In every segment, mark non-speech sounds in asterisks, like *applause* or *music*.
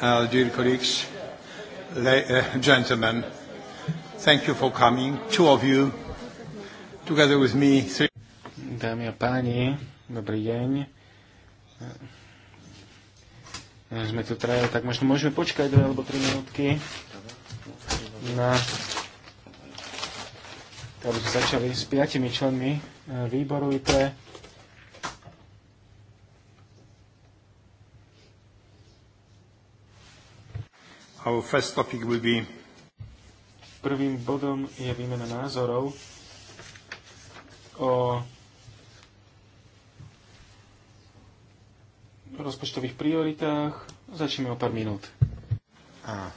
Uh, dear colleagues, la- uh, gentlemen, thank you for coming, two of you, together with me. Three... Dámy a páni, dobrý deň. Uh, sme tu traja, tak možno môžeme počkať dve alebo tri minútky na aby sme začali s piatimi členmi uh, výboru ITRE Our first topic will be... Prvým bodom je výmena názorov o rozpočtových prioritách. Začneme o pár minút. Ah,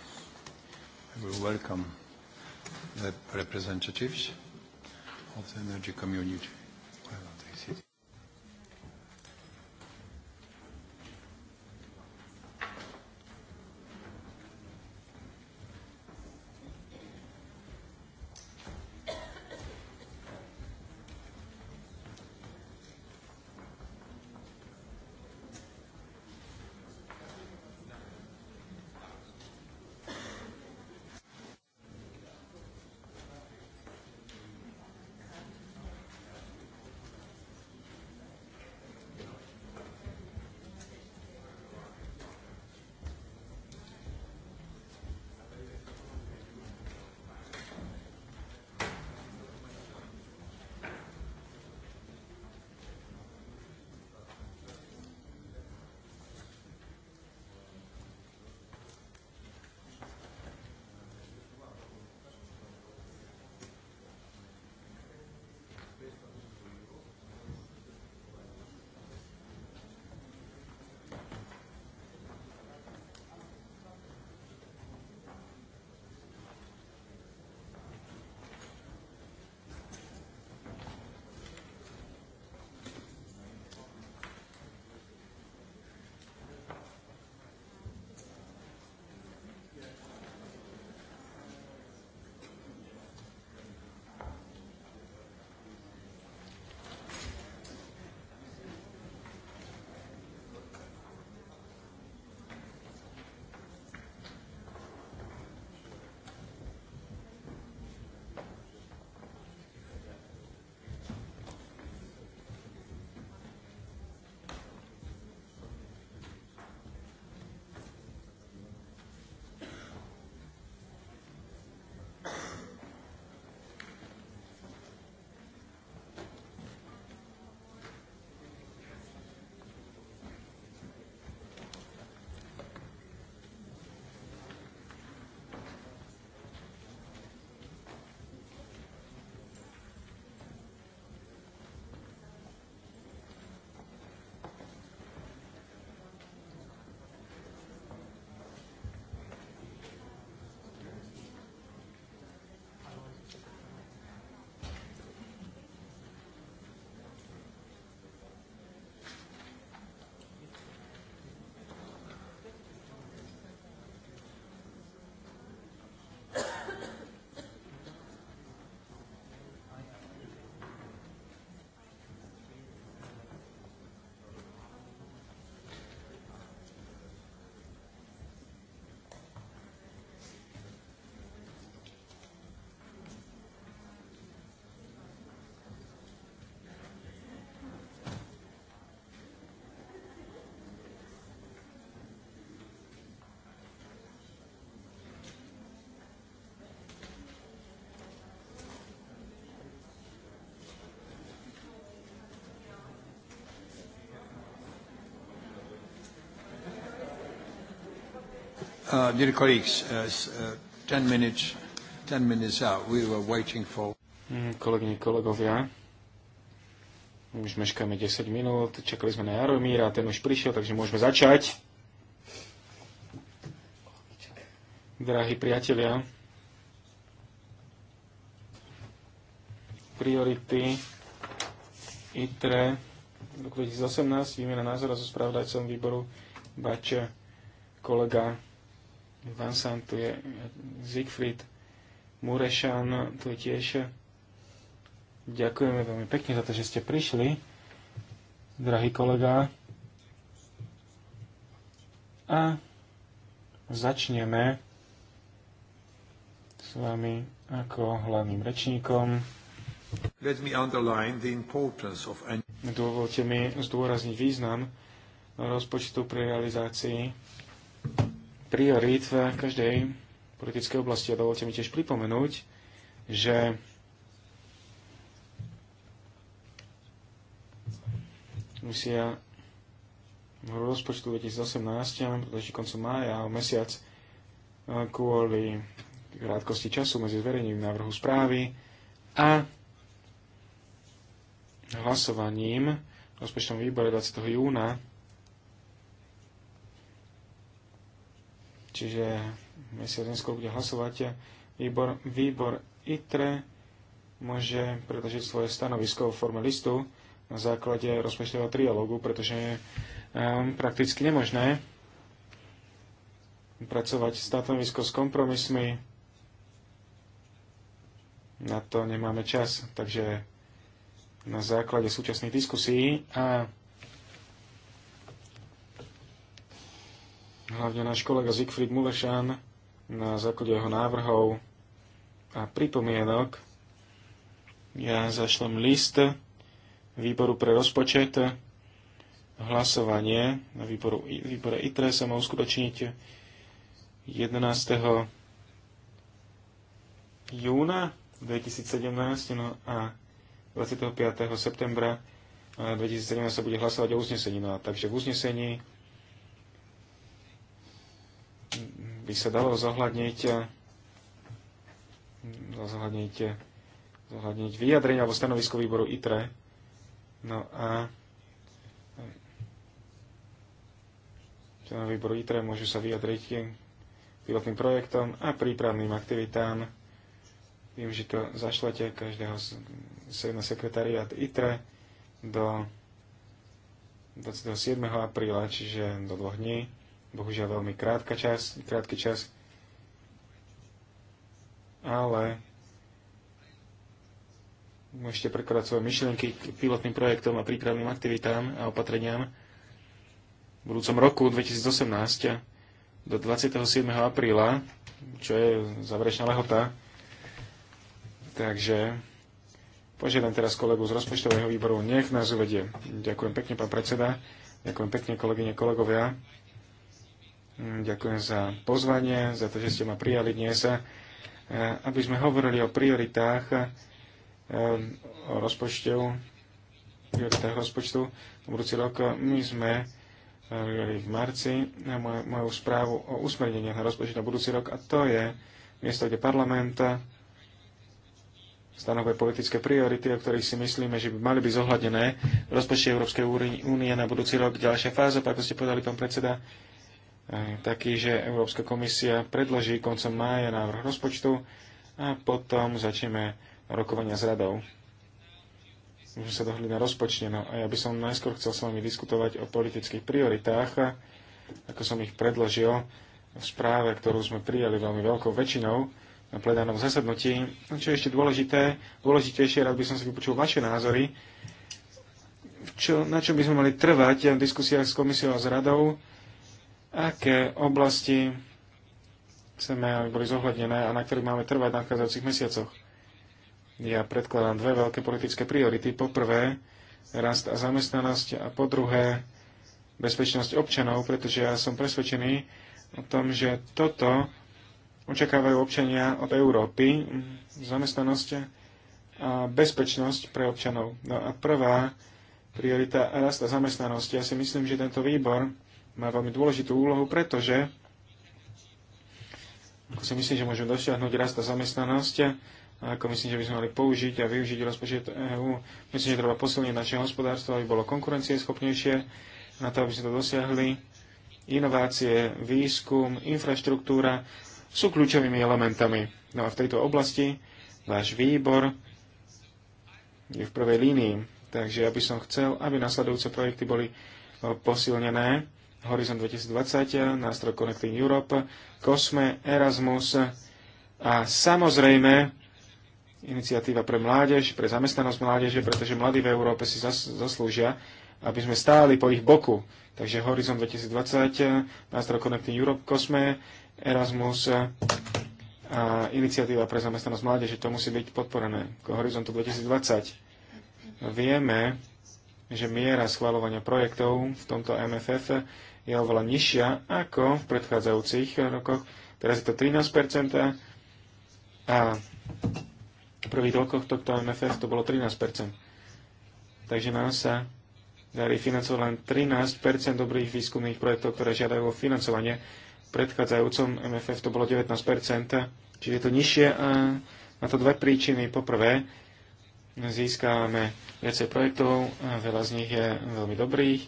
I will welcome the representatives of the energy community. Uh, dear colleagues, uh, uh, 10 minutes, ten minutes out. We were waiting for... Mm, kolegyne, kolegovia, už meškáme 10 minút, čakali sme na Jaromíra, ten už prišiel, takže môžeme začať. Drahí priatelia, priority ITRE roku 2018, výmena názora so spravodajcom výboru Bače, kolega Vincent, tu je Siegfried, Murešan, tu je tiež. Ďakujeme veľmi pekne za to, že ste prišli, drahý kolega. A začneme s vami ako hlavným rečníkom. Let me underline the importance of... Dovolte mi zdôrazniť význam rozpočtu pri realizácii priorít v každej politickej oblasti. A dovolte mi tiež pripomenúť, že musia v rozpočtu 2018, pretože koncom mája o mesiac kvôli krátkosti času medzi zverejnením návrhu správy a hlasovaním v rozpočtovom výbore 20. júna Čiže sa dnes bude hlasovať. Výbor, výbor ITRE môže predložiť svoje stanovisko v forme listu na základe rozpočtového trialógu, pretože je um, prakticky nemožné pracovať stanovisko s kompromismi. Na to nemáme čas, takže na základe súčasných diskusí a hlavne náš kolega Siegfried Mulešan na základe jeho návrhov a pripomienok. Ja zašlem list výboru pre rozpočet. Hlasovanie na výboru, výbore ITRE sa má uskutočniť 11. júna 2017 no a 25. septembra 2017 sa bude hlasovať o uznesení. No, takže v uznesení by sa dalo zohľadniť, e, zohľadniť, e, zohľadniť vyjadrenie alebo stanovisko výboru ITRE. No a e, na výboru ITRE môžu sa vyjadriť pilotným projektom a prípravným aktivitám. Viem, že to zašlete každého na sekretariat ITRE do 27. apríla, čiže do dvoch dní bohužiaľ veľmi krátka čas, krátky čas, ale môžete prekladať svoje myšlienky k pilotným projektom a prípravným aktivitám a opatreniam v budúcom roku 2018 do 27. apríla, čo je záverečná lehota. Takže požiadam teraz kolegu z rozpočtového výboru, nech nás uvedie. Ďakujem pekne, pán predseda. Ďakujem pekne, kolegyne, kolegovia. Ďakujem za pozvanie, za to, že ste ma prijali dnes, e, aby sme hovorili o prioritách, e, o rozpočtu, prioritách rozpočtu v budúci rok. My sme e, v marci na moju správu o usmernení na rozpočet na budúci rok a to je miesto, kde parlament stanovuje politické priority, o ktorých si myslíme, že by mali byť zohľadené v rozpočte Európskej únie na budúci rok. Ďalšia fáza, ako ste povedali, pán predseda, taký, že Európska komisia predloží koncom mája návrh rozpočtu a potom začneme rokovania s radou. Už sa dohli na rozpočne. No a ja by som najskôr chcel s vami diskutovať o politických prioritách, ako som ich predložil v správe, ktorú sme prijali veľmi veľkou väčšinou na plenárnom zasadnutí. Čo je ešte dôležité, dôležitejšie, rád by som si vypočul vaše názory, čo, na čo by sme mali trvať v diskusiách s komisiou a s radou, aké oblasti chceme, aby boli zohľadnené a na ktorých máme trvať v nadchádzajúcich mesiacoch. Ja predkladám dve veľké politické priority. Po prvé, rast a zamestnanosť a po druhé, bezpečnosť občanov, pretože ja som presvedčený o tom, že toto očakávajú občania od Európy, zamestnanosť a bezpečnosť pre občanov. No a prvá priorita rast a zamestnanosť. Ja si myslím, že tento výbor má veľmi dôležitú úlohu, pretože ako si myslím, že môžeme dosiahnuť rast a zamestnanosť, a ako myslím, že by sme mali použiť a využiť rozpočet EÚ. Myslím, že treba posilniť naše hospodárstvo, aby bolo konkurencieschopnejšie, na to, aby sme to dosiahli. Inovácie, výskum, infraštruktúra sú kľúčovými elementami. No a v tejto oblasti váš výbor je v prvej línii. Takže ja by som chcel, aby nasledujúce projekty boli posilnené Horizon 2020, nástroj Connecting Europe, COSME, Erasmus a samozrejme iniciatíva pre mládež, pre zamestnanosť mládeže, pretože mladí v Európe si zaslúžia, aby sme stáli po ich boku. Takže Horizon 2020, nástroj Connecting Europe, COSME, Erasmus a iniciatíva pre zamestnanosť mládeže, to musí byť podporené k horizontu 2020. Vieme, že miera schváľovania projektov v tomto MFF je oveľa nižšia ako v predchádzajúcich rokoch. Teraz je to 13% a v prvých rokoch tohto MFF to bolo 13%. Takže nám sa darí financovať len 13% dobrých výskumných projektov, ktoré žiadajú o financovanie. V predchádzajúcom MFF to bolo 19%, čiže je to nižšie a na to dve príčiny. Poprvé, získávame viacej projektov, a veľa z nich je veľmi dobrých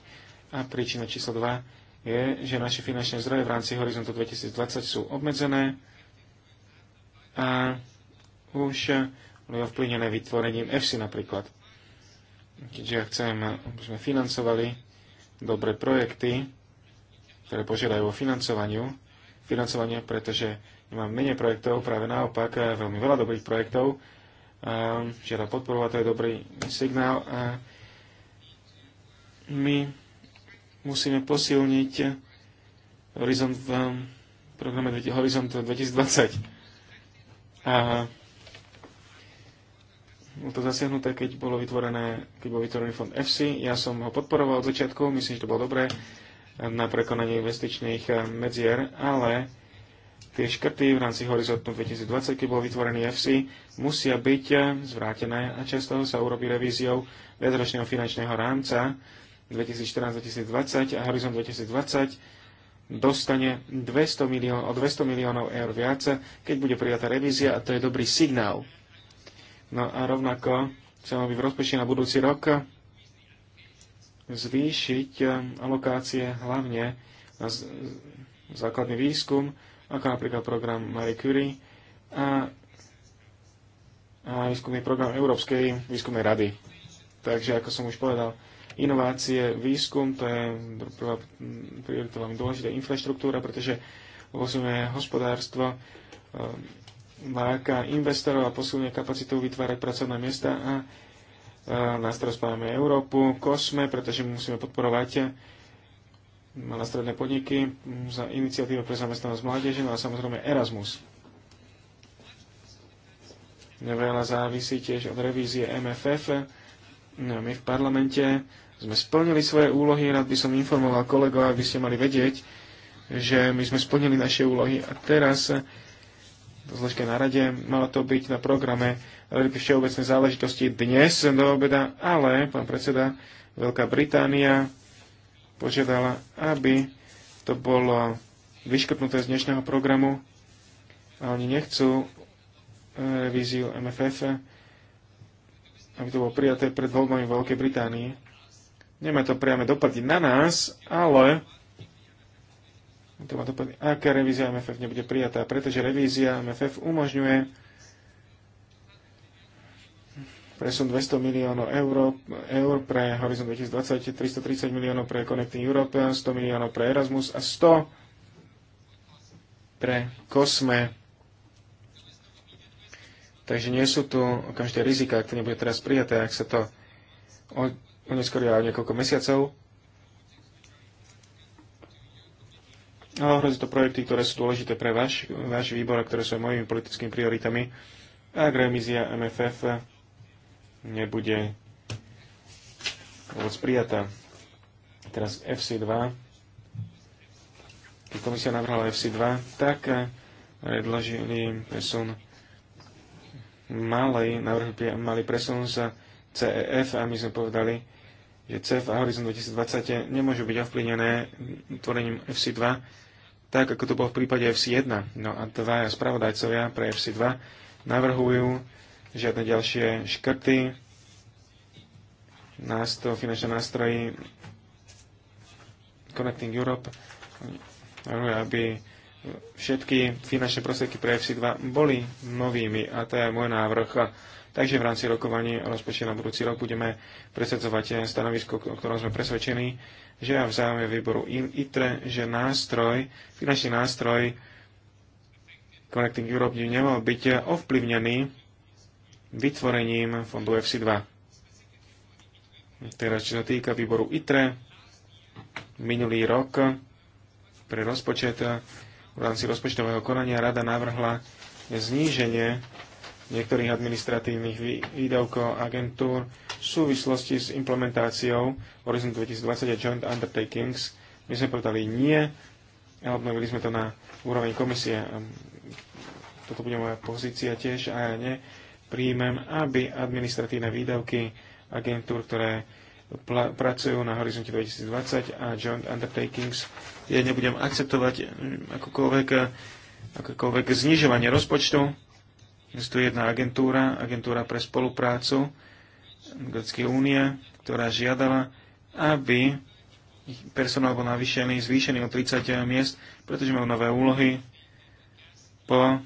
a príčina číslo 2 je, že naše finančné zdroje v rámci Horizontu 2020 sú obmedzené a už boli ovplyvnené vytvorením EFSI napríklad. Keďže ja chcem, aby sme financovali dobré projekty, ktoré požiadajú o financovaniu, financovanie, pretože nemám menej projektov, práve naopak, veľmi veľa dobrých projektov, ehm, žiada podporu a to je dobrý signál. A my musíme posilniť horizont v eh, programe Horizont 2020. A bolo to zasiahnuté, keď, bolo vytvorené, keď bol vytvorený fond FC. Ja som ho podporoval od začiatku, myslím, že to bolo dobré eh, na prekonanie investičných eh, medzier, ale tie škrty v rámci horizontu 2020, keď bol vytvorený FC, musia byť zvrátené a často sa urobí revíziou vedročného finančného rámca 2014-2020 a Horizon 2020 dostane 200 milión, o 200 miliónov eur viac, keď bude prijatá revízia a to je dobrý signál. No a rovnako sa má byť v rozpočte na budúci rok zvýšiť eh, alokácie hlavne na základný výskum, ako napríklad program Marie Curie a, a výskumný program Európskej výskumnej rady. Takže, ako som už povedal, inovácie, výskum, to je prvá priorita veľmi dôležitá infraštruktúra, pretože ovocujeme hospodárstvo, ehm, láka investorov a posilňuje kapacitu vytvárať pracovné miesta a e, na starost máme Európu, Kosme, pretože musíme podporovať e, malé stredné podniky za iniciatívu pre zamestnanosť mládeže, no a samozrejme Erasmus. Veľa závisí tiež od revízie MFF. No, my v parlamente sme splnili svoje úlohy, rád by som informoval kolegov, aby ste mali vedieť, že my sme splnili naše úlohy a teraz to zložka na rade malo to byť na programe veľké všeobecné záležitosti dnes do obeda, ale pán predseda Veľká Británia požiadala, aby to bolo vyškrtnuté z dnešného programu a oni nechcú e, revíziu MFF, aby to bolo prijaté pred voľbami Veľkej Británii nemá to priame dopady na nás, ale to má dopady, aká revízia MFF nebude prijatá, pretože revízia MFF umožňuje presun 200 miliónov eur, eur pre Horizon 2020, 330 miliónov pre Connecting Europe, 100 miliónov pre Erasmus a 100 pre Kosme. Takže nie sú tu okamžite rizika, ak to nebude teraz prijaté, ak sa to neskôr aj niekoľko mesiacov. A ohrozí to projekty, ktoré sú dôležité pre váš, váš výbor a ktoré sú aj mojimi politickými prioritami. A ak remizia MFF nebude vôbec prijatá. Teraz FC2. Keď komisia navrhala FC2, tak eh, predložili presun malej, navrhli malý presun za CEF a my sme povedali, že CEF a Horizon 2020 nemôžu byť ovplyvnené tvorením FC2, tak ako to bolo v prípade FC1. No a dvaja spravodajcovia pre FC2 navrhujú žiadne ďalšie škrty, to finančné nástroji Connecting Europe, aby všetky finančné prostriedky pre FC2 boli novými a to je môj návrh Takže v rámci rokovaní o rozpočte na budúci rok budeme presadzovať eh, stanovisko, o ktorom sme presvedčení, že ja v záujme výboru ITRE, že nástroj, finančný nástroj Connecting Europe by nemal byť eh, ovplyvnený vytvorením fondu FC2. Teraz, čo sa týka výboru ITRE, minulý rok pre rozpočet eh, v rámci rozpočtového konania rada navrhla zníženie niektorých administratívnych výdavkov agentúr v súvislosti s implementáciou Horizon 2020 a Joint Undertakings. My sme povedali nie a obnovili sme to na úroveň komisie. Ehm, toto bude moja pozícia tiež a ja ne príjmem, aby administratívne výdavky agentúr, ktoré pracujú na horizonte 2020 a joint undertakings. Ja nebudem akceptovať ehm, akokoľvek, akokoľvek znižovanie rozpočtu Existuje jedna agentúra, agentúra pre spoluprácu Grecké únie, ktorá žiadala, aby ich personál bol navýšený, zvýšený o 30 miest, pretože majú nové úlohy po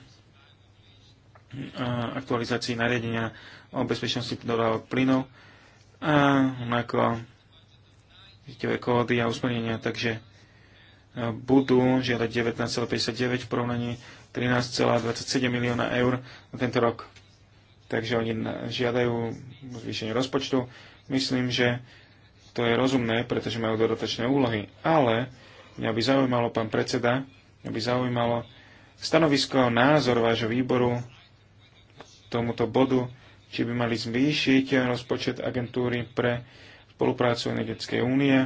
aktualizácii nariadenia o bezpečnosti dodávok plynov a onako sieťové kódy a usmernenia, takže budú žiadať 19,59 v porovnaní 13,27 milióna eur na tento rok. Takže oni žiadajú zvýšenie rozpočtu. Myslím, že to je rozumné, pretože majú dodatočné úlohy. Ale mňa by zaujímalo, pán predseda, mňa by zaujímalo stanovisko, názor vášho výboru k tomuto bodu, či by mali zvýšiť rozpočet agentúry pre spoluprácu Energetickej únie.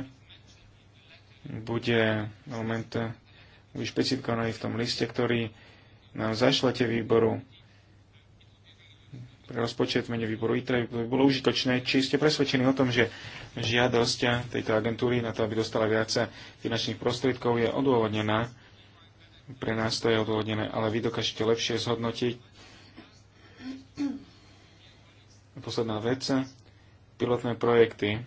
Bude moment vyšpecifikovaný špecifikovaný v tom liste, ktorý nám zašlete výboru pre rozpočet mene výboru ITRE, by bolo užitočné, či ste presvedčení o tom, že žiadosť tejto agentúry na to, aby dostala viac finančných prostriedkov, je odôvodnená. Pre nás to je odôvodnené, ale vy dokážete lepšie zhodnotiť. Posledná vec, pilotné projekty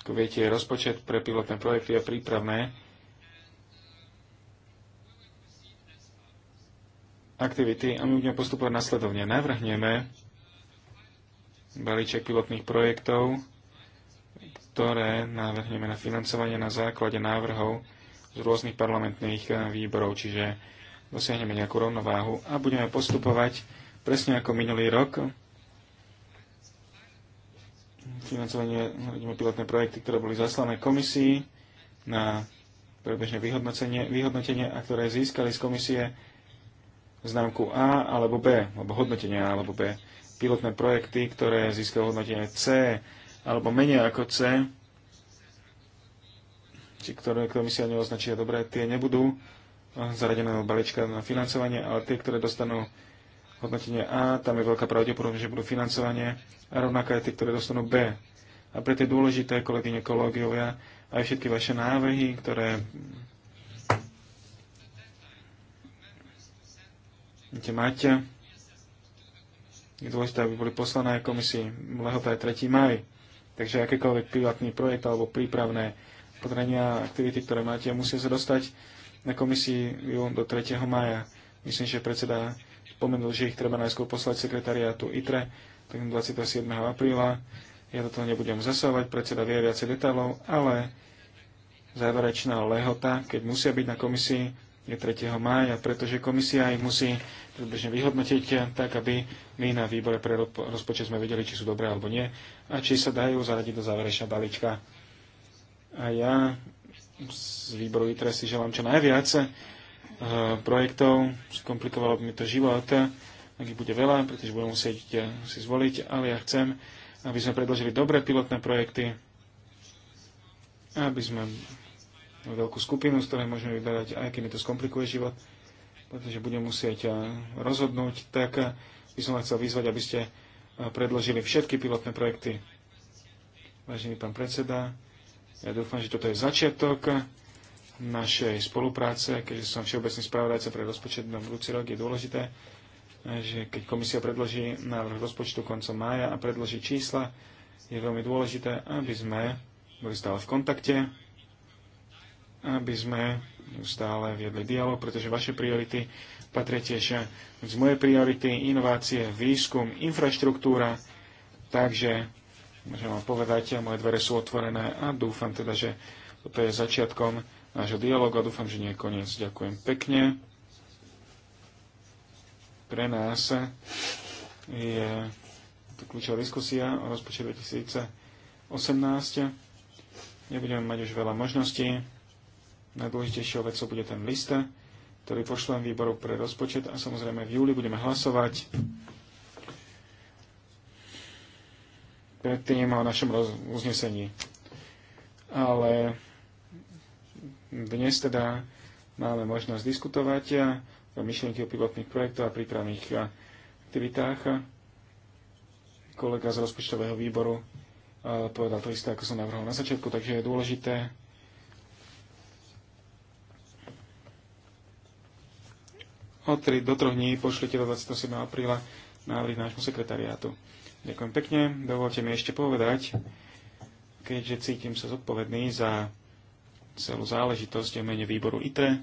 Ako viete, rozpočet pre pilotné projekty je prípravné aktivity a my budeme postupovať nasledovne. Navrhneme balíček pilotných projektov, ktoré navrhneme na financovanie na základe návrhov z rôznych parlamentných eh, výborov, čiže dosiahneme nejakú rovnováhu a budeme postupovať presne ako minulý rok financovanie, vidíme pilotné projekty, ktoré boli zaslané komisii na predbežné vyhodnotenie, vyhodnotenie a ktoré získali z komisie známku A alebo B, alebo hodnotenie A alebo B. Pilotné projekty, ktoré získali hodnotenie C alebo menej ako C, či ktoré komisia neoznačia dobre, tie nebudú zaradené do balíčka na financovanie, ale tie, ktoré dostanú hodnotenie A, tam je veľká pravdepodobnosť, že budú financovanie a rovnako aj tie, ktoré dostanú B. A preto je dôležité, kolegyne, kolegovia, aj všetky vaše návrhy, ktoré kde máte. Je dôležité, aby boli poslané komisii. Lehota je 3. maj. Takže akékoľvek privátny projekt alebo prípravné podrenia, aktivity, ktoré máte, musia sa dostať na komisii do 3. maja. Myslím, že predseda spomenul, že ich treba najskôr poslať sekretariátu ITRE, tak 27. apríla. Ja do toho nebudem zasávať, predseda vie viacej detálov, ale záverečná lehota, keď musia byť na komisii, je 3. mája, pretože komisia ich musí predbežne vyhodnotiť tak, aby my na výbore pre rozpočet sme vedeli, či sú dobré alebo nie a či sa dajú zaradiť do záverečná balíčka. A ja z výboru ITRE si želám čo najviac, Eh, projektov, skomplikovalo by mi to život, ak ich bude veľa, pretože budem musieť eh, si zvoliť, ale ja chcem, aby sme predložili dobré pilotné projekty, aby sme veľkú skupinu, z ktorej môžeme vyberať, aj keď mi to skomplikuje život, pretože budem musieť eh, rozhodnúť, tak by som vás chcel vyzvať, aby ste predložili všetky pilotné projekty. Vážený pán predseda, ja dúfam, že toto je začiatok našej spolupráce, keďže som všeobecný spravodajca pre rozpočet na budúci rok, je dôležité, že keď komisia predloží návrh rozpočtu koncom mája a predloží čísla, je veľmi dôležité, aby sme boli stále v kontakte, aby sme stále viedli dialog, pretože vaše priority patria tiež z mojej priority inovácie, výskum, infraštruktúra. Takže môžem vám povedať, moje dvere sú otvorené a dúfam teda, že toto je začiatkom nášho dialogu a dúfam, že nie je koniec. Ďakujem pekne. Pre nás je to kľúčová diskusia o rozpočte 2018. Nebudeme mať už veľa možností. Najdôležitejšou vecou bude ten list, ktorý pošlem výboru pre rozpočet a samozrejme v júli budeme hlasovať predtým o našom uznesení. Ale dnes teda máme možnosť diskutovať o myšlienky o pilotných projektoch a prípravných aktivitách. Kolega z rozpočtového výboru e, povedal to isté, ako som navrhol na začiatku, takže je dôležité o 3 do 3 dní pošlite do 27. apríla návrh nášmu sekretariátu. Ďakujem pekne. Dovolte mi ešte povedať, keďže cítim sa zodpovedný za celú záležitosť o mene výboru IT.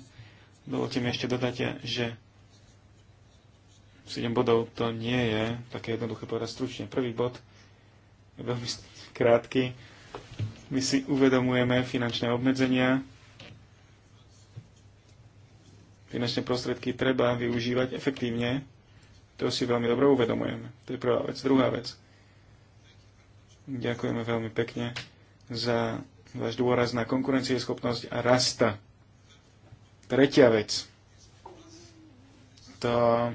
Dovolte mi ešte dodať, že 7 bodov to nie je také jednoduché povedať stručne. Prvý bod je veľmi krátky. My si uvedomujeme finančné obmedzenia. Finančné prostriedky treba využívať efektívne. To si veľmi dobre uvedomujeme. To je prvá vec. Druhá vec. Ďakujeme veľmi pekne za váš dôraz na konkurencieschopnosť a rasta. Tretia vec. To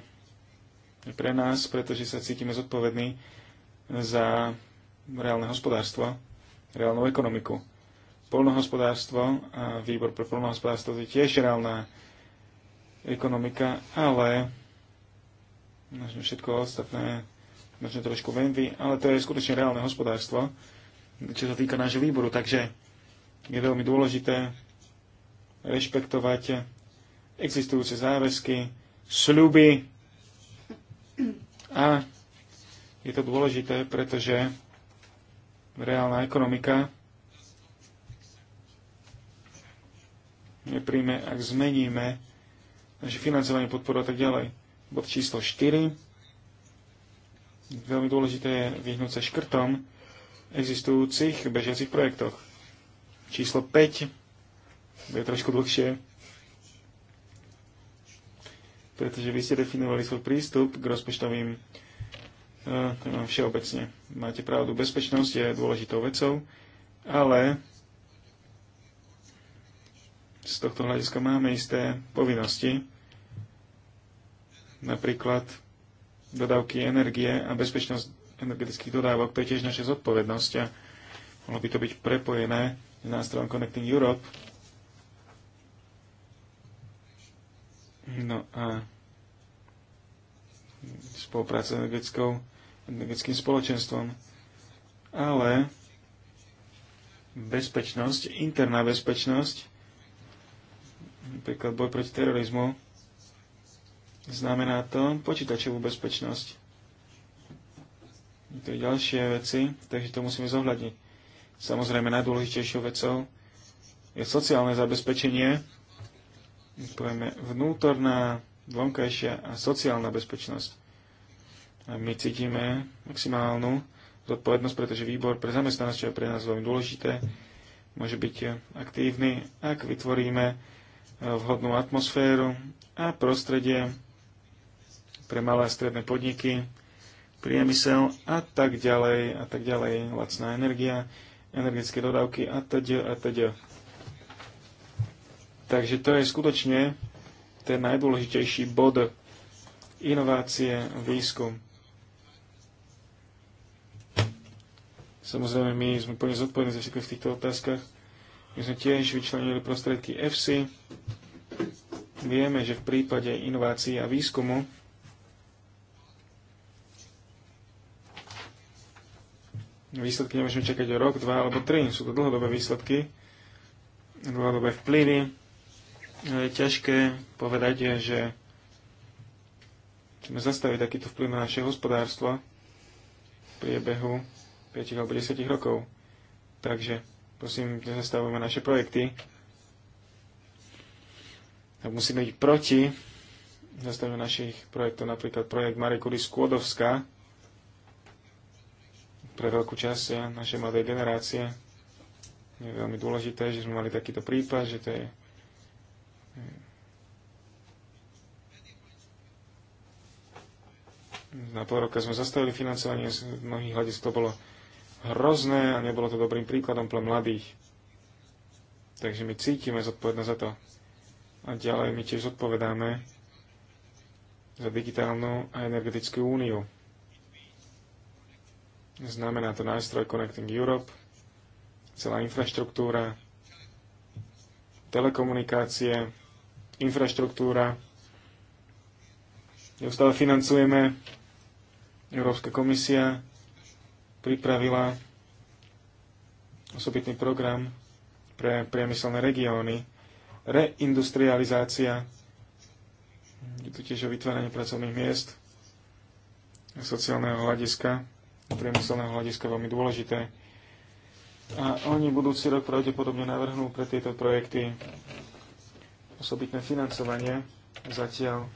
je pre nás, pretože sa cítime zodpovední za reálne hospodárstvo, reálnu ekonomiku. Polnohospodárstvo a výbor pre polnohospodárstvo je tiež reálna ekonomika, ale možno všetko ostatné, možno trošku venvy, ale to je skutočne reálne hospodárstvo čo sa týka nášho výboru. Takže je veľmi dôležité rešpektovať existujúce záväzky, sľuby a je to dôležité, pretože reálna ekonomika nepríjme, ak zmeníme naše financovanie, podporu a tak ďalej. Bod číslo 4. Veľmi dôležité je vyhnúť sa škrtom, existujúcich bežiacich projektoch. Číslo 5 je trošku dlhšie, pretože vy ste definovali svoj prístup k rozpočtovým uh, všeobecne. Máte pravdu, bezpečnosť je dôležitou vecou, ale z tohto hľadiska máme isté povinnosti, napríklad dodávky energie a bezpečnosť energetických dodávok, to je tiež naša zodpovednosť a mohlo by to byť prepojené s nástrojom Connecting Europe. No a spolupráca s energetickou, energetickým spoločenstvom. Ale bezpečnosť, interná bezpečnosť, napríklad boj proti terorizmu, znamená to počítačovú bezpečnosť tie ďalšie veci, takže to musíme zohľadniť. Samozrejme najdôležitejšou vecou je sociálne zabezpečenie, povieme vnútorná, vonkajšia a sociálna bezpečnosť. A my cítime maximálnu zodpovednosť, pretože výbor pre zamestnanosť, čo je pre nás veľmi dôležité, môže byť aktívny, ak vytvoríme e, vhodnú atmosféru a prostredie pre malé a stredné podniky, priemysel a tak ďalej, a tak ďalej, lacná energia, energetické dodávky a teď, a teď. Takže to je skutočne ten najdôležitejší bod inovácie, výskum. Samozrejme, my sme plne zodpovední za všetko v týchto otázkach. My sme tiež vyčlenili prostriedky EFSI. Vieme, že v prípade inovácií a výskumu výsledky nemôžeme čakať o rok, dva alebo tri. Sú to dlhodobé výsledky, dlhodobé vplyvy. Je ťažké povedať, že chceme zastaviť takýto vplyv na naše hospodárstvo v priebehu 5 alebo 10 rokov. Takže prosím, nezastavujeme naše projekty. A musíme byť proti zastavujeme našich projektov, napríklad projekt Marie Curie Skłodowska, pre veľkú časť našej mladej generácie. Je veľmi dôležité, že sme mali takýto prípad, že to je na pol roka sme zastavili financovanie, z mnohých hľadisk to bolo hrozné a nebolo to dobrým príkladom pre mladých. Takže my cítime zodpovednosť za to. A ďalej my tiež zodpovedáme za digitálnu a energetickú úniu. Znamená to nástroj Connecting Europe, celá infraštruktúra, telekomunikácie, infraštruktúra. Neustále financujeme. Európska komisia pripravila osobitný program pre priemyselné regióny. Reindustrializácia, je tu tiež o vytváranie pracovných miest, sociálneho hľadiska, priemyselného hľadiska veľmi dôležité. A oni budúci rok pravdepodobne navrhnú pre tieto projekty osobitné financovanie. Zatiaľ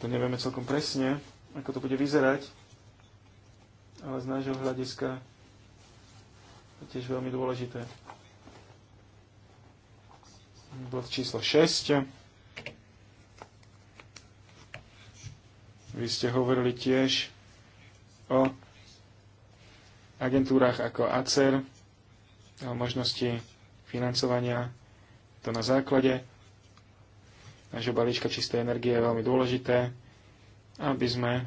to nevieme celkom presne, ako to bude vyzerať, ale z nášho hľadiska je tiež veľmi dôležité. Bod číslo 6. Vy ste hovorili tiež o agentúrach ako ACER o možnosti financovania. To na základe nášho balíčka čistej energie je veľmi dôležité, aby sme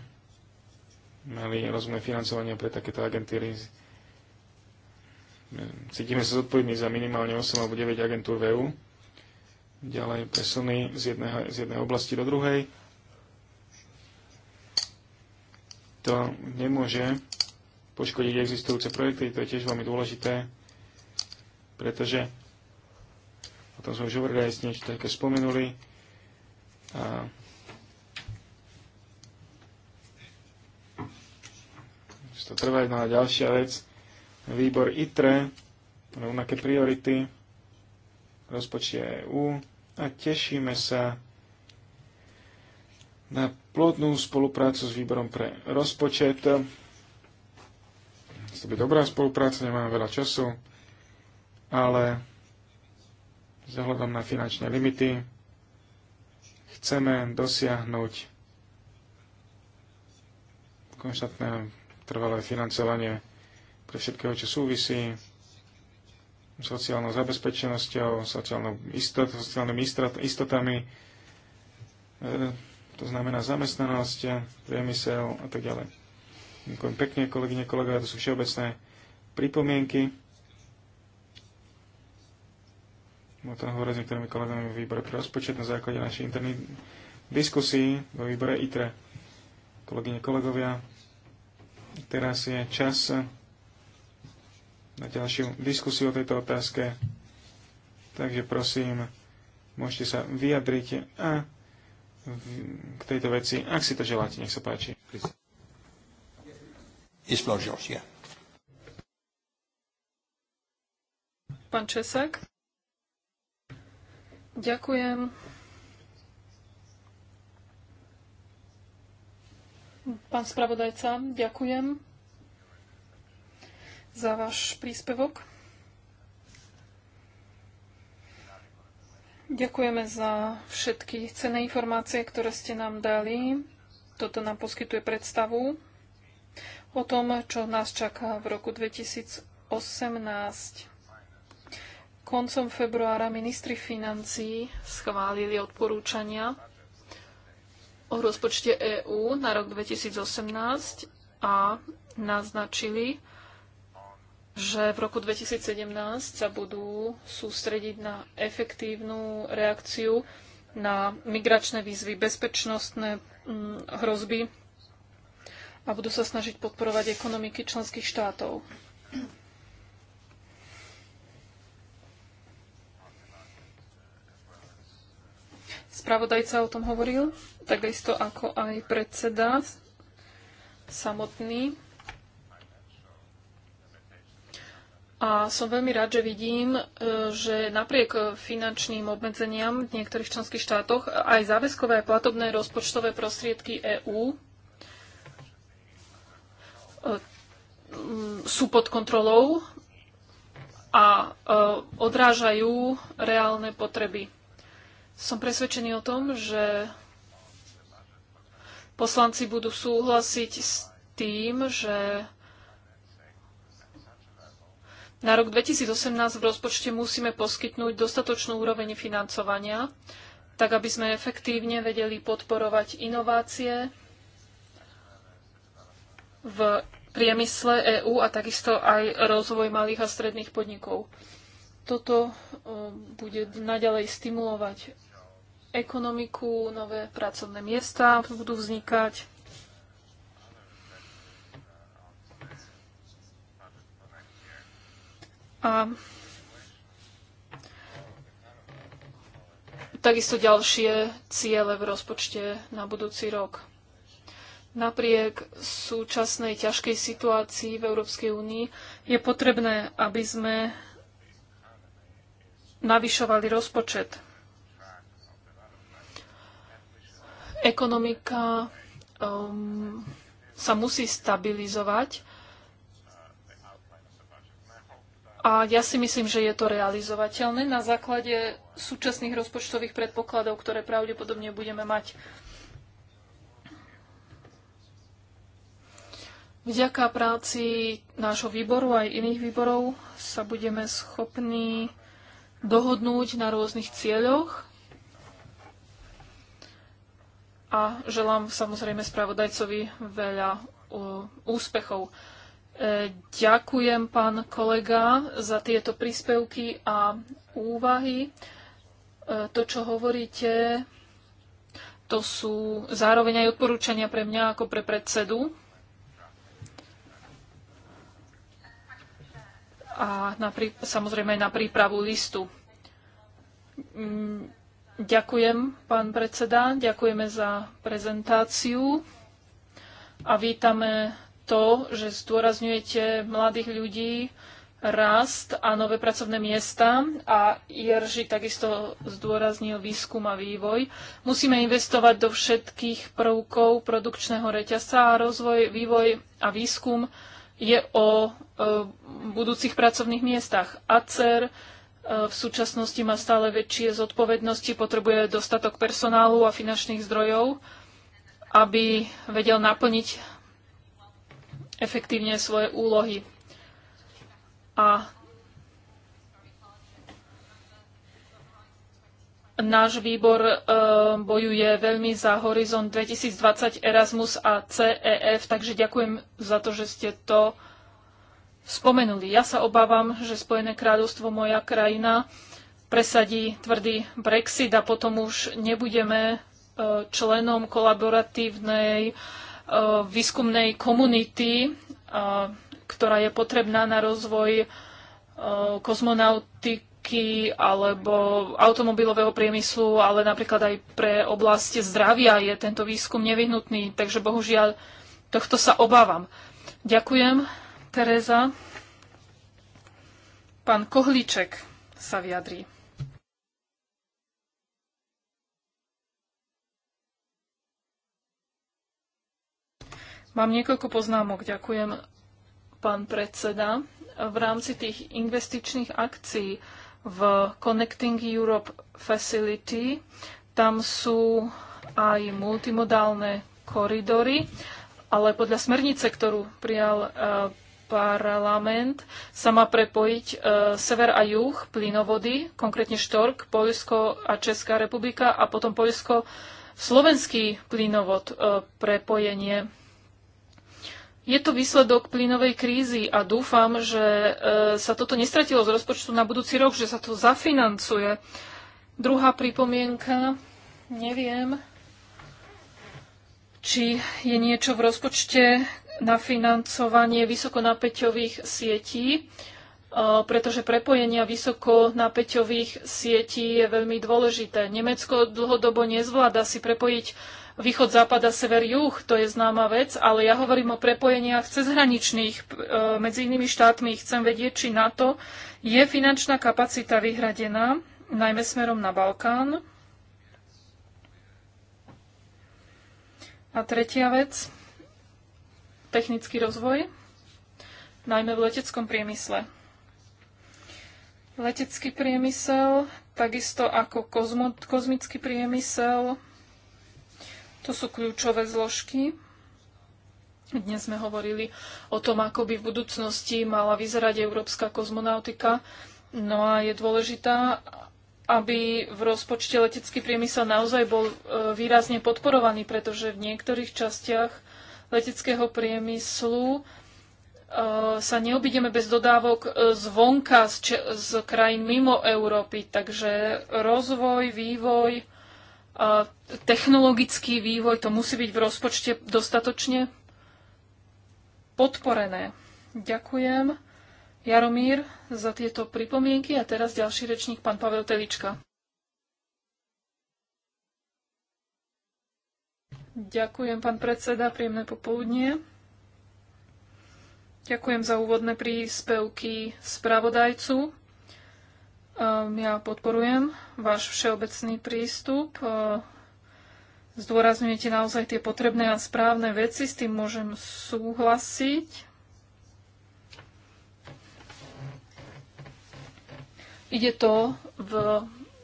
mali rozumné financovanie pre takéto agentúry. Cítime sa zodpovední za minimálne 8 alebo 9 agentúr VU. E Ďalej presuny z, jedného, z jednej oblasti do druhej. To nemôže poškodiť existujúce projekty. To je tiež veľmi dôležité, pretože o tom sme už hovorili, aj s niečo také spomenuli. A to trvá jedna ďalšia vec. Výbor ITRE, rovnaké priority, rozpočie EU a tešíme sa na plodnú spoluprácu s výborom pre rozpočet to byť dobrá spolupráca, nemáme veľa času, ale vzhľadom na finančné limity chceme dosiahnuť konštantné trvalé financovanie pre všetkého, čo súvisí sociálnou zabezpečenosťou, sociálnou istot, sociálnymi istot, istotami, e, to znamená zamestnanosť, priemysel a tak ďalej. Ďakujem pekne, kolegyne, kolega, to sú všeobecné pripomienky. O tom hovorím s niektorými kolegami v výbore pre rozpočet na základe našej interných diskusí vo výbore ITRE. Kolegyne, kolegovia, teraz je čas na ďalšiu diskusiu o tejto otázke. Takže prosím, môžete sa vyjadriť a k tejto veci, ak si to želáte. Nech sa páči is floor yours, Pán Česek. Ďakujem. Pán spravodajca, ďakujem za váš príspevok. Ďakujeme za všetky cenné informácie, ktoré ste nám dali. Toto nám poskytuje predstavu o tom, čo nás čaká v roku 2018. Koncom februára ministri financí schválili odporúčania o rozpočte EÚ na rok 2018 a naznačili, že v roku 2017 sa budú sústrediť na efektívnu reakciu na migračné výzvy, bezpečnostné mm, hrozby a budú sa snažiť podporovať ekonomiky členských štátov. Spravodajca o tom hovoril, takisto ako aj predseda samotný. A som veľmi rád, že vidím, e, že napriek finančným obmedzeniam v niektorých členských štátoch aj záväzkové platobné rozpočtové prostriedky EÚ E, sú pod kontrolou a e, odrážajú reálne potreby. Som presvedčený o tom, že poslanci budú súhlasiť s tým, že na rok 2018 v rozpočte musíme poskytnúť dostatočnú úroveň financovania, tak aby sme efektívne vedeli podporovať inovácie, v priemysle EÚ a takisto aj rozvoj malých a stredných podnikov. Toto um, bude naďalej stimulovať ekonomiku, nové pracovné miesta budú vznikať. A takisto ďalšie ciele v rozpočte na budúci rok. Napriek súčasnej ťažkej situácii v Európskej únii je potrebné, aby sme navyšovali rozpočet. Ekonomika um, sa musí stabilizovať a ja si myslím, že je to realizovateľné na základe súčasných rozpočtových predpokladov, ktoré pravdepodobne budeme mať. Vďaka práci nášho výboru aj iných výborov sa budeme schopní dohodnúť na rôznych cieľoch a želám samozrejme spravodajcovi veľa úspechov. E, ďakujem, pán kolega, za tieto príspevky a úvahy. E, to, čo hovoríte, to sú zároveň aj odporúčania pre mňa ako pre predsedu a na prí, samozrejme aj na prípravu listu. Mm, ďakujem, pán predseda, ďakujeme za prezentáciu a vítame to, že zdôrazňujete mladých ľudí, rast a nové pracovné miesta a Jerži takisto zdôraznil výskum a vývoj. Musíme investovať do všetkých prvkov produkčného reťazca a rozvoj, vývoj a výskum je o e, budúcich pracovných miestach. ACER e, v súčasnosti má stále väčšie zodpovednosti, potrebuje dostatok personálu a finančných zdrojov, aby vedel naplniť efektívne svoje úlohy. A Náš výbor e, bojuje veľmi za Horizon 2020, Erasmus a CEF, takže ďakujem za to, že ste to spomenuli. Ja sa obávam, že Spojené kráľovstvo, moja krajina, presadí tvrdý Brexit a potom už nebudeme e, členom kolaboratívnej e, výskumnej komunity, e, ktorá je potrebná na rozvoj e, kozmonautik výrobky alebo automobilového priemyslu, ale napríklad aj pre oblasti zdravia je tento výskum nevyhnutný. Takže bohužiaľ tohto sa obávam. Ďakujem, Tereza. Pán Kohlíček sa vyjadrí. Mám niekoľko poznámok. Ďakujem, pán predseda. V rámci tých investičných akcií v Connecting Europe Facility. Tam sú aj multimodálne koridory, ale podľa smernice, ktorú prijal e, parlament, sa má prepojiť e, sever a juh plynovody, konkrétne Štork, Poľsko a Česká republika a potom Poľsko slovenský plynovod e, prepojenie je to výsledok plynovej krízy a dúfam, že e, sa toto nestratilo z rozpočtu na budúci rok, že sa to zafinancuje. Druhá pripomienka, neviem, či je niečo v rozpočte na financovanie vysokonapäťových sietí, e, pretože prepojenia vysokonapäťových sietí je veľmi dôležité. Nemecko dlhodobo nezvláda si prepojiť východ, západ a sever, juh, to je známa vec, ale ja hovorím o prepojeniach cezhraničných e, medzi inými štátmi. Chcem vedieť, či na to je finančná kapacita vyhradená, najmä smerom na Balkán. A tretia vec, technický rozvoj, najmä v leteckom priemysle. Letecký priemysel, takisto ako kozmo, kozmický priemysel, to sú kľúčové zložky. Dnes sme hovorili o tom, ako by v budúcnosti mala vyzerať európska kozmonautika. No a je dôležitá, aby v rozpočte letecký priemysel naozaj bol e, výrazne podporovaný, pretože v niektorých častiach leteckého priemyslu e, sa neobideme bez dodávok e, zvonka z, z krajín mimo Európy. Takže rozvoj, vývoj, E, technologický vývoj, to musí byť v rozpočte dostatočne podporené. Ďakujem Jaromír za tieto pripomienky a teraz ďalší rečník, pán Pavel Telička. Ďakujem, pán predseda, príjemné popoludnie. Ďakujem za úvodné príspevky spravodajcu. Ehm, ja podporujem váš všeobecný prístup. Ehm, zdôrazňujete naozaj tie potrebné a správne veci, s tým môžem súhlasiť. Ide to v,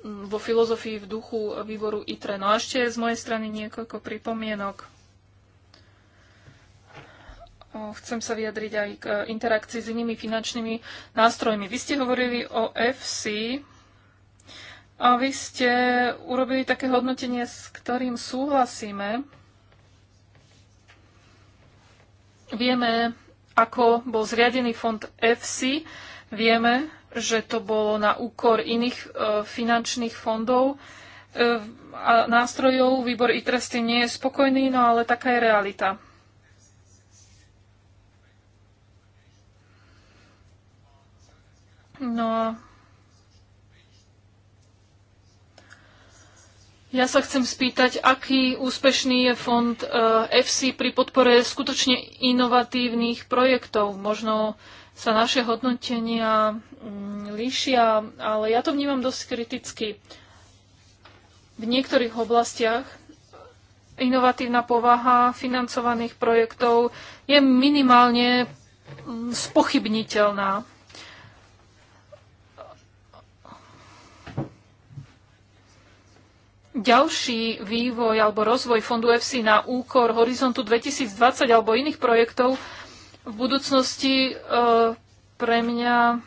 vo filozofii v duchu výboru ITRE. No a ešte z mojej strany niekoľko pripomienok chcem sa vyjadriť aj k e, interakcii s inými finančnými nástrojmi. Vy ste hovorili o FC a vy ste urobili také hodnotenie, s ktorým súhlasíme. Vieme, ako bol zriadený fond FC. Vieme, že to bolo na úkor iných e, finančných fondov e, a nástrojov. Výbor ITRESTY nie je spokojný, no ale taká je realita. No a ja sa chcem spýtať, aký úspešný je fond e, FC pri podpore skutočne inovatívnych projektov. Možno sa naše hodnotenia mm, líšia, ale ja to vnímam dosť kriticky. V niektorých oblastiach inovatívna povaha financovaných projektov je minimálne mm, spochybniteľná. ďalší vývoj alebo rozvoj fondu EFSI na úkor Horizontu 2020 alebo iných projektov v budúcnosti e, pre mňa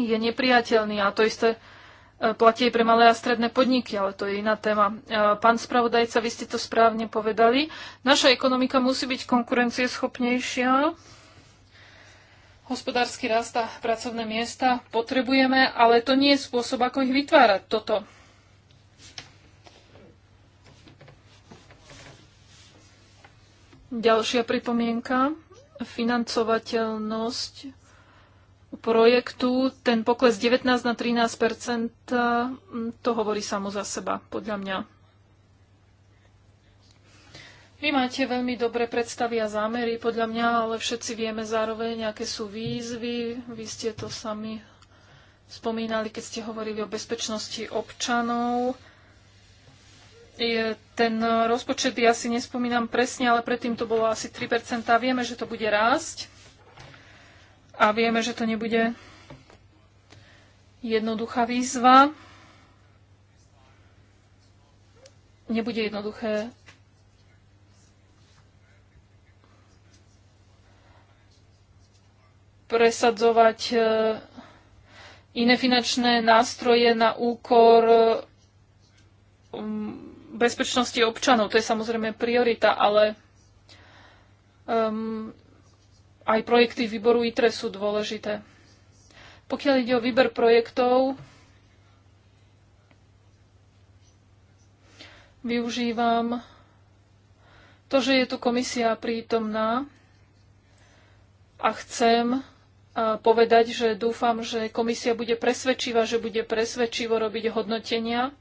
je nepriateľný. A to isté e, platí aj pre malé a stredné podniky, ale to je iná téma. E, pán spravodajca, vy ste to správne povedali. Naša ekonomika musí byť konkurencieschopnejšia. Hospodársky rast a pracovné miesta potrebujeme, ale to nie je spôsob, ako ich vytvárať. Toto Ďalšia pripomienka. Financovateľnosť projektu, ten pokles 19 na 13 mm, to hovorí samo za seba, podľa mňa. Vy máte veľmi dobré predstavy a zámery, podľa mňa, ale všetci vieme zároveň, aké sú výzvy. Vy ste to sami spomínali, keď ste hovorili o bezpečnosti občanov ten rozpočet, ja si nespomínam presne, ale predtým to bolo asi 3%. Vieme, že to bude rásť a vieme, že to nebude jednoduchá výzva. Nebude jednoduché presadzovať e, iné finančné nástroje na úkor bezpečnosti občanov. To je samozrejme priorita, ale um, aj projekty výboru ITRE sú dôležité. Pokiaľ ide o výber projektov, využívam to, že je tu komisia prítomná a chcem uh, povedať, že dúfam, že komisia bude presvedčivá, že bude presvedčivo robiť hodnotenia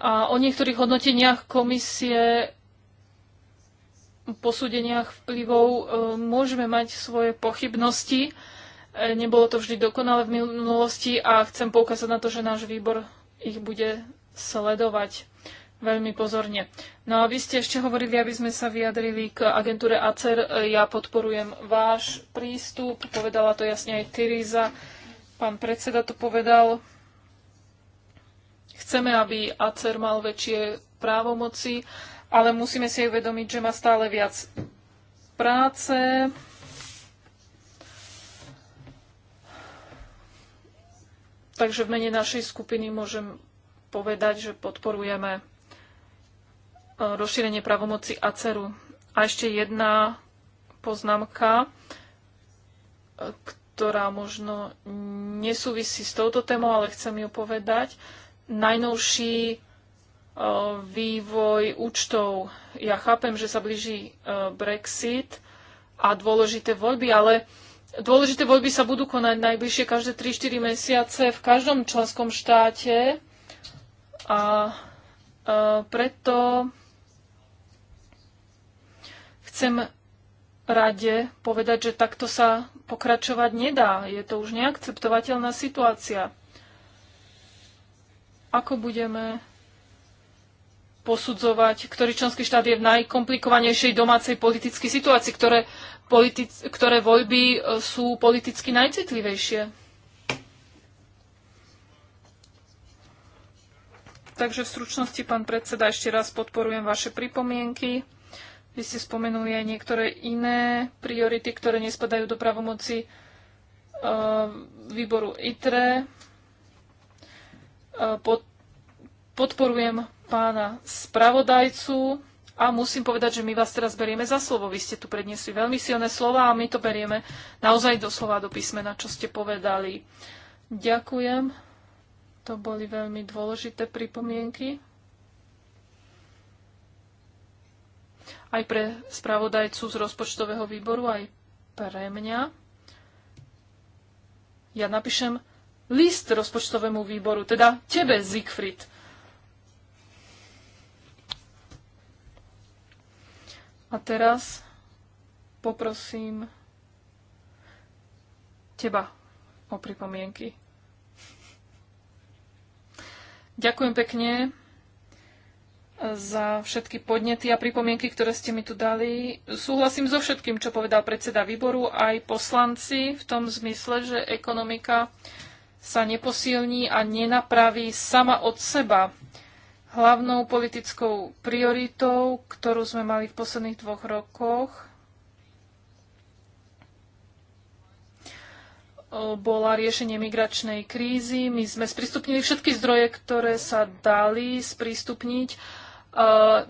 A o niektorých hodnoteniach komisie, posúdeniach vplyvov e, môžeme mať svoje pochybnosti. E, nebolo to vždy dokonale v minulosti a chcem poukázať na to, že náš výbor ich bude sledovať veľmi pozorne. No a vy ste ešte hovorili, aby sme sa vyjadrili k agentúre ACER. E, ja podporujem váš prístup, povedala to jasne aj Tyriza, pán predseda to povedal. Chceme, aby ACER mal väčšie právomoci, ale musíme si aj uvedomiť, že má stále viac práce. Takže v mene našej skupiny môžem povedať, že podporujeme e, rozšírenie právomoci ACERu. A ešte jedna poznámka, e, ktorá možno nesúvisí s touto témou, ale chcem ju povedať najnovší e, vývoj účtov. Ja chápem, že sa blíži e, Brexit a dôležité voľby, ale dôležité voľby sa budú konať najbližšie každé 3-4 mesiace v každom členskom štáte a e, preto chcem rade povedať, že takto sa pokračovať nedá. Je to už neakceptovateľná situácia ako budeme posudzovať, ktorý členský štát je v najkomplikovanejšej domácej politickej situácii, ktoré, politic, ktoré voľby e, sú politicky najcitlivejšie. Takže v stručnosti, pán predseda, ešte raz podporujem vaše pripomienky. Vy ste spomenuli aj niektoré iné priority, ktoré nespadajú do pravomoci e, výboru ITRE E, podporujem pána spravodajcu a musím povedať, že my vás teraz berieme za slovo. Vy ste tu predniesli veľmi silné slova a my to berieme naozaj do slova, do písmena, čo ste povedali. Ďakujem. To boli veľmi dôležité pripomienky. Aj pre spravodajcu z rozpočtového výboru, aj pre mňa. Ja napíšem list rozpočtovému výboru, teda tebe, Siegfried. A teraz poprosím teba o pripomienky. Ďakujem pekne za všetky podnety a pripomienky, ktoré ste mi tu dali. Súhlasím so všetkým, čo povedal predseda výboru, aj poslanci v tom zmysle, že ekonomika sa neposilní a nenapraví sama od seba. Hlavnou politickou prioritou, ktorú sme mali v posledných dvoch rokoch, bola riešenie migračnej krízy. My sme sprístupnili všetky zdroje, ktoré sa dali sprístupniť e,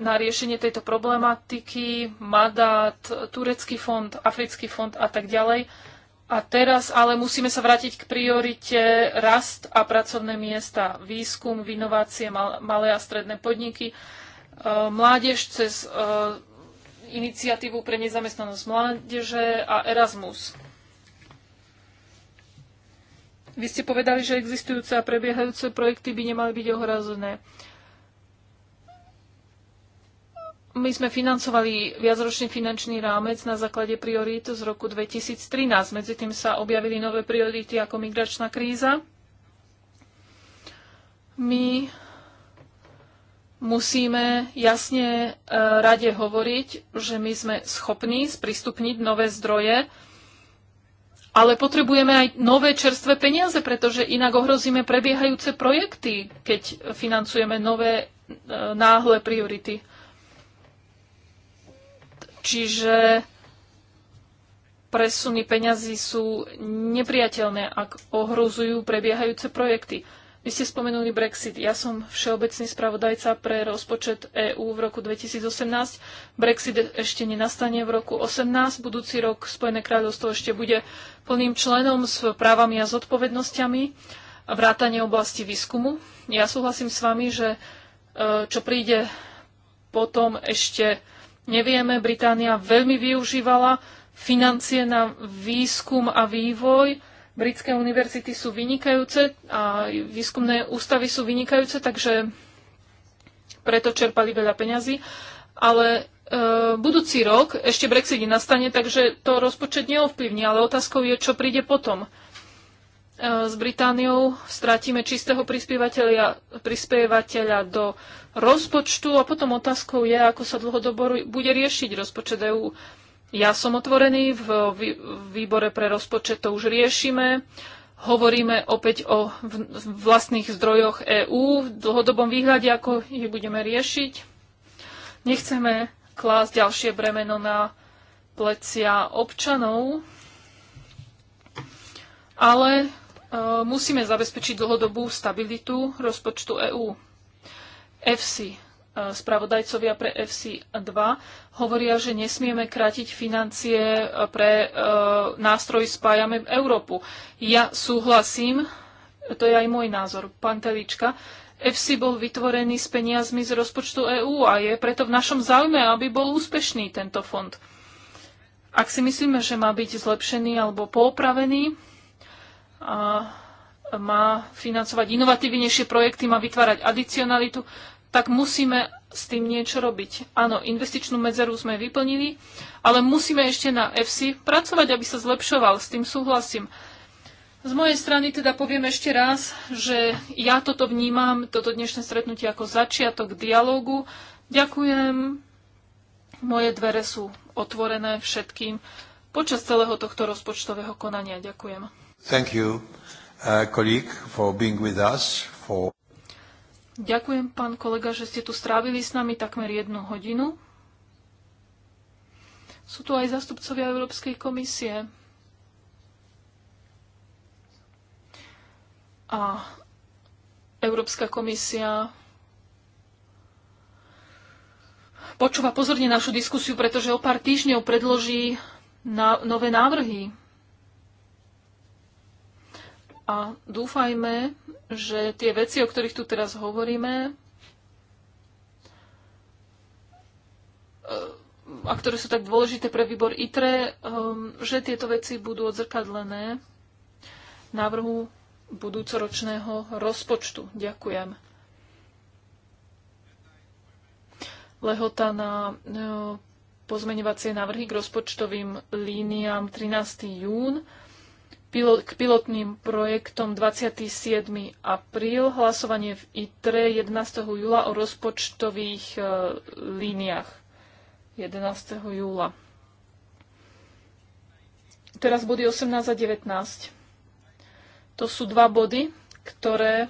na riešenie tejto problematiky, Madat, Turecký fond, Africký fond a tak ďalej. A teraz ale musíme sa vrátiť k priorite rast a pracovné miesta, výskum, inovácie, malé a stredné podniky, e, mládež cez e, iniciatívu pre nezamestnanosť mládeže a Erasmus. Vy ste povedali, že existujúce a prebiehajúce projekty by nemali byť ohrazené my sme financovali viacročný finančný rámec na základe priorít z roku 2013. Medzi tým sa objavili nové priority ako migračná kríza. My musíme jasne e, rade hovoriť, že my sme schopní sprístupniť nové zdroje, ale potrebujeme aj nové čerstvé peniaze, pretože inak ohrozíme prebiehajúce projekty, keď financujeme nové e, náhle priority. Čiže presuny peňazí sú nepriateľné, ak ohrozujú prebiehajúce projekty. Vy ste spomenuli Brexit. Ja som všeobecný spravodajca pre rozpočet EÚ v roku 2018. Brexit ešte nenastane v roku 2018. Budúci rok Spojené kráľovstvo ešte bude plným členom s právami a zodpovednosťami a vrátane oblasti výskumu. Ja súhlasím s vami, že e, čo príde potom ešte nevieme, Británia veľmi využívala financie na výskum a vývoj. Britské univerzity sú vynikajúce a výskumné ústavy sú vynikajúce, takže preto čerpali veľa peňazí. Ale e, budúci rok ešte Brexit nastane, takže to rozpočet neovplyvní, ale otázkou je, čo príde potom e, s Britániou strátime čistého prispievateľa, prispievateľa do rozpočtu a potom otázkou je, ako sa dlhodobo bude riešiť rozpočet EÚ. Ja som otvorený, v výbore pre rozpočet to už riešime. Hovoríme opäť o vlastných zdrojoch EÚ v dlhodobom výhľade, ako ich budeme riešiť. Nechceme klásť ďalšie bremeno na plecia občanov, ale e, musíme zabezpečiť dlhodobú stabilitu rozpočtu EÚ. FC. E, spravodajcovia pre FC2 hovoria, že nesmieme kratiť financie e, pre e, nástroj Spájame Európu. Ja súhlasím, to je aj môj názor, pán Telička, EFSI bol vytvorený s peniazmi z rozpočtu EÚ a je preto v našom záujme, aby bol úspešný tento fond. Ak si myslíme, že má byť zlepšený alebo poopravený, a má financovať inovatívnejšie projekty, má vytvárať adicionalitu, tak musíme s tým niečo robiť. Áno, investičnú medzeru sme vyplnili, ale musíme ešte na FC pracovať, aby sa zlepšoval. S tým súhlasím. Z mojej strany teda poviem ešte raz, že ja toto vnímam, toto dnešné stretnutie ako začiatok dialógu. Ďakujem. Moje dvere sú otvorené všetkým počas celého tohto rozpočtového konania. Ďakujem. Thank you. Uh, Ďakujem, pán kolega, že ste tu strávili s nami takmer jednu hodinu. Sú tu aj zastupcovia Európskej komisie. A Európska komisia počúva pozorne našu diskusiu, pretože o pár týždňov predloží nové návrhy a dúfajme, že tie veci, o ktorých tu teraz hovoríme, eh, a ktoré sú tak dôležité pre výbor ITRE, eh, že tieto veci budú odzrkadlené návrhu budúcoročného rozpočtu. Ďakujem. Lehota na eh, pozmeňovacie návrhy k rozpočtovým líniám 13. jún pilot, k pilotným projektom 27. apríl, hlasovanie v ITRE 11. júla o rozpočtových e, líniách 11. júla. Teraz body 18 a 19. To sú dva body, ktoré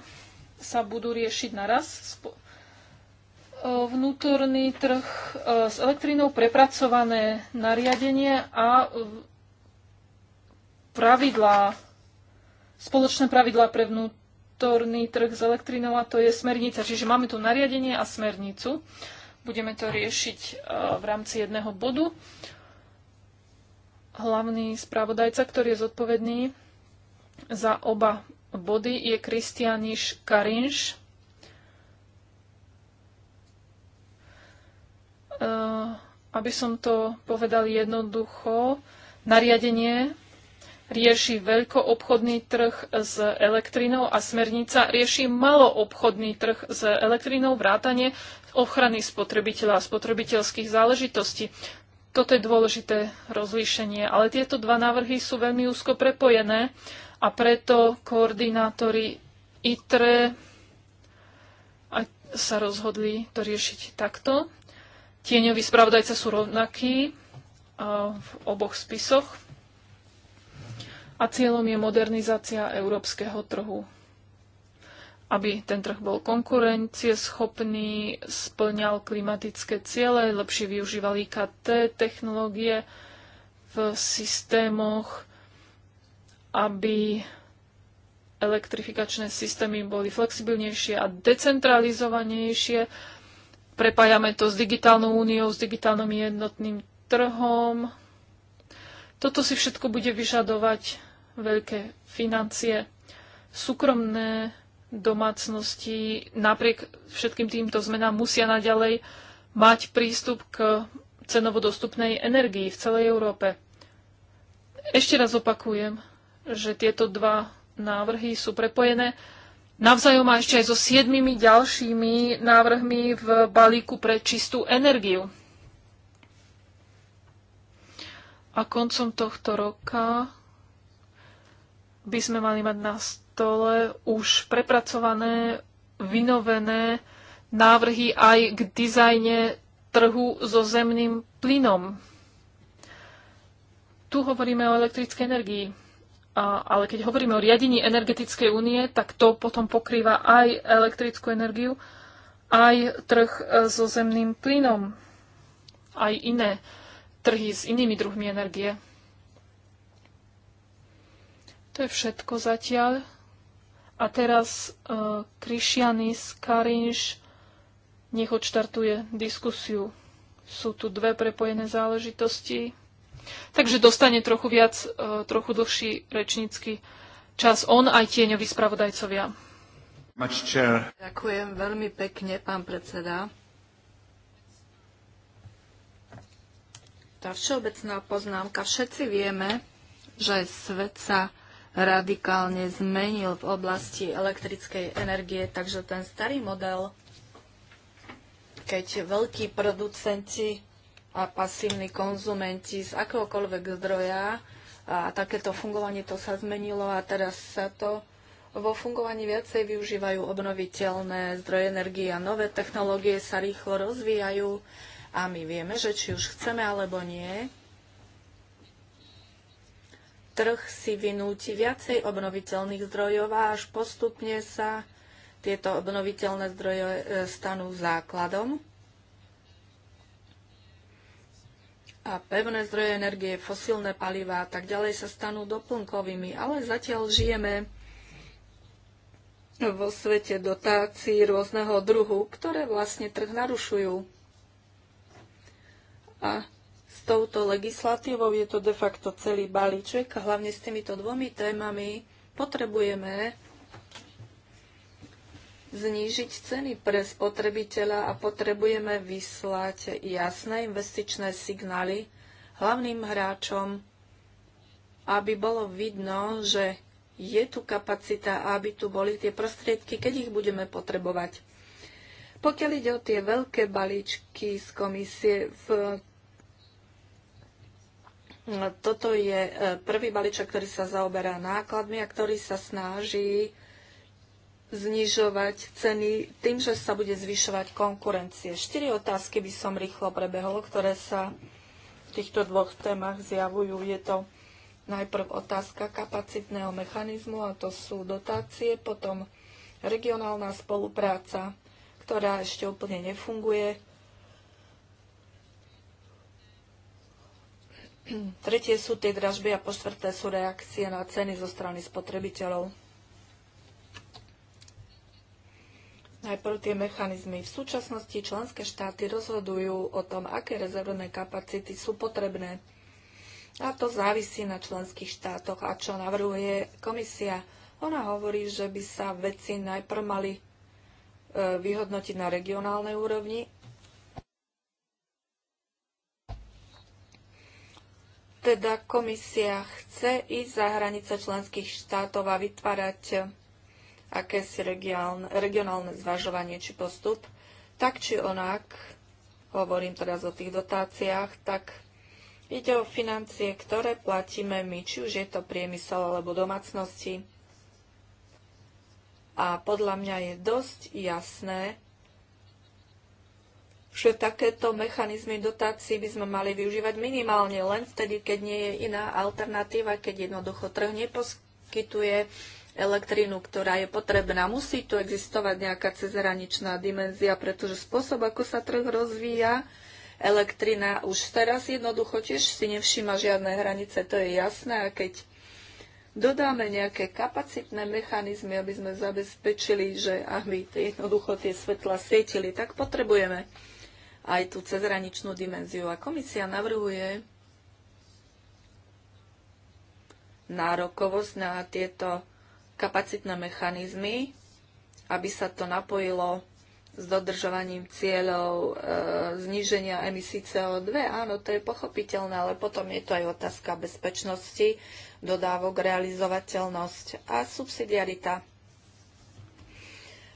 sa budú riešiť naraz. E, vnútorný trh e, s elektrinou, prepracované nariadenie a pravidlá, spoločné pravidlá pre vnútorný trh s elektrinou a to je smernica. Čiže máme tu nariadenie a smernicu. Budeme to riešiť e, v rámci jedného bodu. Hlavný správodajca, ktorý je zodpovedný za oba body, je Kristianiš Karinš. E, aby som to povedal jednoducho, nariadenie rieši veľkoobchodný trh s elektrinou a smernica rieši maloobchodný trh s elektrinou, vrátane ochrany spotrebiteľa a spotrebiteľských záležitostí. Toto je dôležité rozlíšenie, ale tieto dva návrhy sú veľmi úzko prepojené a preto koordinátori ITRE sa rozhodli to riešiť takto. Tieňoví spravodajca sú rovnakí v oboch spisoch a cieľom je modernizácia európskeho trhu aby ten trh bol konkurencieschopný, splňal klimatické ciele, lepšie využíval IKT technológie v systémoch, aby elektrifikačné systémy boli flexibilnejšie a decentralizovanejšie. Prepájame to s digitálnou úniou, s digitálnym jednotným trhom. Toto si všetko bude vyžadovať veľké financie. Súkromné domácnosti napriek všetkým týmto zmenám musia naďalej mať prístup k cenovo dostupnej energii v celej Európe. Ešte raz opakujem, že tieto dva návrhy sú prepojené navzájom a ešte aj so siedmimi ďalšími návrhmi v balíku pre čistú energiu. A koncom tohto roka by sme mali mať na stole už prepracované, vynovené návrhy aj k dizajne trhu so zemným plynom. Tu hovoríme o elektrickej energii, a, ale keď hovoríme o riadení energetickej únie, tak to potom pokrýva aj elektrickú energiu, aj trh e, so zemným plynom, aj iné trhy s inými druhmi energie. To je všetko zatiaľ. A teraz uh, e, Krišianis Karinš nech odštartuje diskusiu. Sú tu dve prepojené záležitosti. Takže dostane trochu viac, uh, trochu dlhší rečnícky čas on aj tieňoví spravodajcovia. Ďakujem veľmi pekne, pán predseda. Tá všeobecná poznámka. Všetci vieme, že svet sa radikálne zmenil v oblasti elektrickej energie. Takže ten starý model, keď veľkí producenti a pasívni konzumenti z akéhokoľvek zdroja a takéto fungovanie to sa zmenilo a teraz sa to vo fungovaní viacej využívajú obnoviteľné zdroje energie a nové technológie sa rýchlo rozvíjajú a my vieme, že či už chceme alebo nie, trh si vynúti viacej obnoviteľných zdrojov a až postupne sa tieto obnoviteľné zdroje e, stanú základom a pevné zdroje energie, fosílne paliva a tak ďalej sa stanú doplnkovými. Ale zatiaľ žijeme vo svete dotácií rôzneho druhu, ktoré vlastne trh narušujú. A s touto legislatívou, je to de facto celý balíček a hlavne s týmito dvomi témami potrebujeme znížiť ceny pre spotrebiteľa a potrebujeme vyslať jasné investičné signály hlavným hráčom, aby bolo vidno, že je tu kapacita a aby tu boli tie prostriedky, keď ich budeme potrebovať. Pokiaľ ide o tie veľké balíčky z komisie, v toto je e, prvý balíček, ktorý sa zaoberá nákladmi a ktorý sa snaží znižovať ceny tým, že sa bude zvyšovať konkurencie. Štyri otázky by som rýchlo prebehol, ktoré sa v týchto dvoch témach zjavujú. Je to najprv otázka kapacitného mechanizmu, a to sú dotácie, potom regionálna spolupráca, ktorá ešte úplne nefunguje, *clears throat* tretie sú tie dražby a po štvrté sú reakcie na ceny zo strany spotrebiteľov. Najprv tie mechanizmy. V súčasnosti členské štáty rozhodujú o tom, aké rezervné kapacity sú potrebné. A to závisí na členských štátoch. A čo navrhuje komisia? Ona hovorí, že by sa veci najprv mali e, vyhodnotiť na regionálnej úrovni Teda komisia chce ísť za hranice členských štátov a vytvárať akési regionálne, regionálne zvažovanie či postup. Tak či onak, hovorím teraz o tých dotáciách, tak ide o financie, ktoré platíme my, či už je to priemysel alebo domácnosti. A podľa mňa je dosť jasné, že takéto mechanizmy dotácií by sme mali využívať minimálne len vtedy, keď nie je iná alternatíva, keď jednoducho trh neposkytuje elektrínu, ktorá je potrebná. Musí tu existovať nejaká cezhraničná dimenzia, pretože spôsob, ako sa trh rozvíja, elektrina už teraz jednoducho tiež si nevšíma žiadne hranice, to je jasné. A keď dodáme nejaké kapacitné mechanizmy, aby sme zabezpečili, že aby jednoducho tie svetla svietili, tak potrebujeme aj tú cezhraničnú dimenziu. A komisia navrhuje nárokovosť na tieto kapacitné mechanizmy, aby sa to napojilo s dodržovaním cieľov e, zníženia emisí CO2. Áno, to je pochopiteľné, ale potom je to aj otázka bezpečnosti, dodávok, realizovateľnosť a subsidiarita.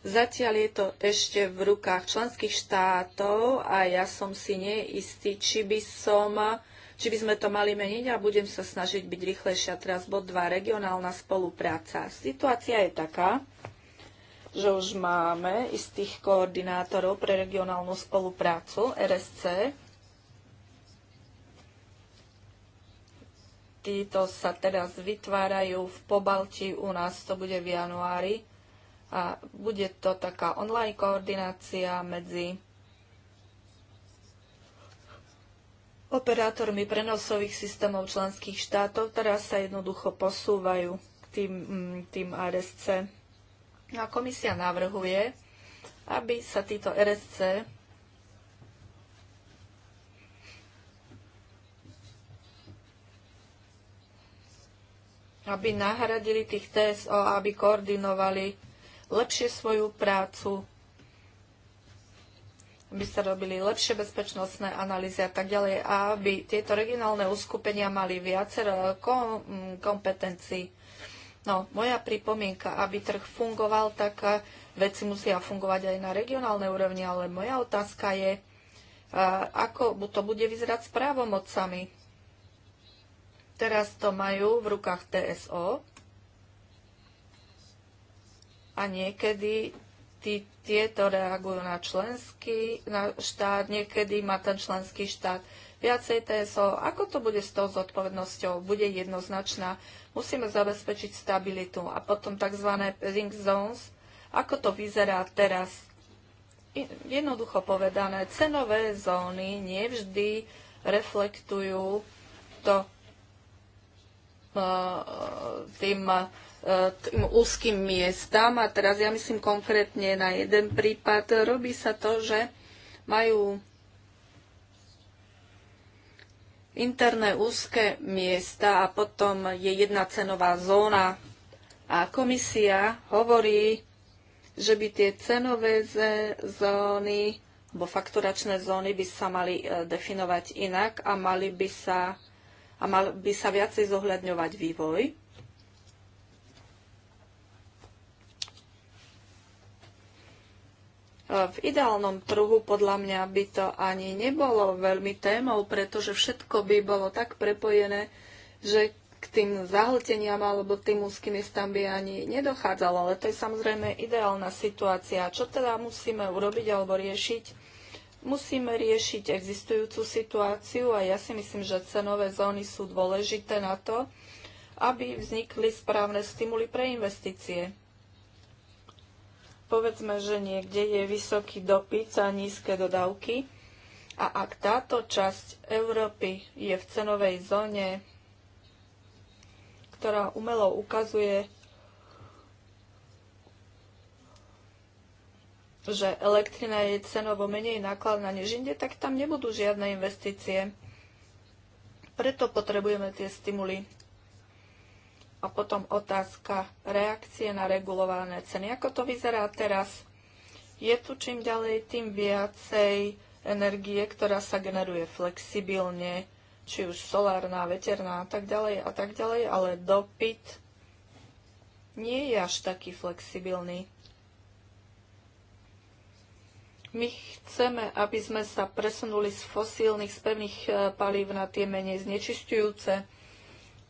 Zatiaľ je to ešte v rukách členských štátov a ja som si neistý, či by, som, či by sme to mali meniť a budem sa snažiť byť rýchlejšia. Teraz bod 2, regionálna spolupráca. Situácia je taká, že už máme istých koordinátorov pre regionálnu spoluprácu RSC. Títo sa teraz vytvárajú v Pobalti, u nás to bude v januári a bude to taká online koordinácia medzi operátormi prenosových systémov členských štátov, ktoré sa jednoducho posúvajú k tým, mm, tým RSC. No a komisia navrhuje, aby sa títo RSC aby nahradili tých TSO, aby koordinovali lepšie svoju prácu, aby sa robili lepšie bezpečnostné analýzy a tak ďalej a aby tieto regionálne uskupenia mali viacero kom- kompetencií. No, moja pripomienka, aby trh fungoval, tak eh, veci musia fungovať aj na regionálnej úrovni, ale moja otázka je, eh, ako to bude vyzerať s právomocami. Teraz to majú v rukách TSO, a niekedy tí, tieto reagujú na členský na štát, niekedy má ten členský štát viacej TSO. Ako to bude s tou zodpovednosťou? Bude jednoznačná. Musíme zabezpečiť stabilitu. A potom tzv. ring zones. Ako to vyzerá teraz? Jednoducho povedané, cenové zóny nevždy reflektujú to e, e, tým tým úzkým miestam. A teraz ja myslím konkrétne na jeden prípad. Robí sa to, že majú interné úzke miesta a potom je jedna cenová zóna. A komisia hovorí, že by tie cenové zóny alebo fakturačné zóny by sa mali e, definovať inak a mali by sa, a mal by sa viacej zohľadňovať vývoj V ideálnom pruhu podľa mňa by to ani nebolo veľmi témou, pretože všetko by bolo tak prepojené, že k tým zahlteniam alebo tým úzkým miestam by ani nedochádzalo. Ale to je samozrejme ideálna situácia. Čo teda musíme urobiť alebo riešiť? Musíme riešiť existujúcu situáciu a ja si myslím, že cenové zóny sú dôležité na to, aby vznikli správne stimuly pre investície povedzme, že niekde je vysoký dopyt a nízke dodávky a ak táto časť Európy je v cenovej zóne, ktorá umelo ukazuje, že elektrina je cenovo menej nákladná než inde, tak tam nebudú žiadne investície. Preto potrebujeme tie stimuly. A potom otázka reakcie na regulované ceny. Ako to vyzerá teraz? Je tu čím ďalej, tým viacej energie, ktorá sa generuje flexibilne, či už solárna, veterná a tak ďalej a tak ďalej, ale dopyt nie je až taký flexibilný. My chceme, aby sme sa presunuli z fosílnych, z pevných eh, palív na tie menej znečistujúce.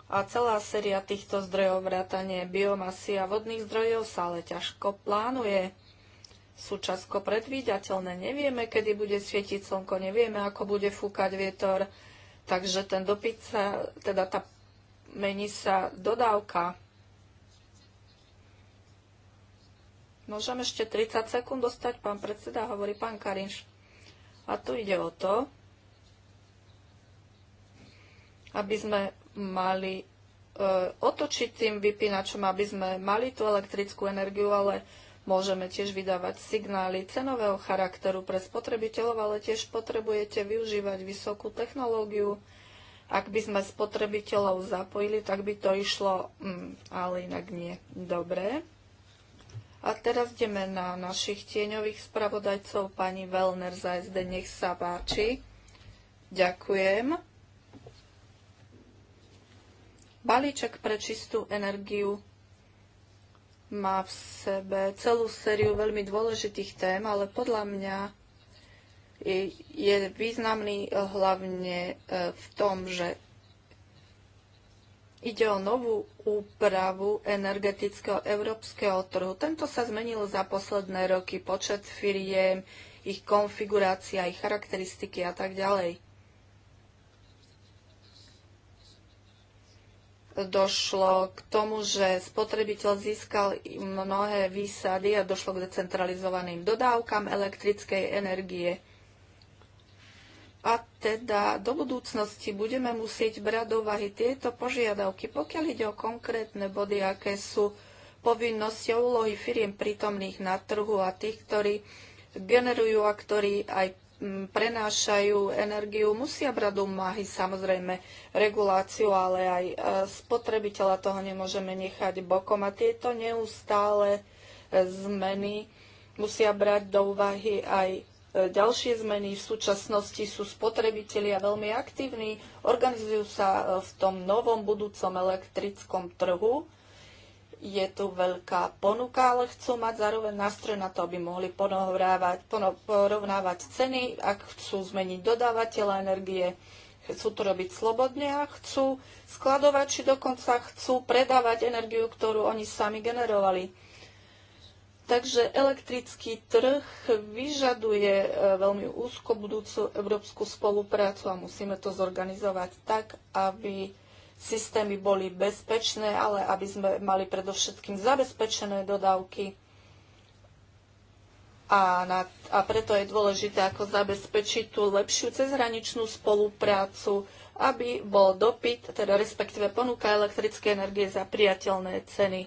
A celá séria týchto zdrojov vrátane biomasy a vodných zdrojov sa ale ťažko plánuje. Sú časko predvídateľné, nevieme, kedy bude svietiť slnko, nevieme, ako bude fúkať vietor, takže ten dopyt sa, teda tá mení sa dodávka. Môžem ešte 30 sekúnd dostať, pán predseda, hovorí pán Karinš. A tu ide o to, aby sme mali e, otočiť tým vypínačom, aby sme mali tú elektrickú energiu, ale môžeme tiež vydávať signály cenového charakteru pre spotrebiteľov, ale tiež potrebujete využívať vysokú technológiu. Ak by sme spotrebiteľov zapojili, tak by to išlo, mm, ale inak nie. Dobre. A teraz ideme na našich tieňových spravodajcov, pani Velner za SD, nech sa páči. Ďakujem. Balíček pre čistú energiu má v sebe celú sériu veľmi dôležitých tém, ale podľa mňa je významný eh, hlavne eh, v tom, že ide o novú úpravu energetického európskeho trhu. Tento sa zmenil za posledné roky, počet firiem, ich konfigurácia, ich charakteristiky a tak ďalej. došlo k tomu, že spotrebiteľ získal mnohé výsady a došlo k decentralizovaným dodávkam elektrickej energie. A teda do budúcnosti budeme musieť brať do úvahy tieto požiadavky, pokiaľ ide o konkrétne body, aké sú povinnosti a úlohy firiem prítomných na trhu a tých, ktorí generujú a ktorí aj prenášajú energiu, musia brať do úvahy samozrejme reguláciu, ale aj e, spotrebiteľa toho nemôžeme nechať bokom. A tieto neustále e, zmeny musia brať do úvahy aj e, ďalšie zmeny. V súčasnosti sú spotrebitelia veľmi aktívni, organizujú sa v tom novom budúcom elektrickom trhu je tu veľká ponuka, ale chcú mať zároveň nástroj na to, aby mohli porovnávať ceny, ak chcú zmeniť dodávateľa energie, chcú to robiť slobodne a chcú skladovať, či dokonca chcú predávať energiu, ktorú oni sami generovali. Takže elektrický trh vyžaduje e, veľmi úzko budúcu európsku spoluprácu a musíme to zorganizovať tak, aby systémy boli bezpečné, ale aby sme mali predovšetkým zabezpečené dodávky. A, na, a preto je dôležité, ako zabezpečiť tú lepšiu cezhraničnú spoluprácu, aby bol dopyt, teda respektíve ponuka elektrickej energie za priateľné ceny.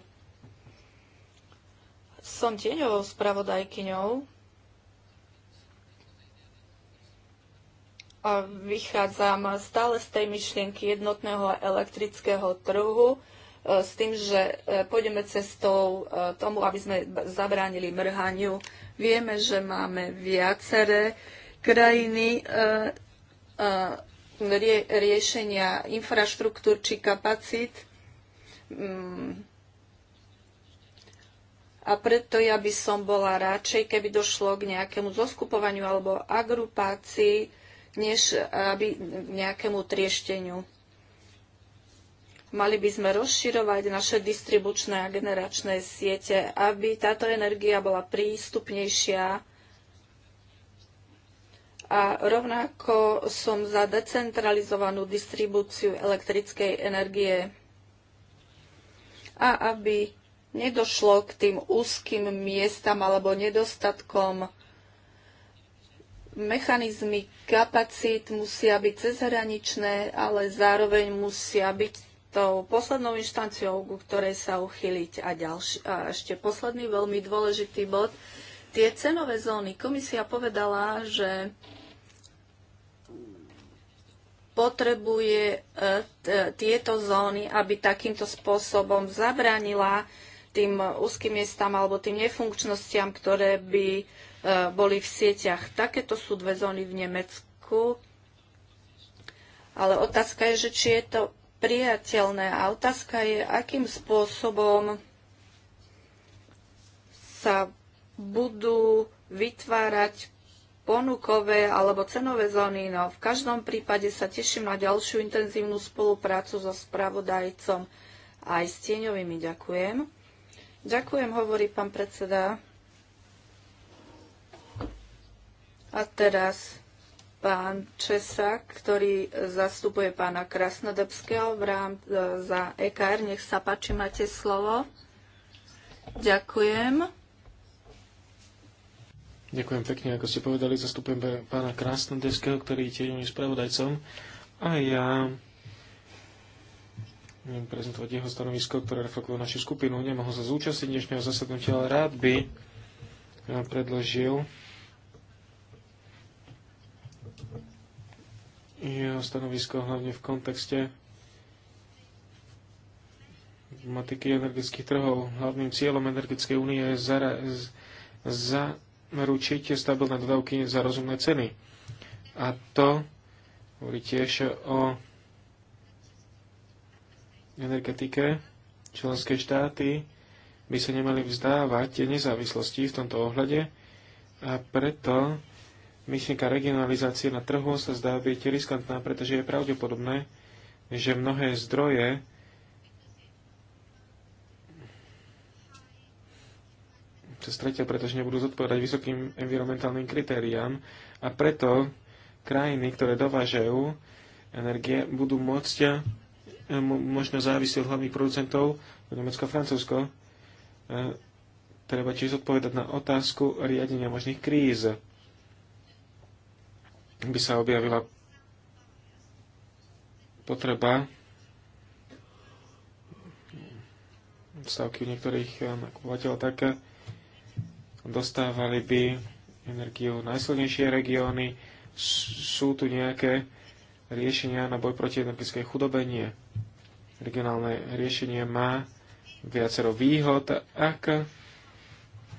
Som tieňovou spravodajkyňou vychádzam stále z tej myšlienky jednotného elektrického trhu e, s tým, že e, pôjdeme cestou e, tomu, aby sme zabránili mrhaniu. Vieme, že máme viaceré krajiny rie, riešenia infraštruktúr či kapacít. Mm. A preto ja by som bola radšej, keby došlo k nejakému zoskupovaniu alebo agrupácii než eh, aby nejakému triešteniu. Mali by sme rozširovať naše distribučné a generačné siete, aby táto energia bola prístupnejšia. A rovnako som za decentralizovanú distribúciu elektrickej energie. A aby nedošlo k tým úzkým miestam alebo nedostatkom mechanizmy kapacít musia byť cezhraničné, ale zároveň musia byť tou poslednou inštanciou, ku ktorej sa uchyliť. A, ďalší, a ešte posledný veľmi dôležitý bod. Tie cenové zóny. Komisia povedala, že potrebuje e, tieto zóny, aby takýmto spôsobom zabránila tým úzkým miestam alebo tým nefunkčnostiam, ktoré by E, boli v sieťach. Takéto sú dve zóny v Nemecku. Ale otázka je, že či je to priateľné. A otázka je, akým spôsobom sa budú vytvárať ponukové alebo cenové zóny. No, v každom prípade sa teším na ďalšiu intenzívnu spoluprácu so spravodajcom aj s tieňovými. Ďakujem. Ďakujem, hovorí pán predseda. A teraz pán česák, ktorý zastupuje pána Krasnodebského v rám za EKR. Nech sa páči, máte slovo. Ďakujem. Ďakujem pekne, ako ste povedali, zastupujem pána Krasnodebského, ktorý je tiež spravodajcom. A ja budem prezentovať jeho stanovisko, ktoré reflektuje našu skupinu. Nemohol sa zúčastniť dnešného zasadnutia, ale rád by predložil jeho stanovisko hlavne v kontexte matiky energetických trhov. Hlavným cieľom energetickej únie je zaručiť za, stabilné dodávky za rozumné ceny. A to hovorí tiež o energetike. Členské štáty by sa nemali vzdávať nezávislosti v tomto ohľade a preto myšlienka regionalizácie na trhu sa zdá byť riskantná, pretože je pravdepodobné, že mnohé zdroje sa stretia, pretože nebudú zodpovedať vysokým environmentálnym kritériám a preto krajiny, ktoré dovážajú energie, budú môcť eh, možno závisieť od hlavných producentov Nemecko a Francúzsko. Eh, treba tiež odpovedať na otázku riadenia možných kríz by sa objavila potreba stavky u niektorých eh, nakupovateľov také, eh, dostávali by energiu najsilnejšie regióny. Sú tu nejaké riešenia na boj proti energetickej chudobe? Nie. Regionálne riešenie má viacero výhod, ak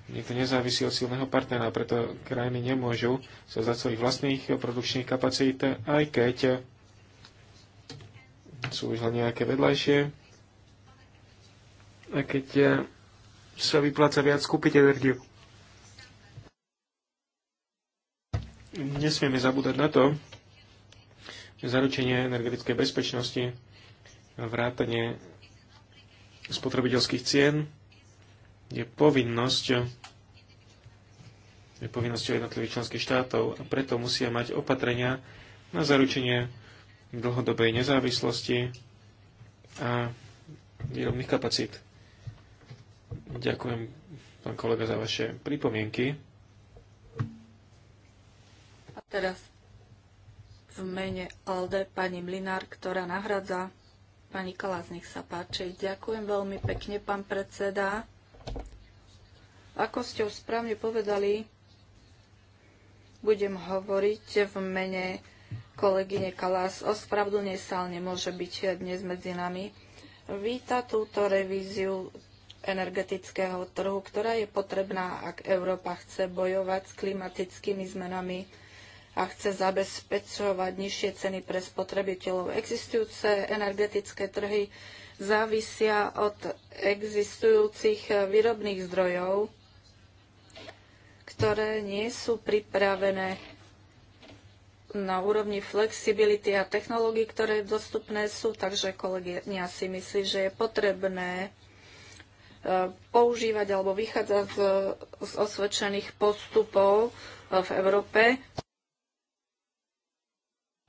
niekto nezávisí od silného partnera, preto krajiny nemôžu sa za svojich vlastných produkčných kapacít, aj keď sú už len nejaké vedľajšie. A keď eh, sa vypláca viac kúpiť energiu. Nesmieme zabúdať na to, že zaručenie energetickej bezpečnosti, vrátanie spotrebiteľských cien, je povinnosť je povinnosťou jednotlivých členských štátov a preto musia mať opatrenia na zaručenie dlhodobej nezávislosti a výrobných kapacít. Ďakujem, pán kolega, za vaše pripomienky. A teraz v mene Alde pani Mlinár, ktorá nahradza pani Kalás, nech sa páči. Ďakujem veľmi pekne, pán predseda. Ako ste už správne povedali, budem hovoriť v mene kolegyne Kalás. Ospravdne sa nemôže byť dnes medzi nami. Víta túto revíziu energetického trhu, ktorá je potrebná, ak Európa chce bojovať s klimatickými zmenami a chce zabezpečovať nižšie ceny pre spotrebiteľov. Existujúce energetické trhy závisia od existujúcich eh, výrobných zdrojov, ktoré nie sú pripravené na úrovni flexibility a technológií, ktoré dostupné sú. Takže kolegyňa si myslí, že je potrebné eh, používať alebo vychádzať z, z osvedčených postupov eh, v Európe.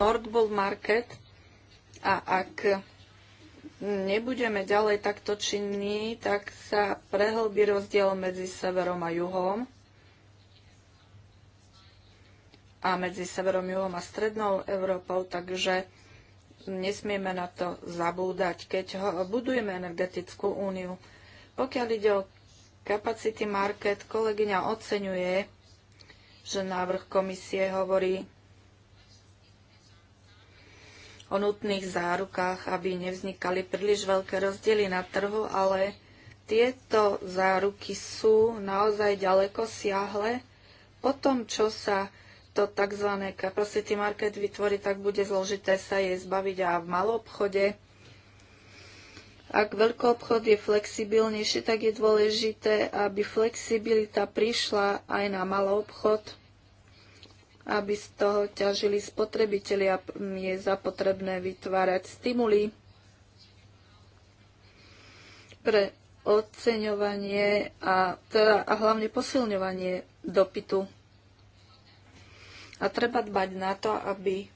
Nordbull Market a ak nebudeme ďalej takto činní, tak sa prehlbí rozdiel medzi severom a juhom a medzi severom, juhom a strednou Európou, takže nesmieme na to zabúdať, keď ho, budujeme energetickú úniu. Pokiaľ ide o Capacity Market, kolegyňa oceňuje, že návrh komisie hovorí o nutných zárukách, aby nevznikali príliš veľké rozdiely na trhu, ale tieto záruky sú naozaj ďaleko siahle. Po tom, čo sa to tzv. capacity market vytvorí, tak bude zložité sa jej zbaviť a v malom obchode. Ak veľký obchod je flexibilnejší, tak je dôležité, aby flexibilita prišla aj na malý obchod aby z toho ťažili spotrebitelia. Je zapotrebné vytvárať stimuly pre oceňovanie a, teda, a hlavne posilňovanie dopytu. A treba dbať na to, aby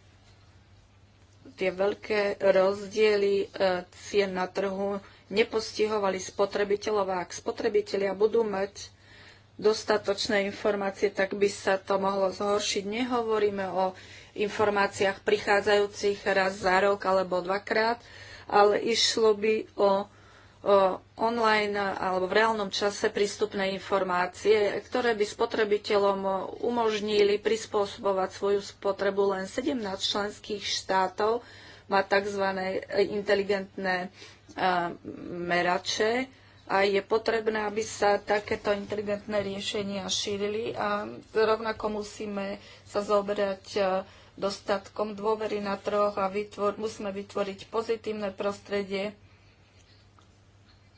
tie veľké rozdiely e, cien na trhu nepostihovali spotrebiteľov. A ak spotrebitelia budú mať dostatočné informácie, tak by sa to mohlo zhoršiť. Nehovoríme o informáciách prichádzajúcich raz za rok alebo dvakrát, ale išlo by o online alebo v reálnom čase prístupné informácie, ktoré by spotrebiteľom umožnili prispôsobovať svoju spotrebu. Len 17 členských štátov má tzv. inteligentné merače a je potrebné, aby sa takéto inteligentné riešenia šírili a rovnako musíme sa zoberať e, dostatkom dôvery na troch a vytvor, musíme vytvoriť pozitívne prostredie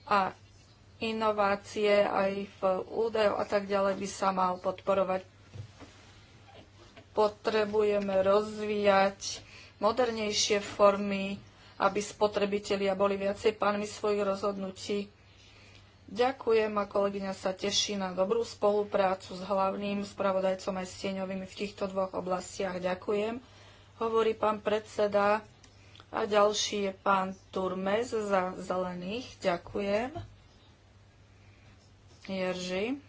a inovácie aj v údajov a tak ďalej by sa mal podporovať. Potrebujeme rozvíjať modernejšie formy, aby spotrebitelia boli viacej pánmi svojich rozhodnutí Ďakujem a kolegyňa sa teší na dobrú spoluprácu s hlavným spravodajcom aj stieňovými v týchto dvoch oblastiach. Ďakujem, hovorí pán predseda. A ďalší je pán Turmes za zelených. Ďakujem. Jerži.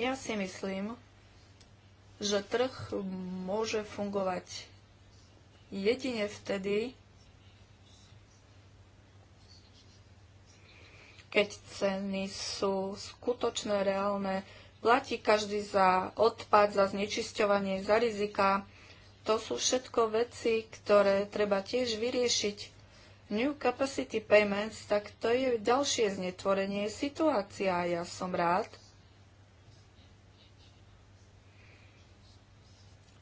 Ja si myslím, že trh môže fungovať jedine vtedy, keď ceny sú skutočné, reálne. Platí každý za odpad, za znečisťovanie, za rizika. To sú všetko veci, ktoré treba tiež vyriešiť. New Capacity Payments, tak to je ďalšie znetvorenie situácia. Ja som rád,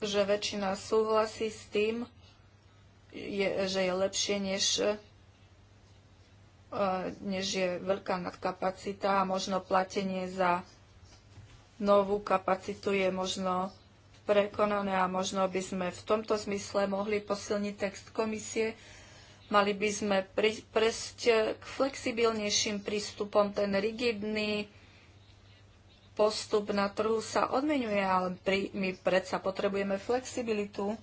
že väčšina súhlasí s tým, je, že je lepšie, než E, než je veľká nadkapacita a možno platenie za novú kapacitu je možno prekonané a možno by sme v tomto zmysle mohli posilniť text komisie. Mali by sme presť k flexibilnejším prístupom. Ten rigidný postup na trhu sa odmenuje, ale pri, my predsa potrebujeme flexibilitu.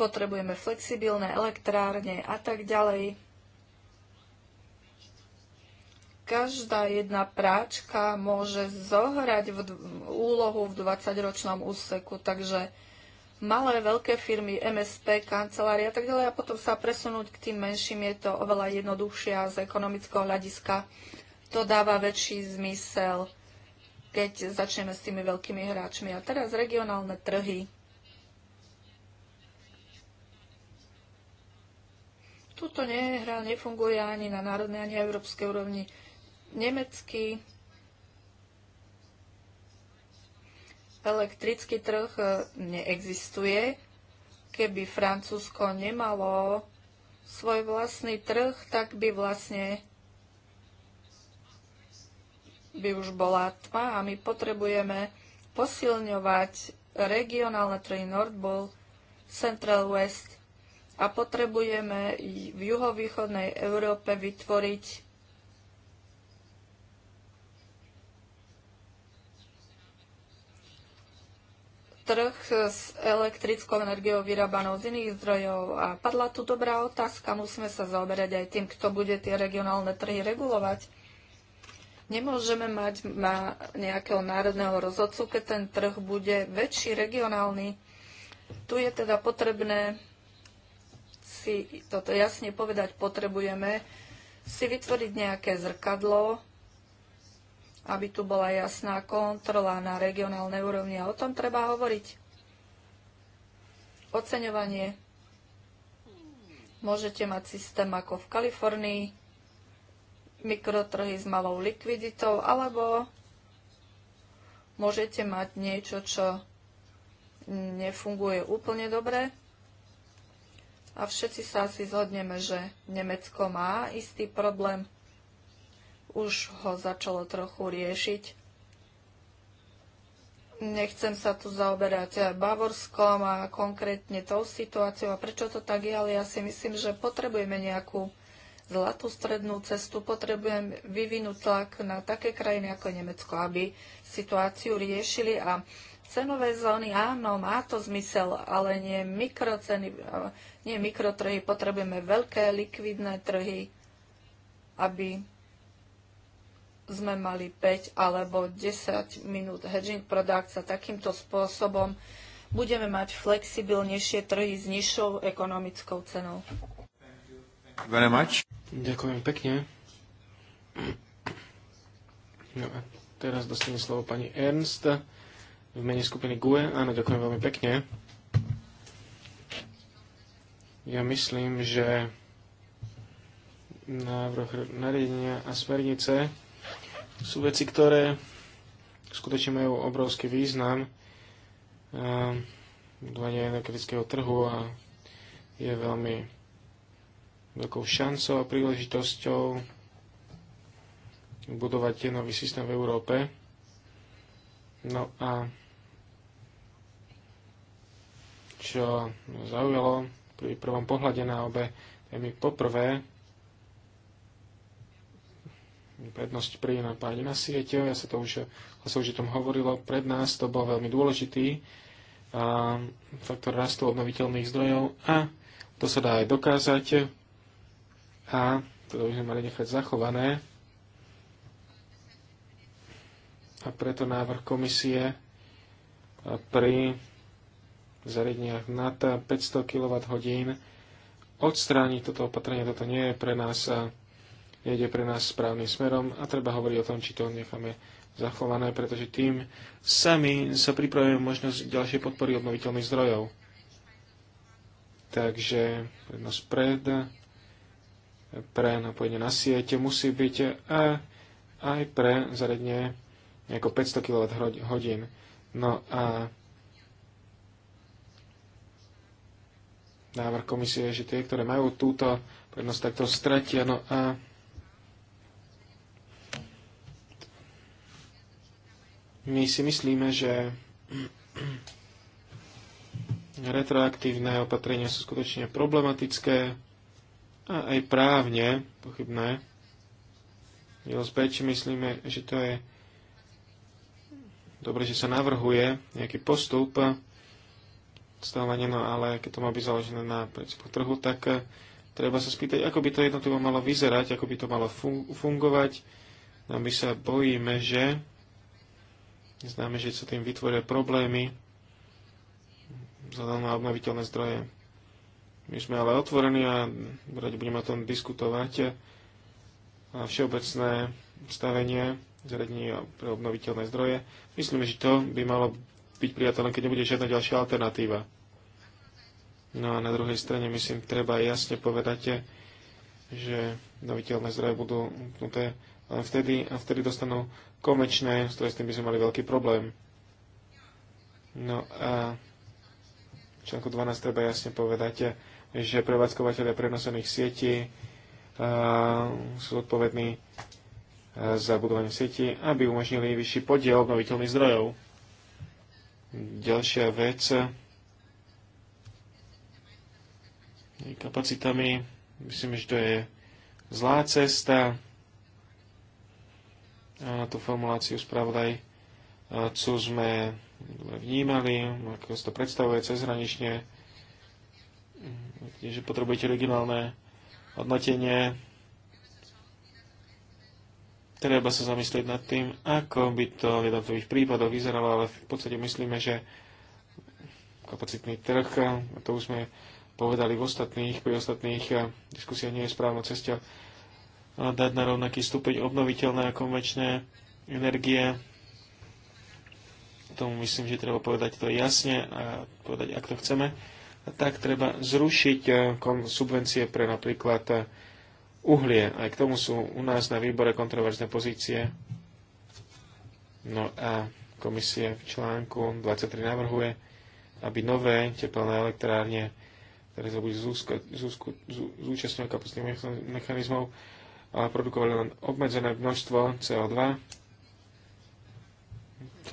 potrebujeme flexibilné elektrárne a tak ďalej. Každá jedna práčka môže zohrať v úlohu v 20-ročnom úseku, takže malé, veľké firmy, MSP, kancelária a tak ďalej a potom sa presunúť k tým menším je to oveľa jednoduchšie a z ekonomického hľadiska to dáva väčší zmysel, keď začneme s tými veľkými hráčmi. A teraz regionálne trhy Tuto nehra nefunguje ani na národnej, ani európskej úrovni. Nemecký elektrický trh e, neexistuje. Keby Francúzsko nemalo svoj vlastný trh, tak by vlastne by už bola tma a my potrebujeme posilňovať regionálne trhy Nordbull, Central West a potrebujeme v juhovýchodnej Európe vytvoriť trh s elektrickou energiou vyrábanou z iných zdrojov. A padla tu dobrá otázka, musíme sa zaoberať aj tým, kto bude tie regionálne trhy regulovať. Nemôžeme mať ma nejakého národného rozhodcu, keď ten trh bude väčší, regionálny. Tu je teda potrebné si toto jasne povedať, potrebujeme si vytvoriť nejaké zrkadlo, aby tu bola jasná kontrola na regionálnej úrovni. A o tom treba hovoriť. Oceňovanie. Môžete mať systém ako v Kalifornii, mikrotrhy s malou likviditou, alebo môžete mať niečo, čo nefunguje úplne dobre a všetci sa asi zhodneme, že Nemecko má istý problém. Už ho začalo trochu riešiť. Nechcem sa tu zaoberať Bavorskom a konkrétne tou situáciou a prečo to tak je, ale ja si myslím, že potrebujeme nejakú zlatú strednú cestu, potrebujem vyvinúť tlak na také krajiny ako Nemecko, aby situáciu riešili a cenové zóny, áno, má to zmysel, ale nie mikroceny nie mikrotrhy, potrebujeme veľké likvidné trhy, aby sme mali 5 alebo 10 minút hedging product a takýmto spôsobom budeme mať flexibilnejšie trhy s nižšou ekonomickou cenou. Thank you. Thank you Ďakujem pekne. No a teraz dostane slovo pani Ernst v mene skupiny GUE. Áno, ďakujem veľmi pekne. Ja myslím, že návrh nariadenia a smernice sú veci, ktoré skutočne majú obrovský význam budovania energetického trhu a je veľmi veľkou šancou a príležitosťou budovať nový systém v Európe. No a čo zaujalo pri prvom pohľade na obe témy. Poprvé, prednosť pri napáde na siete. ja sa to už, ja sa už o tom hovorilo, pred nás to bol veľmi dôležitý a, faktor rastu obnoviteľných zdrojov a to sa dá aj dokázať a to by sme mali nechať zachované. A preto návrh komisie pri zariadeniach nad 500 kWh odstrániť toto opatrenie. Toto nie je pre nás, nejde pre nás správnym smerom a treba hovoriť o tom, či to necháme zachované, pretože tým sami sa pripravujeme možnosť ďalšej podpory obnoviteľných zdrojov. Takže prednosť pred, pre napojenie na siete musí byť a e, aj pre zariadenie ako 500 kWh. No a návrh komisie, že tie, ktoré majú túto prednosť, tak to stratia. No a my si myslíme, že retroaktívne opatrenia sú skutočne problematické a aj právne pochybné. Rozbeč myslíme, že to je dobre, že sa navrhuje nejaký postup, stanovanie, no ale keď to má byť založené na princípu trhu, tak eh, treba sa spýtať, ako by to jednotlivo malo vyzerať, ako by to malo fun- fungovať. No my sa bojíme, že známe, že sa tým vytvoria problémy vzhľadom na obnoviteľné zdroje. My sme ale otvorení a radi budeme o tom diskutovať. Eh, a všeobecné stavenie zariadenie pre obnoviteľné zdroje. Myslíme, že to by malo byť priateľné, keď nebude žiadna ďalšia alternatíva. No a na druhej strane, myslím, treba jasne povedať, že noviteľné zdroje budú upnuté len vtedy a vtedy dostanú komečné, s ktorým by sme mali veľký problém. No a v článku 12 treba jasne povedať, že prevádzkovateľe prenosených sietí sú odpovední za budovanie sieti, aby umožnili vyšší podiel obnoviteľných zdrojov. Ďalšia vec kapacitami. Myslím, že to je zlá cesta. A tú formuláciu spravodaj co sme vnímali, ako sa to predstavuje cezhranične, že potrebujete regionálne hodnotenie treba sa zamyslieť nad tým, ako by to v jednotlivých prípadoch vyzeralo, ale v podstate myslíme, že kapacitný trh, a to už sme povedali v ostatných, pri ostatných eh, diskusiách nie je správna cesta eh, dať na rovnaký stupeň obnoviteľné a konvenčné energie. Tomu myslím, že treba povedať to jasne a povedať, ak to chceme. A tak treba zrušiť eh, subvencie pre napríklad uhlie. Aj k tomu sú u nás na výbore kontroverzné pozície. No a komisie v článku 23 navrhuje, aby nové tepelné elektrárne, ktoré sa budú zúčastňovať kapustných mechanizmov, ale produkovali len obmedzené množstvo CO2.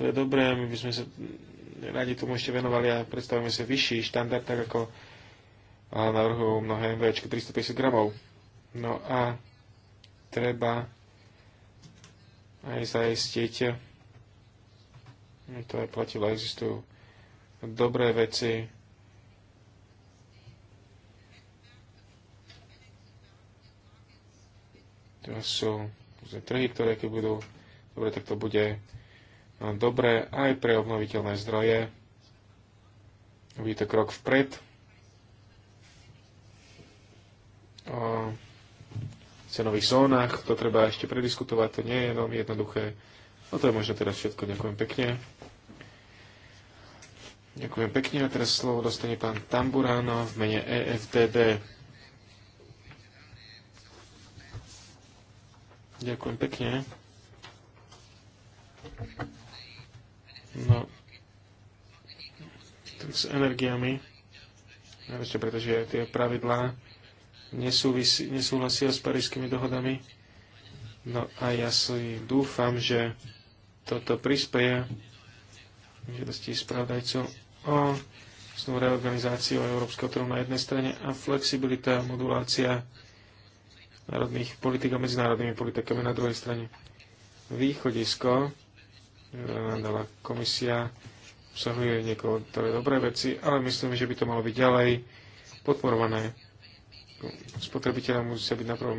To je dobré, my by sme sa radi tomu ešte venovali a predstavujeme si vyšší štandard, tak ako navrhujú mnohé MVčky 350 gramov. No a treba aj zajistiť, to aj platilo, existujú dobré veci, to sú trhy, ktoré keď budú dobre, tak to bude no, dobré aj pre obnoviteľné zdroje. Bude to krok vpred cenových zónach. To treba ešte prediskutovať, to nie je veľmi jednoduché. No to je možno teraz všetko. Ďakujem pekne. Ďakujem pekne a teraz slovo dostane pán Tamburáno v mene EFTD. Ďakujem pekne. No, tak s energiami, ešte pretože tie pravidlá nesúvisí, nesúhlasia s parížskými dohodami. No a ja si dúfam, že toto prispieje žiadosti spravodajcu o znovu reorganizáciu európskeho trhu na jednej strane a flexibilita a modulácia národných politik a medzinárodnými politikami na druhej strane. Východisko dala komisia obsahuje niektoré dobré veci, ale myslím, že by to malo byť ďalej podporované spotrebiteľa musia byť na prvom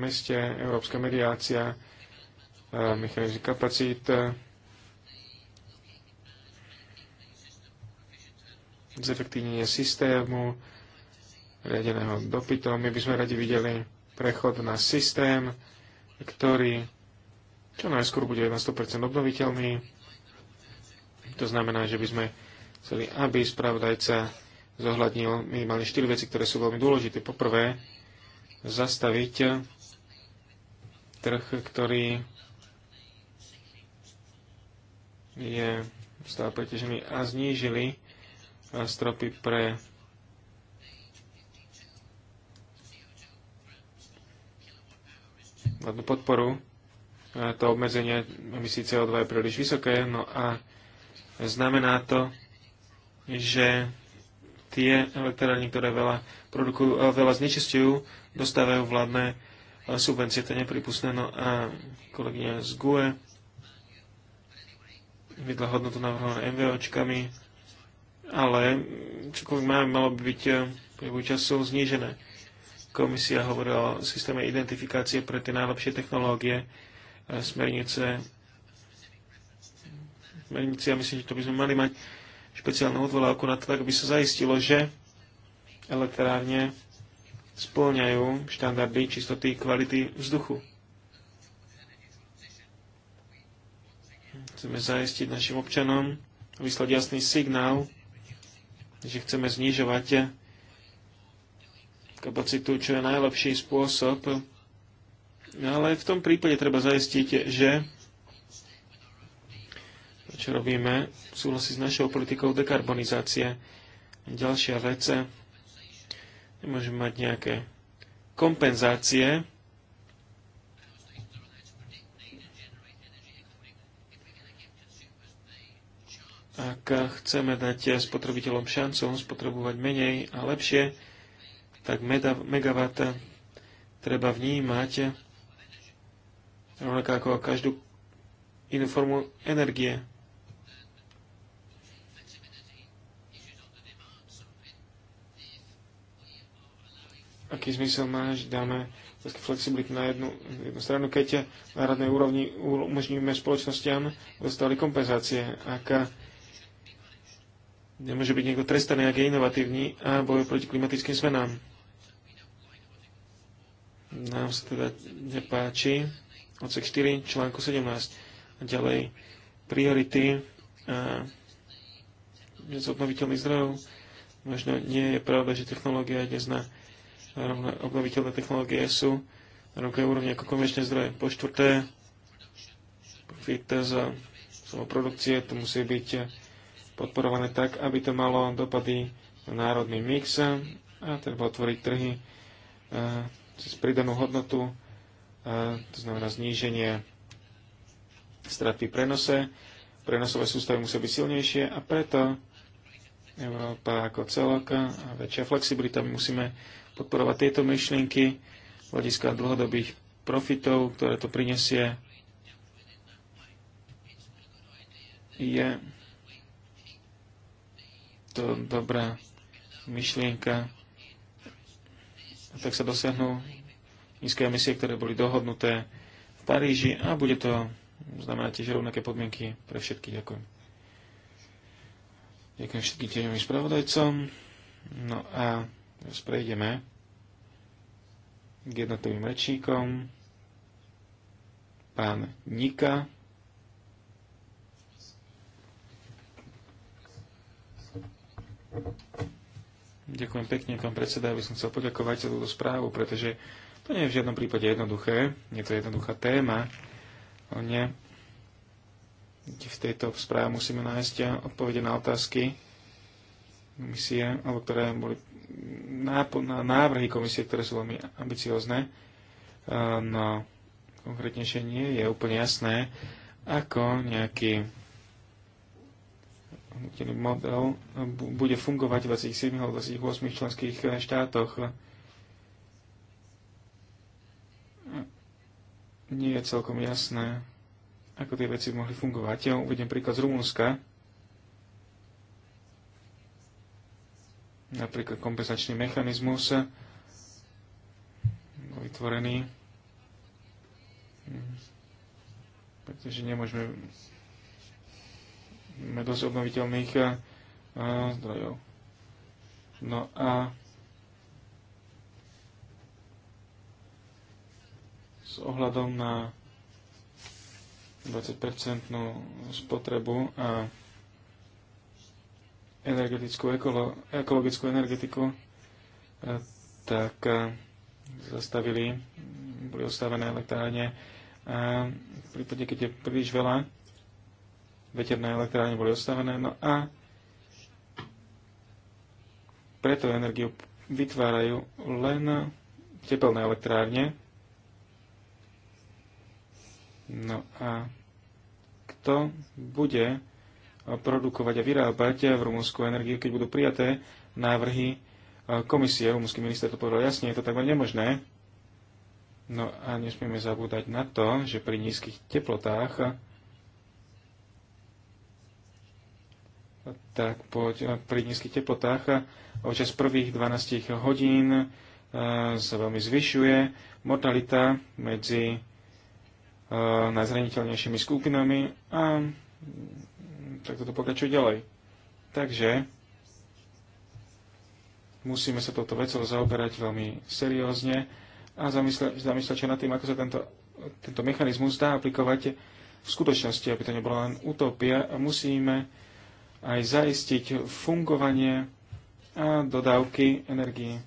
meste, európska mediácia, e, mechanizmy kapacít, zefektívnenie systému, riadeného dopytom. My by sme radi videli prechod na systém, ktorý čo najskôr bude na 100% obnoviteľný. To znamená, že by sme chceli, aby spravodajca zohľadnil minimálne štyri veci, ktoré sú veľmi dôležité. Poprvé, zastaviť trh, ktorý je stále preťažený a znížili stropy pre vládnu podporu. To obmedzenie emisí CO2 je príliš vysoké, no a znamená to, že tie elektrárne, ktoré veľa, produkujú, veľa znečistujú, dostávajú vládne subvencie. To je nepripustné. No a kolegyňa z GUE vydla hodnotu navrhované MVOčkami, ale čokoľvek máme, malo by byť eh, priebu času znížené. Komisia hovorila o systéme identifikácie pre tie najlepšie technológie, eh, smernice, smernice, ja myslím, že to by sme mali mať špeciálnu odvolávku na to, tak aby sa zaistilo, že elektrárne spĺňajú štandardy čistoty kvality vzduchu. Chceme zaistiť našim občanom vyslať jasný signál, že chceme znižovať kapacitu, čo je najlepší spôsob. Ale v tom prípade treba zaistiť, že čo robíme, v súhlasí s našou politikou dekarbonizácie. Ďalšia vec, nemôžeme mať nejaké kompenzácie, ak chceme dať spotrebiteľom šancu spotrebovať menej a lepšie, tak megawatt treba vnímať rovnako ako každú inú formu energie. aký zmysel má, že dáme flexibilitu na jednu, jednu stranu, keď na radnej úrovni umožníme spoločnostiam dostali kompenzácie. Ak nemôže byť niekto trestaný, ak je inovatívny a bojuje proti klimatickým zmenám. Nám sa teda nepáči odsek 4 článku 17. A ďalej priority a z obnoviteľných zdrojov. Možno nie je pravda, že technológia je dnes na obnoviteľné technológie sú na rovnakej úrovni ako komerčné zdroje. Po štvrté, profit z produkcie, to musí byť podporované tak, aby to malo dopady na národný mix a treba otvoriť trhy e, cez pridanú hodnotu, e, to znamená zníženie straty prenose. Prenosové sústavy musia byť silnejšie a preto Európa ako celok a väčšia flexibilita. My musíme podporovať tieto myšlienky z hľadiska dlhodobých profitov, ktoré to prinesie, je to dobrá myšlienka. A tak sa dosiahnu nízke emisie, ktoré boli dohodnuté v Paríži a bude to znamená, tiež rovnaké podmienky pre všetkých. Ďakujem. Ďakujem všetkým tieňovým spravodajcom. No a Teraz prejdeme k jednotlivým rečníkom. Pán Nika. Ďakujem pekne, pán predseda. aby by som chcel poďakovať za túto správu, pretože to nie je v žiadnom prípade jednoduché. Je to jednoduchá téma. nie. v tejto správe musíme nájsť odpovede na otázky misie, alebo ktoré boli na návrhy komisie, ktoré sú veľmi ambiciozne. No, konkrétnejšie nie je úplne jasné, ako nejaký model bude fungovať v 27 alebo 28 členských eh, štátoch. Nie je celkom jasné, ako tie veci mohli fungovať. Ja uvediem príklad z Rumunska napríklad kompenzačný mechanizmus vytvorený, pretože nemôžeme dosť obnoviteľných eh, zdrojov. No a s ohľadom na 20-percentnú spotrebu a energetickú, ekolo, ekologickú energetiku, e, tak e, zastavili, boli ostavené elektrárne. A v prípade, keď je príliš veľa, veterné elektrárne boli ostavené. No a preto energiu vytvárajú len tepelné elektrárne. No a kto bude produkovať a vyrábať v Rumunsku energiu, keď budú prijaté návrhy komisie. Rumunský minister to povedal jasne, je to takmer nemožné. No a nesmieme zabúdať na to, že pri nízkych teplotách tak poď, pri nízkych teplotách počas prvých 12 hodín sa veľmi zvyšuje mortalita medzi najzraniteľnejšími skupinami a tak toto pokračuje ďalej. Takže musíme sa touto vecou zaoberať veľmi seriózne a zamysle, sa nad tým, ako sa tento, tento mechanizmus dá aplikovať v skutočnosti, aby to nebola len utopia a musíme aj zaistiť fungovanie a dodávky energii.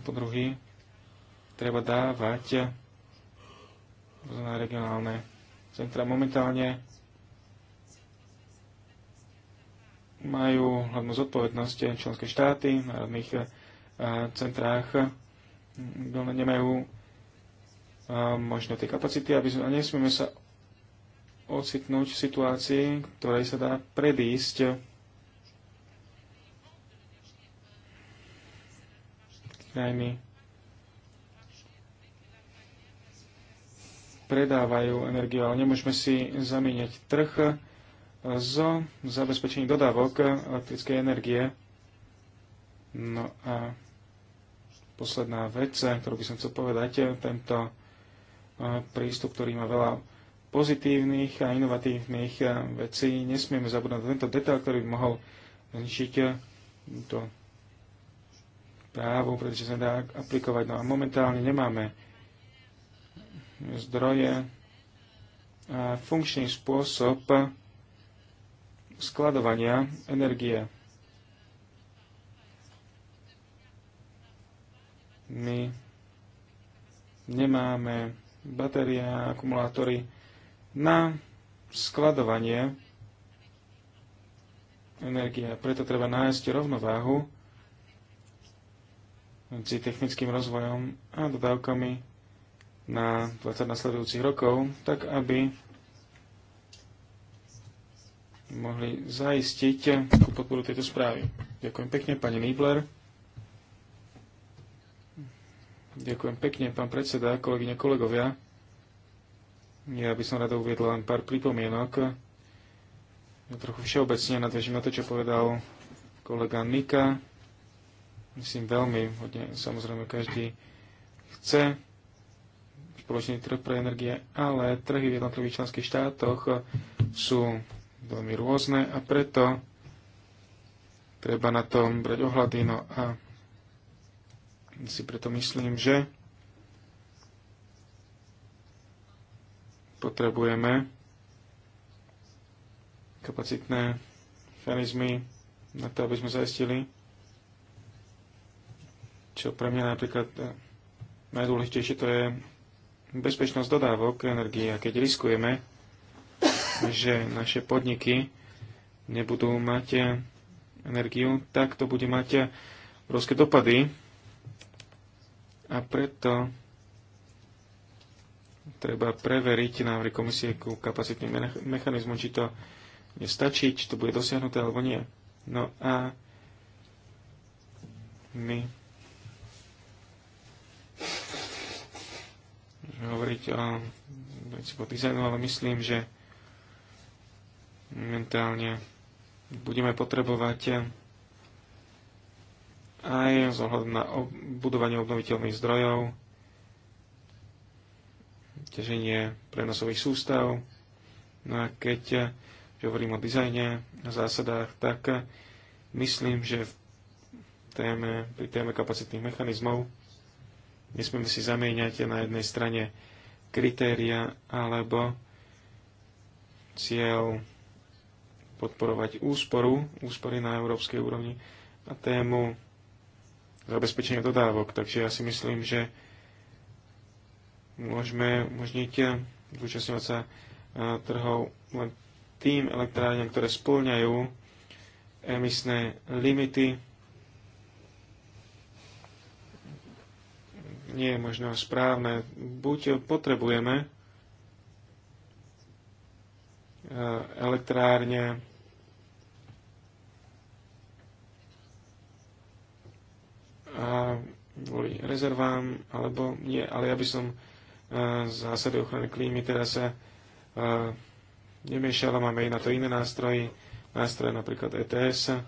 Po druhý, treba dávať regionálne centra. Momentálne majú hlavnú zodpovednosť členské štáty v národných eh, centrách, hm, nemajú eh, možno tie kapacity, aby sme, a nesmieme sa ocitnúť v situácii, ktorej sa dá predísť. Krajiny predávajú energiu, ale nemôžeme si zamieňať trh z zabezpečení dodávok elektrickej energie. No a posledná vec, ktorú by som chcel povedať, tento e, prístup, ktorý má veľa pozitívnych a inovatívnych e, vecí. Nesmieme zabúdať na tento detail, ktorý by mohol zničiť e, to právo, pretože sa dá aplikovať. No a momentálne nemáme zdroje a funkčný spôsob, skladovania energie. My nemáme batérie a akumulátory na skladovanie energie. Preto treba nájsť rovnováhu medzi technickým rozvojom a dodávkami na 20 nasledujúcich rokov, tak aby mohli zaistiť tú podporu tejto správy. Ďakujem pekne, pani Nibler. Ďakujem pekne, pán predseda, kolegyne, kolegovia. Ja by som rada uviedla len pár pripomienok. Ja trochu všeobecne nadvežím na to, čo povedal kolega Mika. Myslím veľmi hodne, samozrejme každý chce spoločný trh pre energie, ale trhy v jednotlivých členských štátoch sú veľmi rôzne a preto treba na tom brať ohľady. No a si preto myslím, že potrebujeme kapacitné mechanizmy na to, aby sme zaistili, čo pre mňa napríklad eh, najdôležitejšie to je bezpečnosť dodávok energie. A keď riskujeme že naše podniky nebudú mať energiu, tak to bude mať obrovské dopady. A preto treba preveriť na komisie ku kapacitným mechanizmu, či to nestačí, či to bude dosiahnuté alebo nie. No a my hovoriť o, o dizajnu, ale myslím, že Momentálne budeme potrebovať aj z ohľadu na budovanie obnoviteľných zdrojov, ťaženie prenosových sústav. No a keď hovorím o dizajne a zásadách, tak myslím, že v téme, pri téme kapacitných mechanizmov nesmieme si zamieňať na jednej strane kritéria alebo cieľ podporovať úsporu, úspory na európskej úrovni a tému zabezpečenia dodávok. Takže ja si myslím, že môžeme umožniť eh, zúčastňovať sa eh, trhov len tým elektrárňam, ktoré splňajú emisné limity. Nie je možno správne. Buď potrebujeme Eh, elektrárne, a kvôli rezervám, alebo nie, ale ja by som z eh, zásady ochrany klímy teda sa eh, nemiešala, máme aj na to iné nástroje, nástroje napríklad ETS.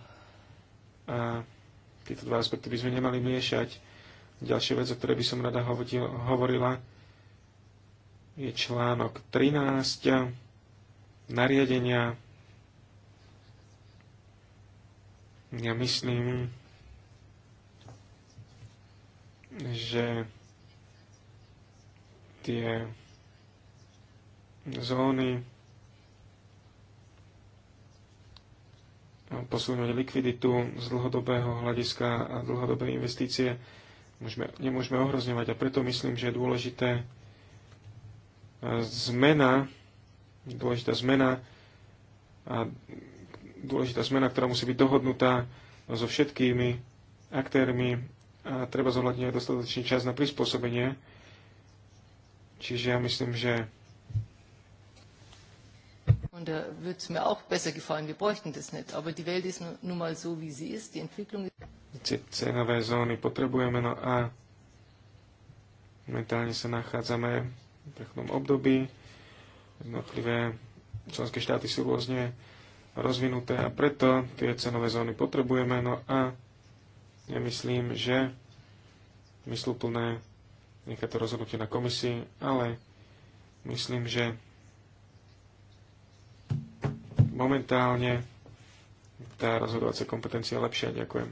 A tieto dva aspekty by sme nemali miešať. Ďalšia vec, o ktorej by som rada hovorila, je článok 13 nariadenia. Ja myslím, že tie zóny posunúť likviditu z dlhodobého hľadiska a dlhodobé investície môžeme, nemôžeme ohrozňovať. A preto myslím, že je dôležité zmena dôležitá zmena a dôležitá zmena, ktorá musí byť dohodnutá so všetkými aktérmi a treba zohľadniť aj dostatočný čas na prispôsobenie. Čiže ja myslím, že Und da äh, würde es mir auch besser gefallen, wir bräuchten das nicht. Aber die Welt ist nun mal so, wie sie ist. Die Entwicklung Cenové zóny potrebujeme, no a momentálne sa nachádzame v prechnom období. Jednotlivé členské štáty sú rôzne rozvinuté a preto tie cenové zóny potrebujeme. No a ja myslím, že mysluplné nechať to rozhodnutie na komisii, ale myslím, že momentálne tá rozhodovacia kompetencia je lepšia. Ďakujem.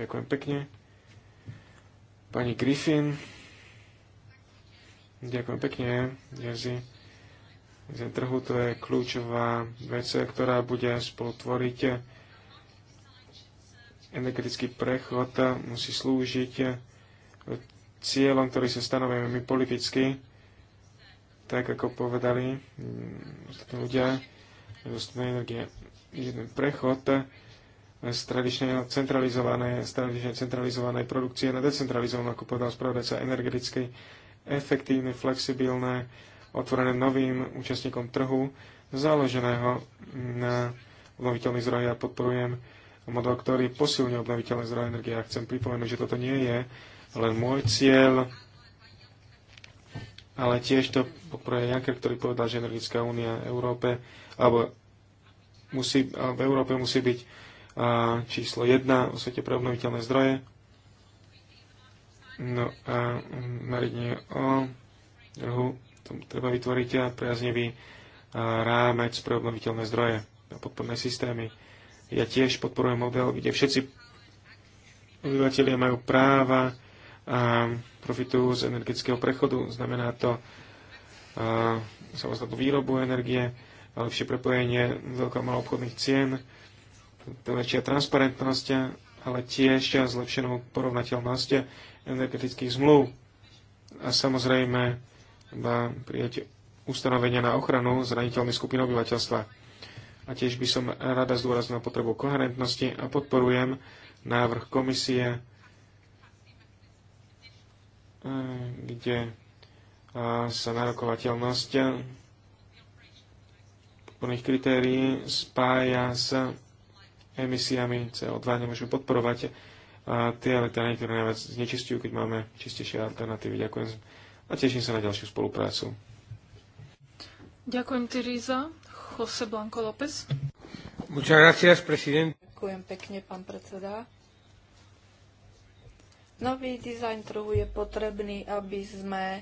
Ďakujem pekne. Pani Griffin. Ďakujem pekne, Jerzy trhu. To je kľúčová vec, ktorá bude spolutvoriť energetický prechod musí slúžiť cieľom, ktorý sa stanovujeme my politicky, tak ako povedali ostatní ľudia, dostupná energie. Jeden prechod z tradičnej centralizovanej, z centralizovanej produkcie na decentralizovanú, ako povedal spravodajca, energeticky efektívne, flexibilné, otvorené novým účastníkom trhu založeného na obnoviteľných zdrojoch. Ja podporujem model, ktorý posilňuje obnoviteľné zdroje energie. ja chcem pripomenúť, že toto nie je len môj cieľ, ale tiež to podporuje Janker, ktorý povedal, že Energická únia Európe, alebo musí, v Európe musí byť číslo 1 o svete pre obnoviteľné zdroje. No a mm, nariadenie o trhu tom treba vytvoriť priaznivý e, rámec pre obnoviteľné zdroje a podporné systémy. Ja tiež podporujem model, kde všetci obyvateľia majú práva a profitujú z energetického prechodu. Znamená to e, samozrejme výrobu energie, lepšie prepojenie veľká malo obchodných cien, väčšia transparentnosť, ale tiež zlepšenú porovnateľnosť energetických zmluv. A samozrejme má prijať ustanovenia na ochranu zraniteľných skupín obyvateľstva. A tiež by som rada zdôraznil potrebu koherentnosti a podporujem návrh komisie, eh, kde eh, sa narokovateľnosť podporných kritérií spája s emisiami CO2. Nemôžeme podporovať eh, tie elektrárne, ktoré najviac znečistujú, keď máme čistejšie alternatívy. Ďakujem a teším sa na ďalšiu spoluprácu. Ďakujem, Tyríza. Jose Blanco López. Muchas gracias, presidente. Ďakujem pekne, pán predseda. Nový dizajn trhu je potrebný, aby sme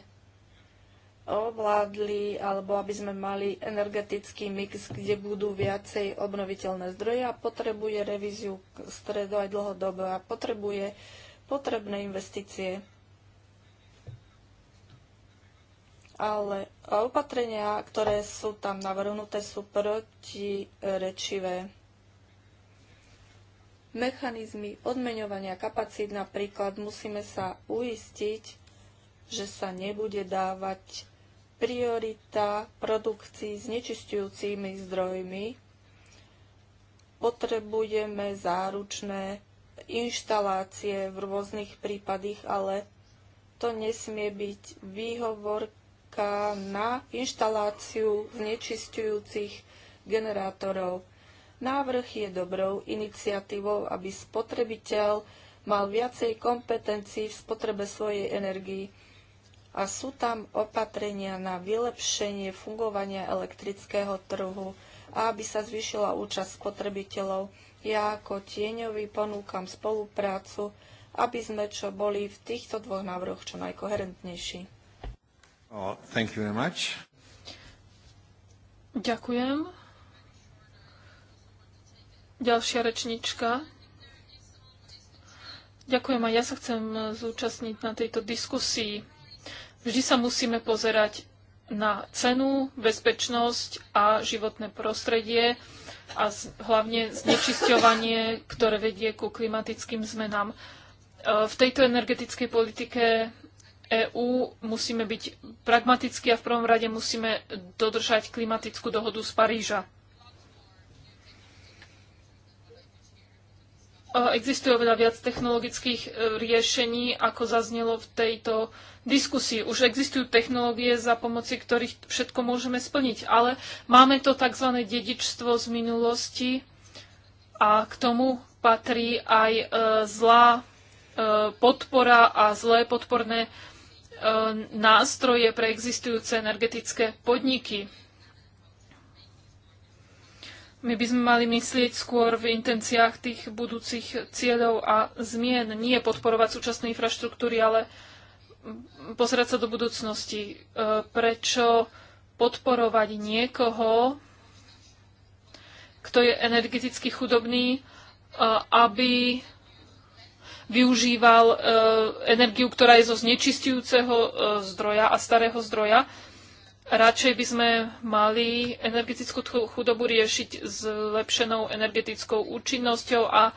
ovládli alebo aby sme mali energetický mix, kde budú viacej obnoviteľné zdroje a potrebuje revíziu stredo aj dlhodobo a potrebuje potrebné investície. ale opatrenia, ktoré sú tam navrhnuté, sú protirečivé. Mechanizmy odmeňovania kapacít napríklad musíme sa uistiť, že sa nebude dávať priorita produkcii s nečistujúcimi zdrojmi. Potrebujeme záručné inštalácie v rôznych prípadoch, ale to nesmie byť výhovorka výnimka na inštaláciu znečistujúcich generátorov. Návrh je dobrou iniciatívou, aby spotrebiteľ mal viacej kompetencií v spotrebe svojej energii a sú tam opatrenia na vylepšenie fungovania elektrického trhu a aby sa zvýšila účasť spotrebiteľov. Ja ako tieňovi ponúkam spoluprácu, aby sme čo boli v týchto dvoch návrhoch čo najkoherentnejší. Oh, thank you very much. Ďakujem. Ďalšia rečnička. Ďakujem a ja sa chcem zúčastniť na tejto diskusii. Vždy sa musíme pozerať na cenu, bezpečnosť a životné prostredie a hlavne znečisťovanie, ktoré vedie ku klimatickým zmenám. E, v tejto energetickej politike EÚ musíme byť pragmatickí a v prvom rade musíme dodržať klimatickú dohodu z Paríža. E, existuje oveľa viac technologických e, riešení, ako zaznelo v tejto diskusii. Už existujú technológie, za pomoci ktorých všetko môžeme splniť, ale máme to tzv. dedičstvo z minulosti a k tomu patrí aj e, zlá podpora a zlé podporné E, nástroje pre existujúce energetické podniky. My by sme mali myslieť skôr v intenciách tých budúcich cieľov a zmien, nie podporovať súčasné infraštruktúry, ale pozerať sa do budúcnosti. E, prečo podporovať niekoho, kto je energeticky chudobný, aby využíval e, energiu, ktorá je zo znečistujúceho e, zdroja a starého zdroja. Radšej by sme mali energetickú chudobu riešiť zlepšenou energetickou účinnosťou a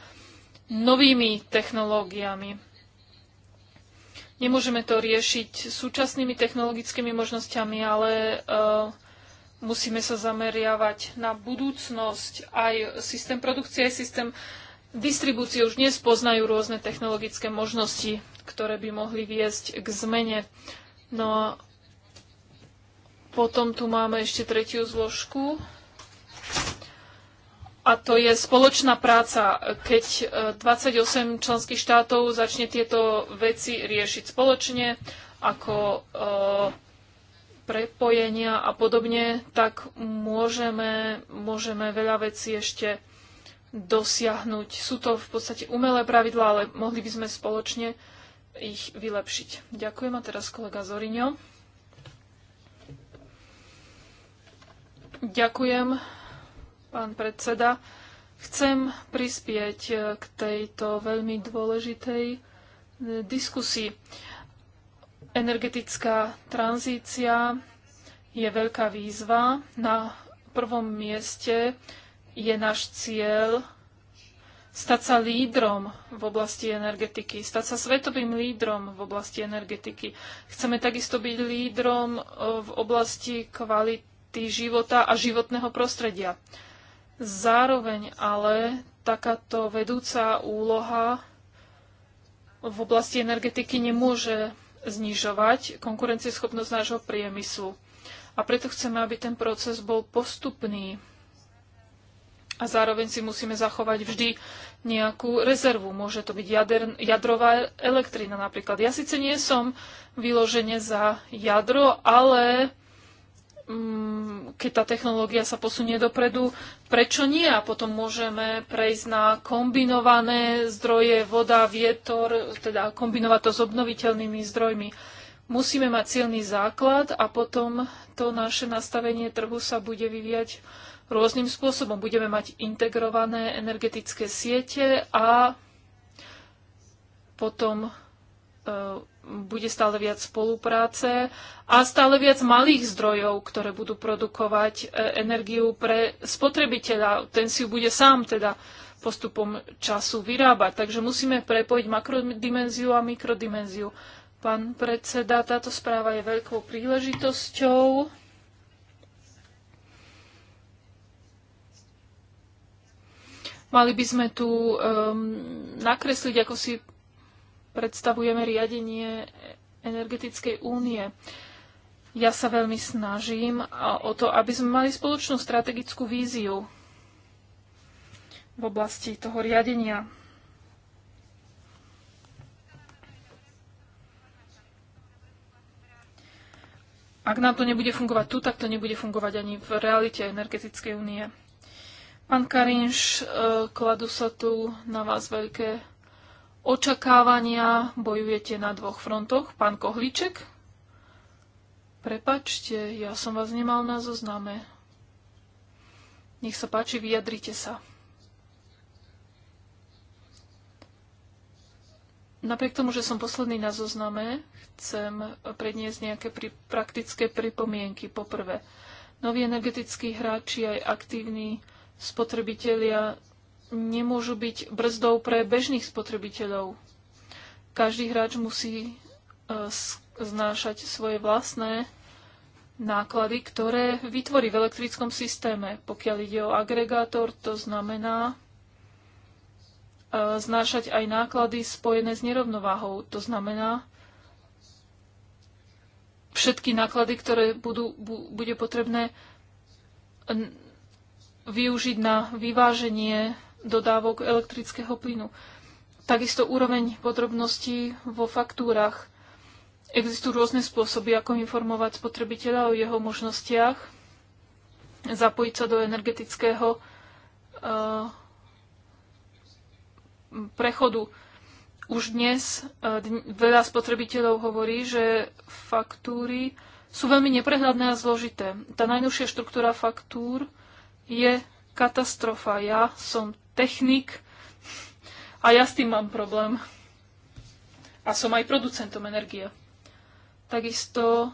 novými technológiami. Nemôžeme to riešiť súčasnými technologickými možnosťami, ale e, musíme sa zameriavať na budúcnosť, aj systém produkcie, aj systém distribúcie už dnes poznajú rôzne technologické možnosti, ktoré by mohli viesť k zmene. No a potom tu máme ešte tretiu zložku. A to je spoločná práca, keď 28 e, členských štátov začne tieto veci riešiť spoločne, ako e, prepojenia a podobne, tak môžeme, môžeme veľa vecí ešte dosiahnuť. Sú to v podstate umelé pravidlá, ale mohli by sme spoločne ich vylepšiť. Ďakujem a teraz kolega Zoriňo. Ďakujem, pán predseda. Chcem prispieť k tejto veľmi dôležitej eh, diskusii. Energetická tranzícia je veľká výzva. Na prvom mieste je náš cieľ stať sa lídrom v oblasti energetiky, stať sa svetovým lídrom v oblasti energetiky. Chceme takisto byť lídrom e, v oblasti kvality života a životného prostredia. Zároveň ale takáto vedúca úloha v oblasti energetiky nemôže znižovať konkurencieschopnosť nášho priemyslu. A preto chceme, aby ten proces bol postupný, a zároveň si musíme zachovať vždy nejakú rezervu. Môže to byť jader, jadrová elektrina napríklad. Ja síce nie som vyložene za jadro, ale mm, keď tá technológia sa posunie dopredu, prečo nie? A potom môžeme prejsť na kombinované zdroje, voda, vietor, teda kombinovať to s obnoviteľnými zdrojmi. Musíme mať silný základ a potom to naše nastavenie trhu sa bude vyvíjať rôznym spôsobom. Budeme mať integrované energetické siete a potom e, bude stále viac spolupráce a stále viac malých zdrojov, ktoré budú produkovať e, energiu pre spotrebiteľa. Ten si ju bude sám teda postupom času vyrábať. Takže musíme prepojiť makrodimenziu a mikrodimenziu. Pán predseda, táto správa je veľkou príležitosťou Mali by sme tu um, nakresliť, ako si predstavujeme riadenie energetickej únie. Ja sa veľmi snažím o to, aby sme mali spoločnú strategickú víziu v oblasti toho riadenia. Ak nám to nebude fungovať tu, tak to nebude fungovať ani v realite energetickej únie. Pán Karinš, e, kladú sa tu na vás veľké očakávania. Bojujete na dvoch frontoch. Pán Kohliček? Prepačte, ja som vás nemal na zozname. Nech sa páči, vyjadrite sa. Napriek tomu, že som posledný na zozname, chcem predniesť nejaké pri, praktické pripomienky. Poprvé, noví energetickí hráči aj aktívni spotrebitelia nemôžu byť brzdou pre bežných spotrebiteľov. Každý hráč musí e, znášať svoje vlastné náklady, ktoré vytvorí v elektrickom systéme. Pokiaľ ide o agregátor, to znamená e, znášať aj náklady spojené s nerovnováhou. To znamená všetky náklady, ktoré budú, bude potrebné využiť na vyváženie dodávok elektrického plynu. Takisto úroveň podrobností vo faktúrach. Existujú rôzne spôsoby, ako informovať spotrebiteľa o jeho možnostiach, zapojiť sa do energetického eh, prechodu. Už dnes eh, veľa spotrebiteľov hovorí, že faktúry sú veľmi neprehľadné a zložité. Tá najnovšia štruktúra faktúr je katastrofa. Ja som technik a ja s tým mám problém. A som aj producentom energie. Takisto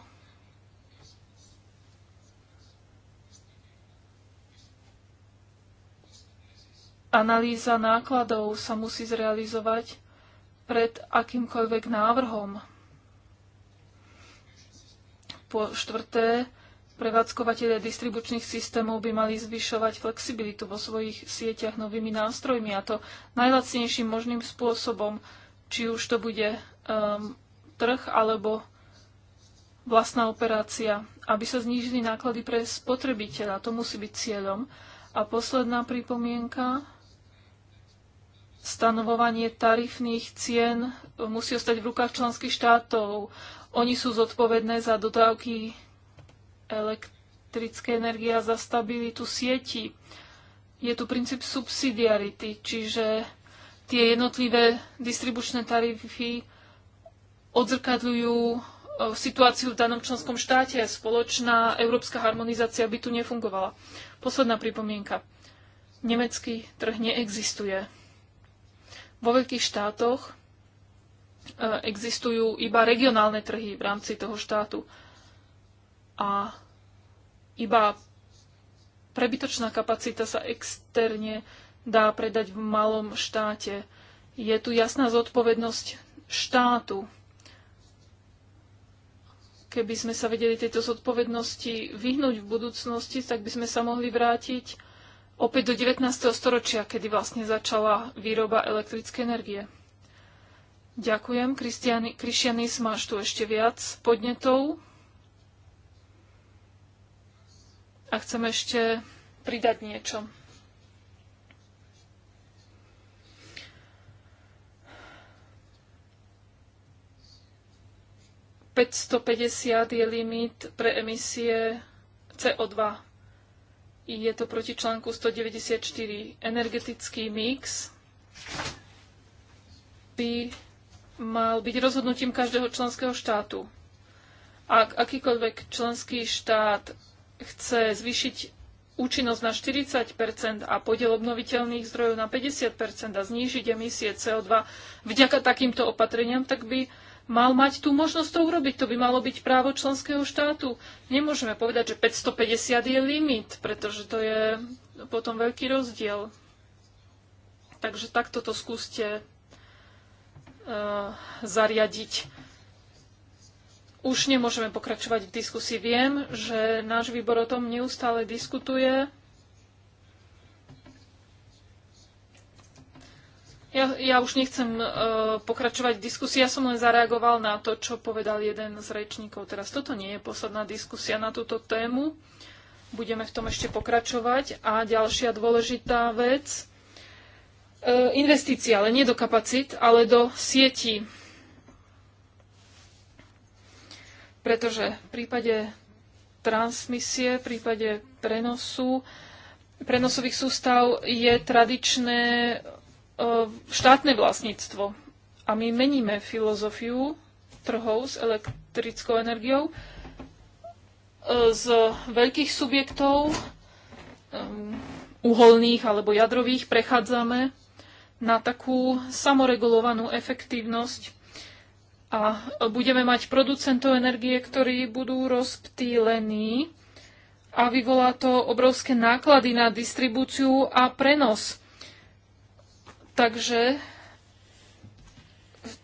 analýza nákladov sa musí zrealizovať pred akýmkoľvek návrhom. Po štvrté, Prevádzkovateľe distribučných systémov by mali zvyšovať flexibilitu vo svojich sieťach novými nástrojmi a to najlacnejším možným spôsobom, či už to bude um, trh alebo vlastná operácia, aby sa znížili náklady pre spotrebiteľa. To musí byť cieľom. A posledná pripomienka. Stanovovanie tarifných cien musí ostať v rukách členských štátov. Oni sú zodpovedné za dodávky elektrické energie a za stabilitu sietí. Je tu princíp subsidiarity, čiže tie jednotlivé distribučné tarify odzrkadľujú e, situáciu v danom členskom štáte. Spoločná európska harmonizácia by tu nefungovala. Posledná pripomienka. Nemecký trh neexistuje. Vo veľkých štátoch e, existujú iba regionálne trhy v rámci toho štátu a iba prebytočná kapacita sa externe dá predať v malom štáte. Je tu jasná zodpovednosť štátu. Keby sme sa vedeli tejto zodpovednosti vyhnúť v budúcnosti, tak by sme sa mohli vrátiť opäť do 19. storočia, kedy vlastne začala výroba elektrickej energie. Ďakujem. Kristianis, máš tu ešte viac podnetov. A chcem ešte pridať niečo. ...550 je limit pre emisie CO2. Je to proti článku 194. Energetický mix by mal byť rozhodnutím každého členského štátu. Ak akýkoľvek členský štát chce zvýšiť účinnosť na 40 a podiel obnoviteľných zdrojov na 50 a znížiť emisie CO2 vďaka takýmto opatreniam, tak by mal mať tú možnosť to urobiť. To by malo byť právo členského štátu. Nemôžeme povedať, že 550 je limit, pretože to je potom veľký rozdiel. Takže takto to skúste uh, zariadiť. Už nemôžeme pokračovať v diskusii. Viem, že náš výbor o tom neustále diskutuje. Ja, ja už nechcem uh, pokračovať v diskusii. Ja som len zareagoval na to, čo povedal jeden z rečníkov. Teraz toto nie je posledná diskusia na túto tému. Budeme v tom ešte pokračovať. A ďalšia dôležitá vec. Uh, investície, ale nie do kapacít, ale do sietí pretože v prípade transmisie, v prípade prenosu, prenosových sústav je tradičné e, štátne vlastníctvo. A my meníme filozofiu trhov s elektrickou energiou e, z veľkých subjektov, e, uholných alebo jadrových, prechádzame na takú samoregulovanú efektívnosť a budeme mať producentov energie, ktorí budú rozptýlení a vyvolá to obrovské náklady na distribúciu a prenos. Takže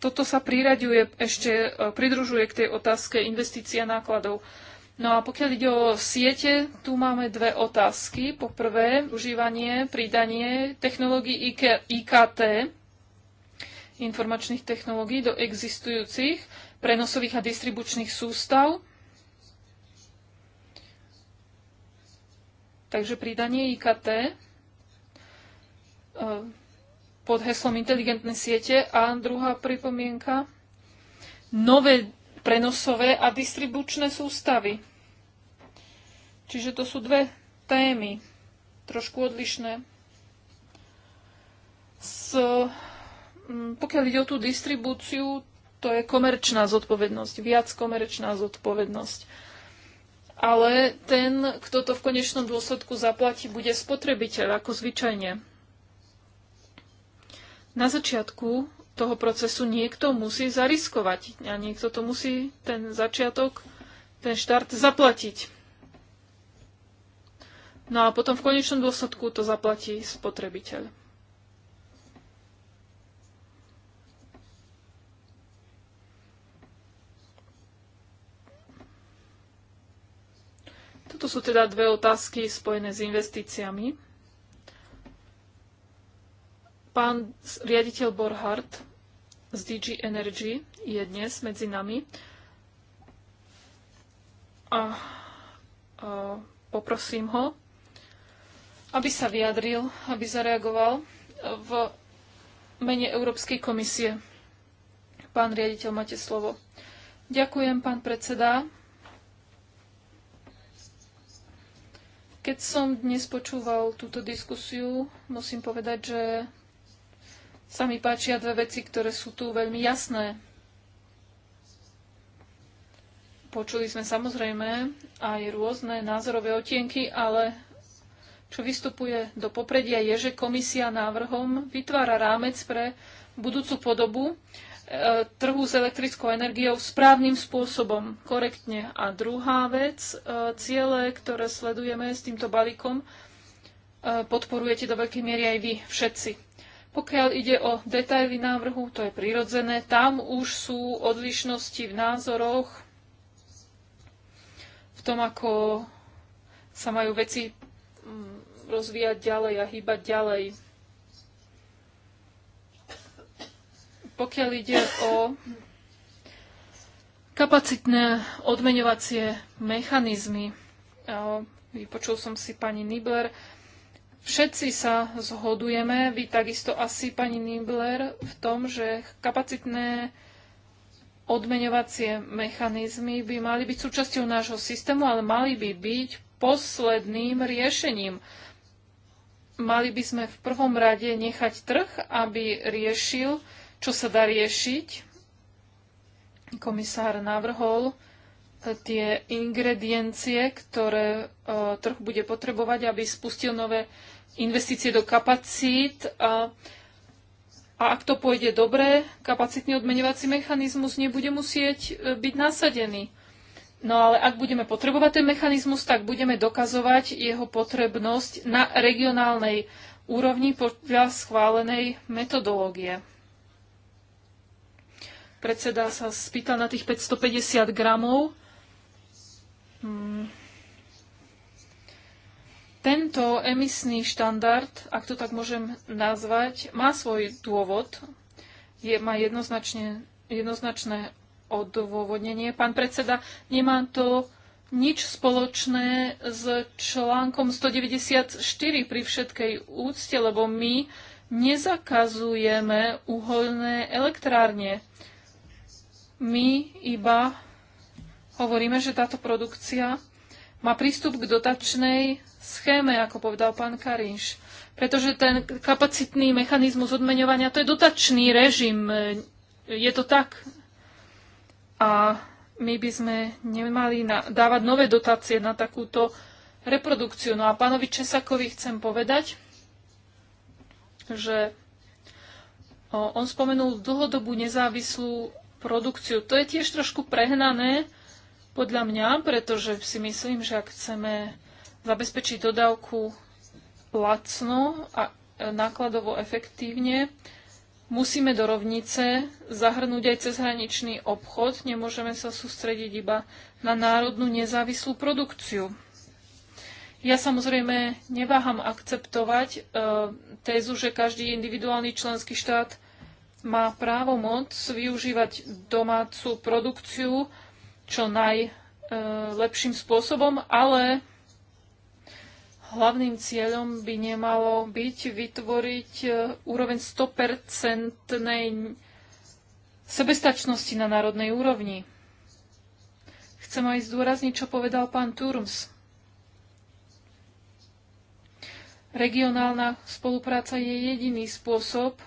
toto sa priraďuje, ešte e, pridružuje k tej otázke investícia nákladov. No a pokiaľ ide o siete, tu máme dve otázky. Po prvé, užívanie, pridanie technológií IKT, informačných technológií do existujúcich prenosových a distribučných sústav. Takže pridanie IKT e, pod heslom inteligentné siete. A druhá pripomienka, nové prenosové a distribučné sústavy. Čiže to sú dve témy, trošku odlišné. S Mm, pokiaľ ide o tú distribúciu, to je komerčná zodpovednosť, viac komerčná zodpovednosť. Ale ten, kto to v konečnom dôsledku zaplatí, bude spotrebiteľ, ako zvyčajne. Na začiatku toho procesu niekto musí zariskovať a niekto to musí ten začiatok, ten štart zaplatiť. No a potom v konečnom dôsledku to zaplatí spotrebiteľ. Toto sú teda dve otázky spojené s investíciami. Pán riaditeľ Borhardt z DG Energy je dnes medzi nami. A, a poprosím ho, aby sa vyjadril, aby zareagoval v mene Európskej komisie. Pán riaditeľ, máte slovo. Ďakujem, pán predseda. Keď som dnes počúval túto diskusiu, musím povedať, že sa mi páčia dve veci, ktoré sú tu veľmi jasné. Počuli sme samozrejme aj rôzne názorové otienky, ale čo vystupuje do popredia je, že komisia návrhom vytvára rámec pre budúcu podobu E, trhu s elektrickou energiou správnym spôsobom, korektne. A druhá vec, e, ciele, ktoré sledujeme s týmto balíkom, e, podporujete do veľkej miery aj vy všetci. Pokiaľ ide o detaily návrhu, to je prirodzené, tam už sú odlišnosti v názoroch, v tom, ako sa majú veci mm, rozvíjať ďalej a hýbať ďalej. Pokiaľ ide o kapacitné odmeňovacie mechanizmy, vypočul som si pani Nibler, Všetci sa zhodujeme, vy takisto asi, pani Nibler, v tom, že kapacitné odmeňovacie mechanizmy by mali byť súčasťou nášho systému, ale mali by byť posledným riešením. Mali by sme v prvom rade nechať trh, aby riešil čo sa dá riešiť. Komisár navrhol e, tie ingrediencie, ktoré e, trh bude potrebovať, aby spustil nové investície do kapacít. A, a ak to pôjde dobre, kapacitný odmenovací mechanizmus nebude musieť e, byť nasadený. No ale ak budeme potrebovať ten mechanizmus, tak budeme dokazovať jeho potrebnosť na regionálnej úrovni podľa schválenej metodológie. Predseda sa spýtal na tých 550 gramov. Hmm. Tento emisný štandard, ak to tak môžem nazvať, má svoj dôvod. Je, má jednoznačne, jednoznačné odôvodnenie. Pán predseda, nemá to nič spoločné s článkom 194 pri všetkej úcte, lebo my nezakazujeme uholné elektrárne. My iba hovoríme, že táto produkcia má prístup k dotačnej schéme, ako povedal pán Karinš. Pretože ten kapacitný mechanizmus odmeňovania, to je dotačný režim. Je to tak. A my by sme nemali na, dávať nové dotácie na takúto reprodukciu. No a pánovi Česakovi chcem povedať, že on spomenul dlhodobú nezávislú produkciu. To je tiež trošku prehnané podľa mňa, pretože si myslím, že ak chceme zabezpečiť dodávku lacno a e, nákladovo efektívne, musíme do rovnice zahrnúť aj cezhraničný obchod. Nemôžeme sa sústrediť iba na národnú nezávislú produkciu. Ja samozrejme neváham akceptovať e, tézu, že každý individuálny členský štát má právo moc využívať domácu produkciu čo najlepším e, spôsobom, ale hlavným cieľom by nemalo byť vytvoriť e, úroveň 100% sebestačnosti na národnej úrovni. Chcem aj zdôrazniť, čo povedal pán Turms. Regionálna spolupráca je jediný spôsob,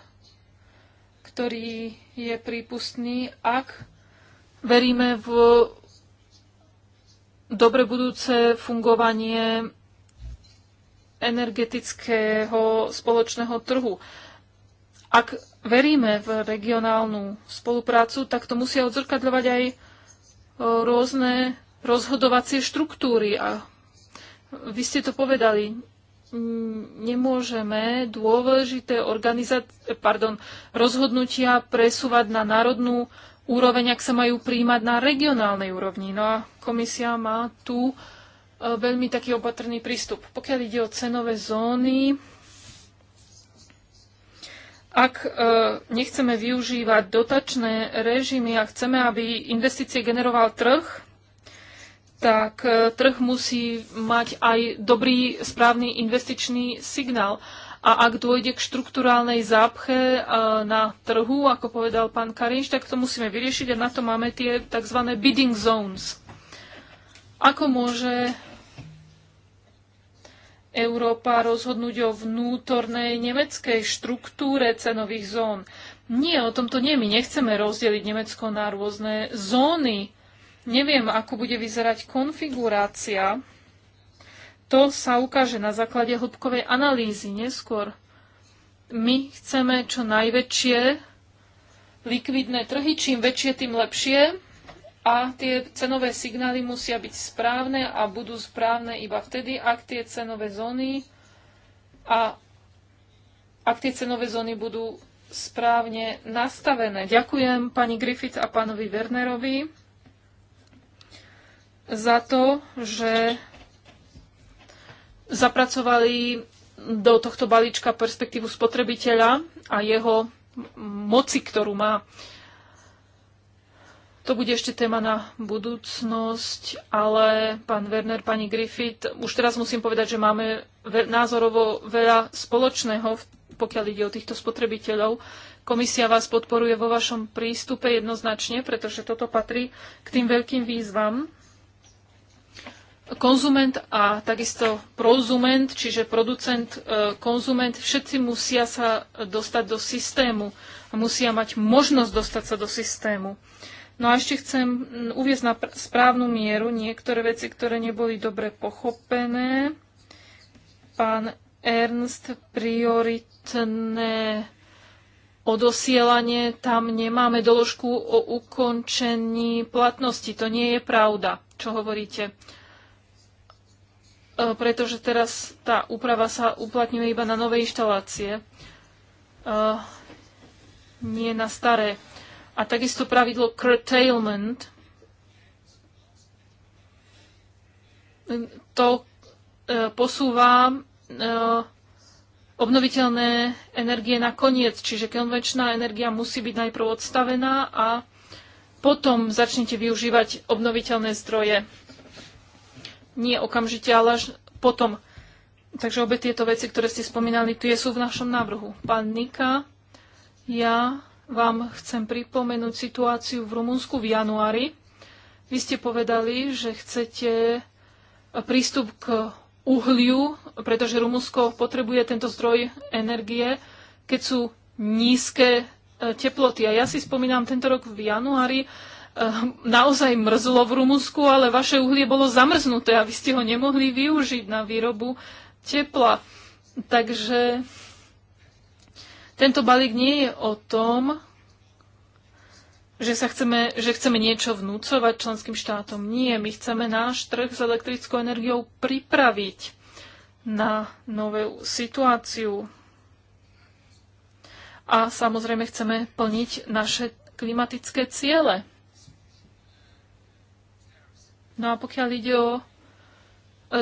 ktorý je prípustný, ak veríme v dobre budúce fungovanie energetického spoločného trhu. Ak veríme v regionálnu spoluprácu, tak to musia odzrkadľovať aj e, rôzne rozhodovacie štruktúry. A vy ste to povedali, Mm, nemôžeme dôležité pardon, rozhodnutia presúvať na národnú úroveň, ak sa majú príjmať na regionálnej úrovni. No a komisia má tu e, veľmi taký opatrný prístup. Pokiaľ ide o cenové zóny, ak e, nechceme využívať dotačné režimy a chceme, aby investície generoval trh, tak e, trh musí mať aj dobrý správny investičný signál. A ak dôjde k štruktúrálnej zápche e, na trhu, ako povedal pán Karinš, tak to musíme vyriešiť a na to máme tie tzv. bidding zones. Ako môže Európa rozhodnúť o vnútornej nemeckej štruktúre cenových zón? Nie, o tomto nie. My nechceme rozdeliť Nemecko na rôzne zóny Neviem, ako bude vyzerať konfigurácia. To sa ukáže na základe hĺbkovej analýzy neskôr. My chceme čo najväčšie likvidné trhy, čím väčšie, tým lepšie. A tie cenové signály musia byť správne a budú správne iba vtedy, ak tie cenové zóny a ak tie cenové zóny budú správne nastavené. Ďakujem pani Griffith a pánovi Wernerovi za to, že zapracovali do tohto balíčka perspektívu spotrebiteľa a jeho moci, ktorú má. To bude ešte téma na budúcnosť, ale pán Werner, pani Griffith, už teraz musím povedať, že máme názorovo veľa spoločného, pokiaľ ide o týchto spotrebiteľov. Komisia vás podporuje vo vašom prístupe jednoznačne, pretože toto patrí k tým veľkým výzvam, konzument a takisto prozument, čiže producent, e, konzument, všetci musia sa dostať do systému a musia mať možnosť dostať sa do systému. No a ešte chcem uviezť na správnu mieru niektoré veci, ktoré neboli dobre pochopené. Pán Ernst, prioritné odosielanie, tam nemáme doložku o ukončení platnosti. To nie je pravda, čo hovoríte. E, pretože teraz tá úprava sa uplatňuje iba na nové inštalácie, e, nie na staré. A takisto pravidlo curtailment, to e, posúva obnoviteľné energie na koniec, čiže konvenčná energia musí byť najprv odstavená a potom začnete využívať obnoviteľné zdroje nie okamžite, ale až potom. Takže obe tieto veci, ktoré ste spomínali, tie sú v našom návrhu. Pán Nika, ja vám chcem pripomenúť situáciu v Rumunsku v januári. Vy ste povedali, že chcete prístup k uhliu, pretože Rumunsko potrebuje tento zdroj energie, keď sú nízke e, teploty. A ja si spomínam tento rok v januári, Ehm, naozaj mrzlo v Rumunsku, ale vaše uhlie bolo zamrznuté a vy ste ho nemohli využiť na výrobu tepla. Takže tento balík nie je o tom, že, sa chceme, že chceme niečo vnúcovať členským štátom. Nie, my chceme náš trh s elektrickou energiou pripraviť na novú situáciu. A samozrejme chceme plniť naše klimatické ciele. No a pokiaľ ide o e,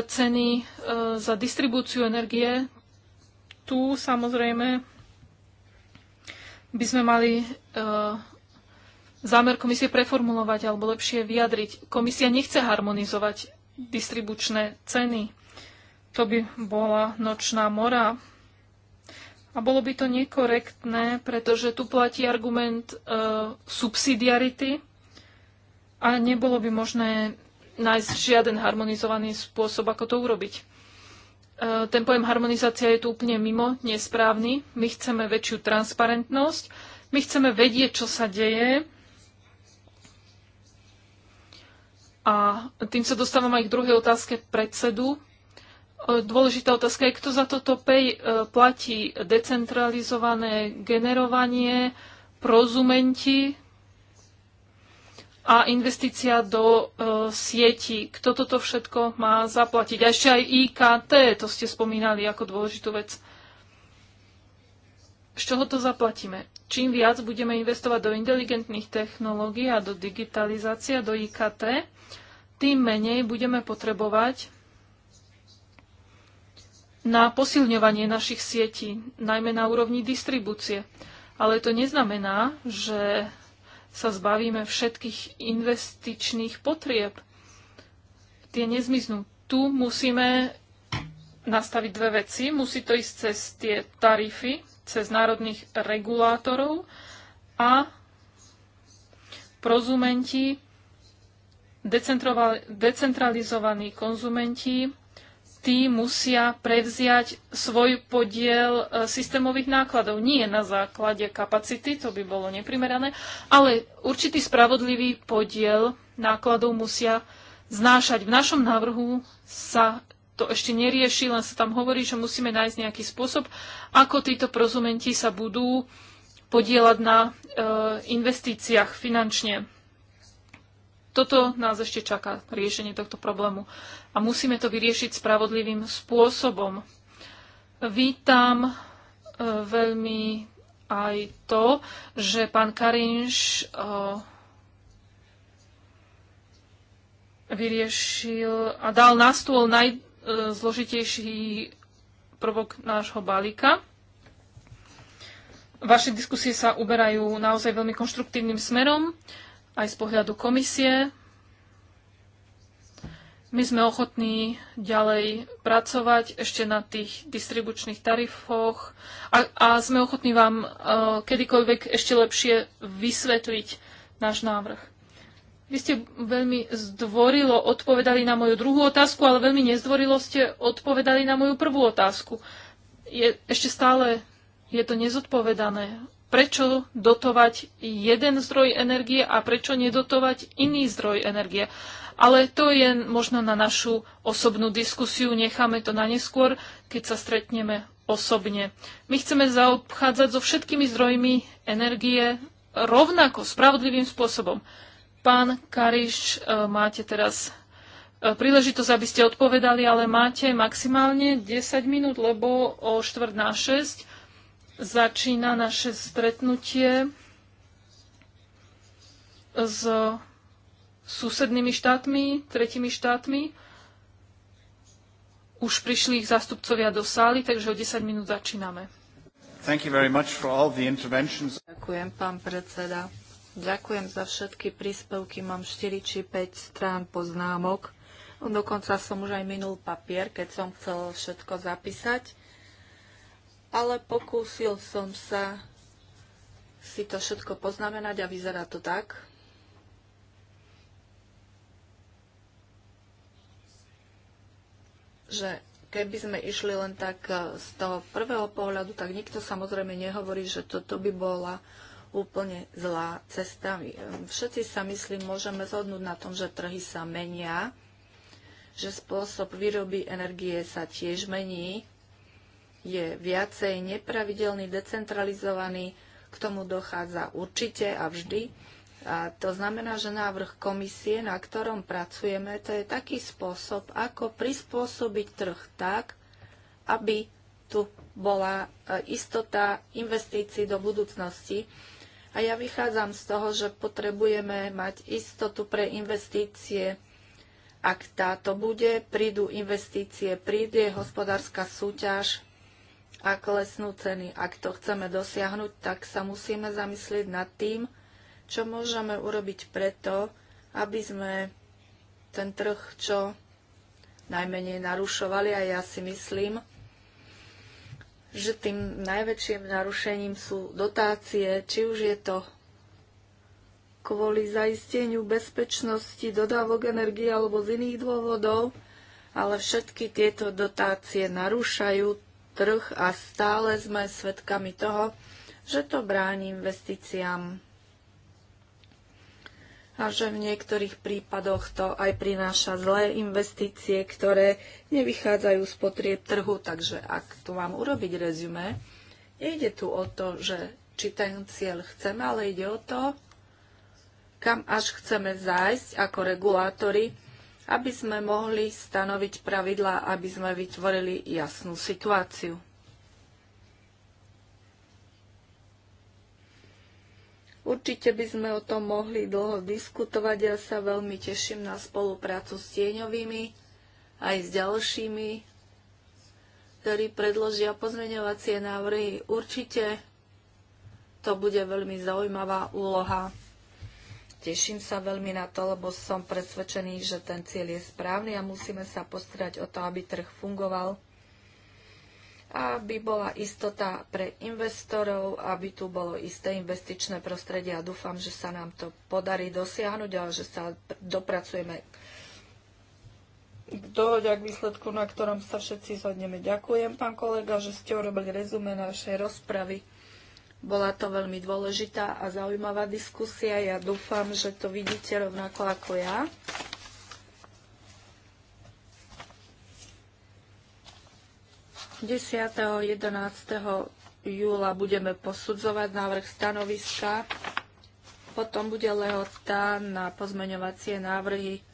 ceny e, za distribúciu energie, tu samozrejme by sme mali e, zámer komisie preformulovať alebo lepšie vyjadriť. Komisia nechce harmonizovať distribučné ceny. To by bola nočná mora. A bolo by to nekorektné, pretože tu platí argument e, subsidiarity a nebolo by možné nájsť žiaden harmonizovaný spôsob, ako to urobiť. E, ten pojem harmonizácia je tu úplne mimo, nesprávny. My chceme väčšiu transparentnosť, my chceme vedieť, čo sa deje a tým sa dostávam aj k druhej otázke predsedu. E, dôležitá otázka je, kto za toto pej e, platí decentralizované generovanie, prozumenti, a investícia do e, sieti. Kto toto všetko má zaplatiť? A ešte aj IKT, to ste spomínali ako dôležitú vec. Z čoho to zaplatíme? Čím viac budeme investovať do inteligentných technológií a do digitalizácie, do IKT, tým menej budeme potrebovať na posilňovanie našich sietí, najmä na úrovni distribúcie. Ale to neznamená, že sa zbavíme všetkých investičných potrieb. Tie nezmiznú. Tu musíme nastaviť dve veci. Musí to ísť cez tie tarify, cez národných regulátorov a prozumenti, decentralizovaní konzumenti tí musia prevziať svoj podiel e, systémových nákladov. Nie na základe kapacity, to by bolo neprimerané, ale určitý spravodlivý podiel nákladov musia znášať. V našom návrhu sa to ešte nerieši, len sa tam hovorí, že musíme nájsť nejaký spôsob, ako títo prozumenti sa budú podielať na e, investíciách finančne toto nás ešte čaká, riešenie tohto problému. A musíme to vyriešiť spravodlivým spôsobom. Vítam e, veľmi aj to, že pán Karinš e, vyriešil a dal na stôl najzložitejší prvok nášho balíka. Vaše diskusie sa uberajú naozaj veľmi konštruktívnym smerom aj z pohľadu komisie. My sme ochotní ďalej pracovať ešte na tých distribučných tarifoch a, a sme ochotní vám uh, kedykoľvek ešte lepšie vysvetliť náš návrh. Vy ste veľmi zdvorilo odpovedali na moju druhú otázku, ale veľmi nezdvorilo ste odpovedali na moju prvú otázku. Je, ešte stále je to nezodpovedané prečo dotovať jeden zdroj energie a prečo nedotovať iný zdroj energie. Ale to je možno na našu osobnú diskusiu, necháme to na neskôr, keď sa stretneme osobne. My chceme zaobchádzať so všetkými zdrojmi energie rovnako, spravodlivým spôsobom. Pán Kariš, e, máte teraz e, príležitosť, aby ste odpovedali, ale máte maximálne 10 minút, lebo o štvrt na 6 začína naše stretnutie s susednými štátmi, tretimi štátmi. Už prišli ich zastupcovia do sály, takže o 10 minút začíname. Ďakujem, pán predseda. Ďakujem za všetky príspevky. Mám 4 či 5 strán poznámok. Dokonca som už aj minul papier, keď som chcel všetko zapísať ale pokúsil som sa si to všetko poznamenať a vyzerá to tak. že keby sme išli len tak e, z toho prvého pohľadu, tak nikto samozrejme nehovorí, že toto by bola úplne zlá cesta. E, všetci sa myslím, môžeme zhodnúť na tom, že trhy sa menia, že spôsob výroby energie sa tiež mení, je viacej nepravidelný, decentralizovaný, k tomu dochádza určite a vždy. A to znamená, že návrh komisie, na ktorom pracujeme, to je taký spôsob, ako prispôsobiť trh tak, aby tu bola e, istota investícií do budúcnosti. A ja vychádzam z toho, že potrebujeme mať istotu pre investície. Ak táto bude, prídu investície, príde hospodárska súťaž, a klesnú ceny. Ak to chceme dosiahnuť, tak sa musíme zamyslieť nad tým, čo môžeme urobiť preto, aby sme ten trh čo najmenej narušovali a ja si myslím, že tým najväčším narušením sú dotácie, či už je to kvôli zaisteniu bezpečnosti dodávok energie alebo z iných dôvodov, ale všetky tieto dotácie narúšajú trh a stále sme svedkami toho, že to bráni investíciám a že v niektorých prípadoch to aj prináša zlé investície, ktoré nevychádzajú z potrieb trhu. Takže ak tu mám urobiť rezume, nejde tu o to, že či ten cieľ chceme, ale ide o to, kam až chceme zájsť ako regulátori aby sme mohli stanoviť pravidlá, aby sme vytvorili jasnú situáciu. Určite by sme o tom mohli dlho diskutovať. Ja sa veľmi teším na spoluprácu s tieňovými aj s ďalšími, ktorí predložia pozmeňovacie návrhy. Určite to bude veľmi zaujímavá úloha. Teším sa veľmi na to, lebo som presvedčený, že ten cieľ je správny a musíme sa postarať o to, aby trh fungoval, aby bola istota pre investorov, aby tu bolo isté investičné prostredie a dúfam, že sa nám to podarí dosiahnuť a že sa dopracujeme k dohode a k výsledku, na ktorom sa všetci zhodneme. Ďakujem, pán kolega, že ste urobili rezume našej rozpravy. Bola to veľmi dôležitá a zaujímavá diskusia. Ja dúfam, že to vidíte rovnako ako ja. Desiatého, 11. júla budeme posudzovať návrh stanoviska. Potom bude lehota na pozmeňovacie návrhy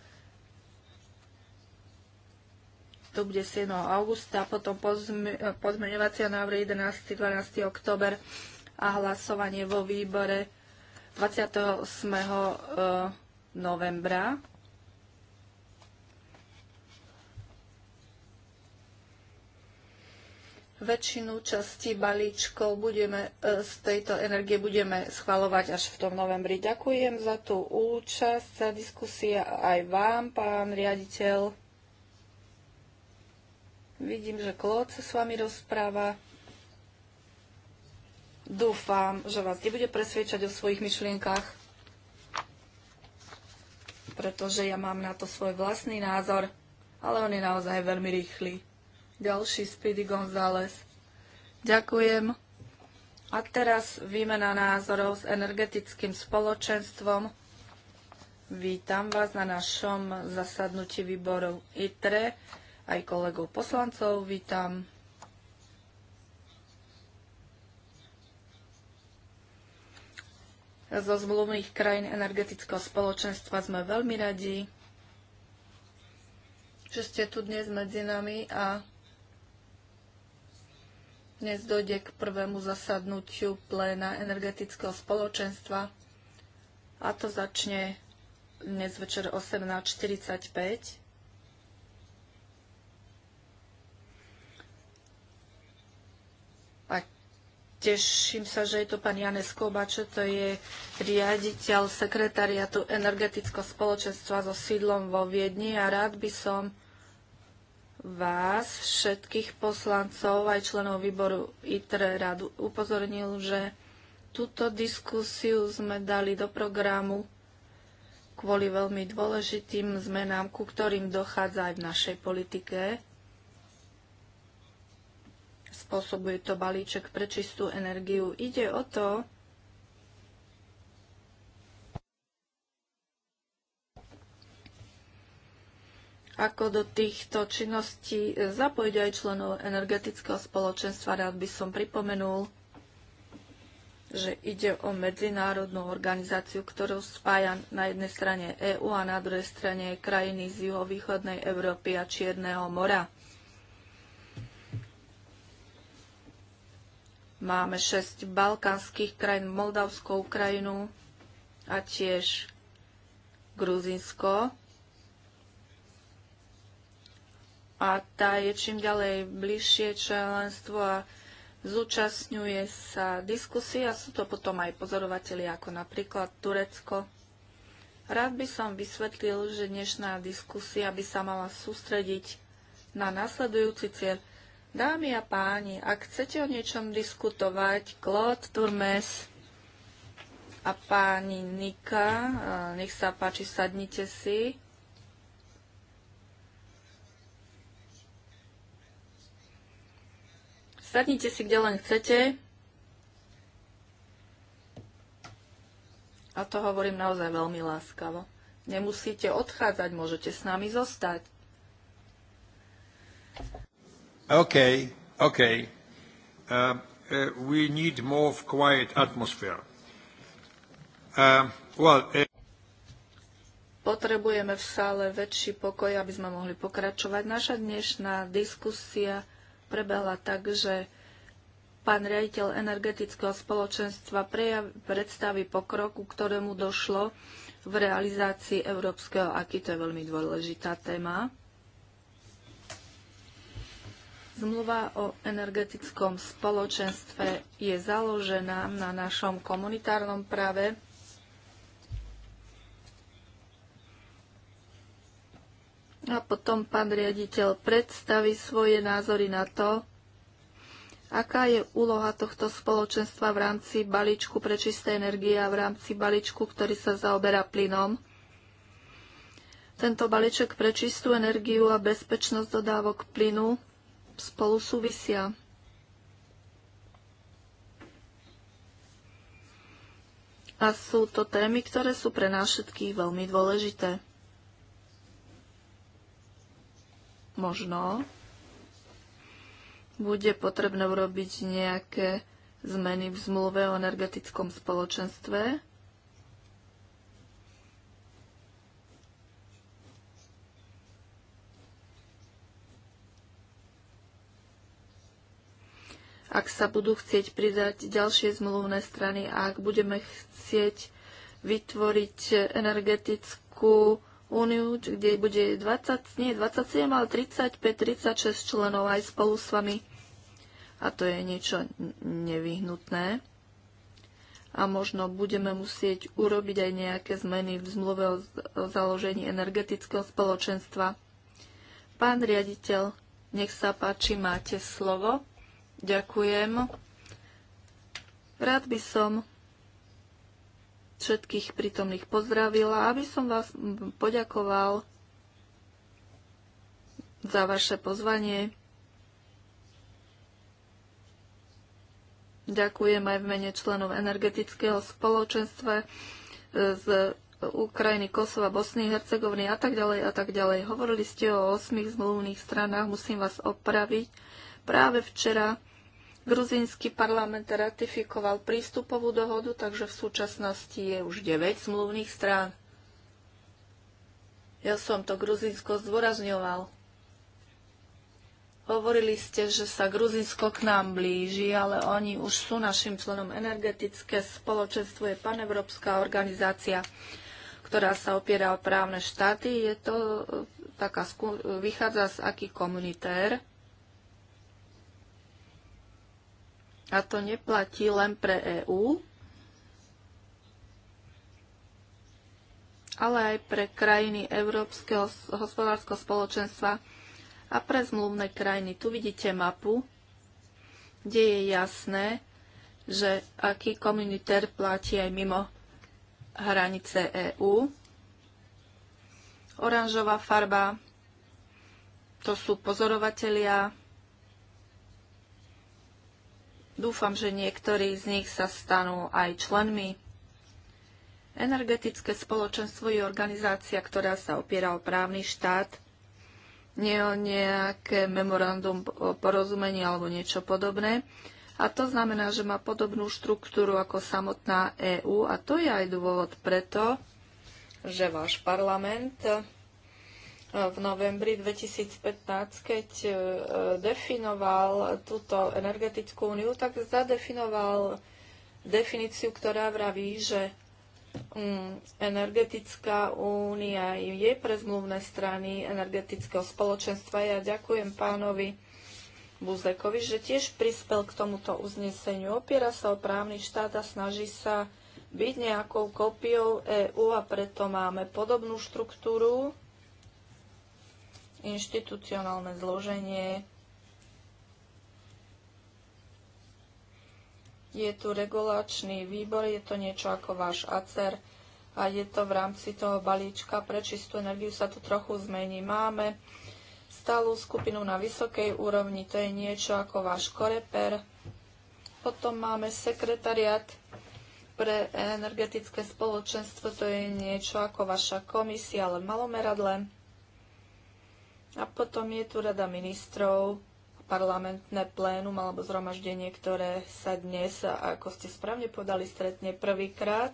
to bude 7. augusta, potom pozme, návrhy 11. 12. október a hlasovanie vo výbore 28. E, novembra. Väčšinu časti balíčkov budeme, e, z tejto energie budeme schvalovať až v tom novembri. Ďakujem za tú účasť, za diskusia aj vám, pán riaditeľ. Vidím, že kloc sa s vami rozpráva. Dúfam, že vás nebude presviečať o svojich myšlienkach, pretože ja mám na to svoj vlastný názor, ale on je naozaj veľmi rýchly. Ďalší Speedy González. Ďakujem. A teraz výmena názorov s energetickým spoločenstvom. Vítam vás na našom zasadnutí výboru ITRE, aj kolegov poslancov vítam. zo zmluvných krajín energetického spoločenstva. Sme veľmi radi, že ste tu dnes medzi nami a dnes dojde k prvému zasadnutiu pléna energetického spoločenstva a to začne dnes večer 18.45. Teším sa, že je to pán Janes Kobače, to je riaditeľ sekretariatu energetického spoločenstva so sídlom vo Viedni a rád by som vás, všetkých poslancov, aj členov výboru ITRE radu upozornil, že túto diskusiu sme dali do programu kvôli veľmi dôležitým zmenám, ku ktorým dochádza aj v našej politike spôsobuje to balíček pre čistú energiu. Ide o to, ako do týchto činností e, zapojiť aj členov energetického spoločenstva. Rád by som pripomenul, že ide o medzinárodnú organizáciu, ktorú spája na jednej strane EÚ a na druhej strane krajiny z juhovýchodnej Európy a Čierneho mora. Máme šesť balkánskych krajín, Moldavskú Ukrajinu a tiež Gruzinsko. A tá je čím ďalej bližšie členstvo a zúčastňuje sa diskusia, a sú to potom aj pozorovateľi ako napríklad Turecko. Rád by som vysvetlil, že dnešná diskusia by sa mala sústrediť na nasledujúci cieľ Dámy a páni, ak chcete o niečom diskutovať, Claude Turmes a páni Nika, nech sa páči, sadnite si. Sadnite si, kde len chcete. A to hovorím naozaj veľmi láskavo. Nemusíte odchádzať, môžete s nami zostať. Okay, okay. Uh, uh, we need more quiet atmosphere. Uh, well, uh... Potrebujeme v sále väčší pokoj, aby sme mohli pokračovať. Naša dnešná diskusia prebehla tak, že pán riaditeľ energetického spoločenstva prejav, predstaví pokrok, ku ktorému došlo v realizácii európskeho aký to je veľmi dôležitá téma. Zmluva o energetickom spoločenstve je založená na našom komunitárnom práve. A potom pán riaditeľ predstaví svoje názory na to, aká je úloha tohto spoločenstva v rámci balíčku pre čisté energie a v rámci balíčku, ktorý sa zaoberá plynom. Tento balíček pre čistú energiu a bezpečnosť dodávok plynu spolu súvisia. A sú to témy, ktoré sú pre nás všetkých veľmi dôležité. Možno bude potrebné urobiť nejaké zmeny v zmluve o energetickom spoločenstve, ak sa budú chcieť pridať ďalšie zmluvné strany a ak budeme chcieť vytvoriť energetickú úniu, kde bude 20, nie 27, ale 35, 36 členov aj spolu s vami. A to je niečo nevyhnutné. A možno budeme musieť urobiť aj nejaké zmeny v zmluve o založení energetického spoločenstva. Pán riaditeľ, nech sa páči, máte slovo. Ďakujem. Rád by som všetkých prítomných pozdravila, aby som vás poďakoval za vaše pozvanie. Ďakujem aj v mene členov energetického spoločenstva e, z Ukrajiny, Kosova, Bosny, Hercegoviny a tak ďalej a tak ďalej. Hovorili ste o osmých zmluvných stranách, musím vás opraviť. Práve včera Gruzínsky parlament ratifikoval prístupovú dohodu, takže v súčasnosti je už 9 zmluvných strán. Ja som to Gruzínsko zdôrazňoval. Hovorili ste, že sa Gruzínsko k nám blíži, ale oni už sú našim členom energetické spoločenstvo, je panevropská organizácia, ktorá sa opiera o právne štáty. Je to e, taká, vychádza z aký komunitér A to neplatí len pre EÚ, ale aj pre krajiny Európskeho hospodárskeho spoločenstva a pre zmluvné krajiny. Tu vidíte mapu, kde je jasné, že aký komunitér platí aj mimo hranice EÚ. Oranžová farba, to sú pozorovatelia, Dúfam, že niektorí z nich sa stanú aj členmi. Energetické spoločenstvo je organizácia, ktorá sa opiera o právny štát, nie o nejaké memorandum o porozumení alebo niečo podobné. A to znamená, že má podobnú štruktúru ako samotná EÚ a to je aj dôvod preto, že váš parlament v novembri 2015, keď e, definoval túto energetickú úniu, tak zadefinoval definíciu, ktorá vraví, že mm, energetická únia je pre zmluvné strany energetického spoločenstva. Ja ďakujem pánovi Buzekovi, že tiež prispel k tomuto uzneseniu. Opiera sa o právny štát a snaží sa byť nejakou kópiou EÚ a preto máme podobnú štruktúru inštitucionálne zloženie. Je tu regulačný výbor, je to niečo ako váš ACER a je to v rámci toho balíčka pre čistú energiu sa to trochu zmení. Máme stálu skupinu na vysokej úrovni, to je niečo ako váš koreper. Potom máme sekretariat pre energetické spoločenstvo, to je niečo ako vaša komisia, ale malomeradle. A potom je tu Rada ministrov, parlamentné plénum alebo zhromaždenie, ktoré sa dnes, ako ste správne podali, stretne prvýkrát.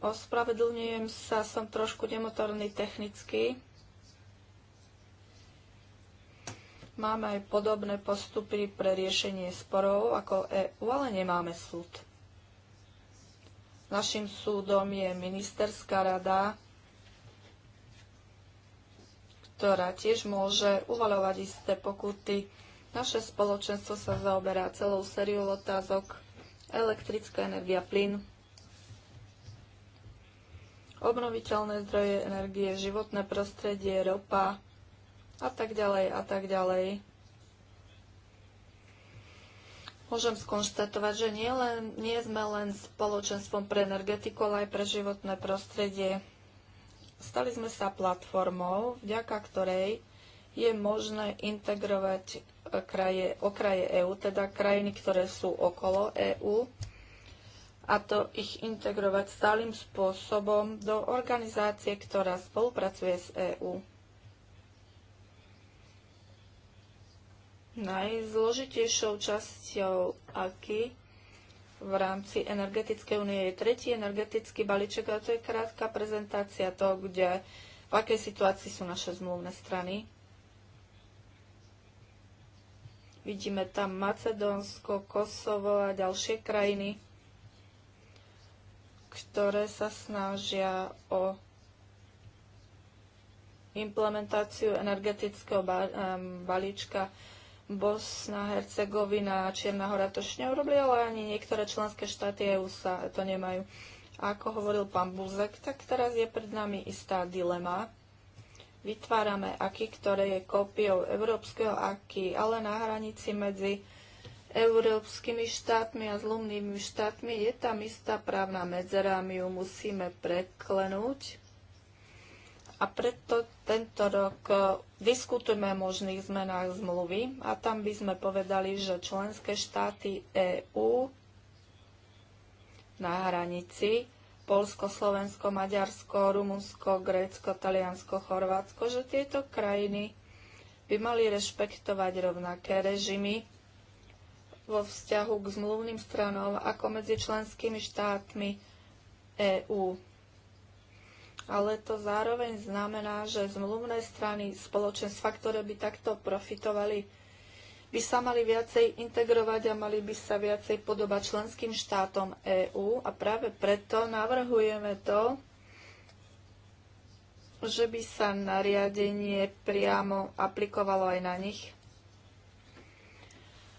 Ospravedlňujem sa, som trošku nemotorný technicky. Máme aj podobné postupy pre riešenie sporov ako EU, ale nemáme súd. Našim súdom je ministerská rada, ktorá tiež môže uvaľovať isté pokuty. Naše spoločenstvo sa zaoberá celou sériou otázok elektrická energia, plyn, obnoviteľné zdroje energie, životné prostredie, ropa a tak ďalej a tak ďalej. Môžem skonštatovať, že nie, len, nie sme len spoločenstvom pre energetiku, ale aj pre životné prostredie. Stali sme sa platformou, vďaka ktorej je možné integrovať e, kraje, okraje EÚ, teda krajiny, ktoré sú okolo EÚ, a to ich integrovať stálym spôsobom do organizácie, ktorá spolupracuje s EÚ. Najzložitejšou časťou AKI v rámci energetickej únie je tretí energetický balíček a to je krátka prezentácia toho, kde, v akej situácii sú naše zmluvné strany. Vidíme tam Macedónsko, Kosovo a ďalšie krajiny, ktoré sa snažia o implementáciu energetického balíčka. Bosna, Hercegovina a Čierna hora to ešte neurobili, ale ani niektoré členské štáty EU sa to nemajú. A ako hovoril pán Buzek, tak teraz je pred nami istá dilema. Vytvárame aky, ktoré je kópiou európskeho aky, ale na hranici medzi európskymi štátmi a zlomnými štátmi je tam istá právna medzera, my ju musíme preklenúť a preto tento rok e, diskutujeme o možných zmenách zmluvy a tam by sme povedali, že členské štáty EÚ na hranici Polsko, Slovensko, Maďarsko, Rumunsko, Grécko, Taliansko, Chorvátsko, že tieto krajiny by mali rešpektovať rovnaké režimy vo vzťahu k zmluvným stranom ako medzi členskými štátmi EÚ ale to zároveň znamená, že zmluvné strany spoločenstva, ktoré by takto profitovali, by sa mali viacej integrovať a mali by sa viacej podobať členským štátom EÚ a práve preto navrhujeme to, že by sa nariadenie priamo aplikovalo aj na nich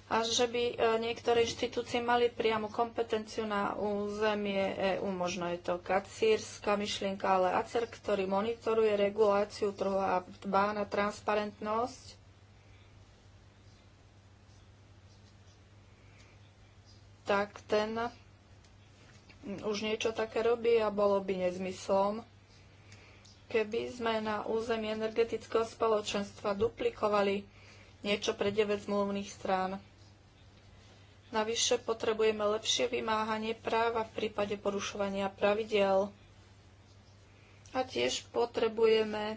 a že by e, niektoré inštitúcie mali priamu kompetenciu na územie EÚ. Možno je to kacírska myšlienka, ale ACER, ktorý monitoruje reguláciu trhu a dbá na transparentnosť. tak ten už niečo také robí a bolo by nezmyslom, keby sme na území energetického spoločenstva duplikovali niečo pre 9 zmluvných strán. Navyše potrebujeme lepšie vymáhanie práva v prípade porušovania pravidel. A tiež potrebujeme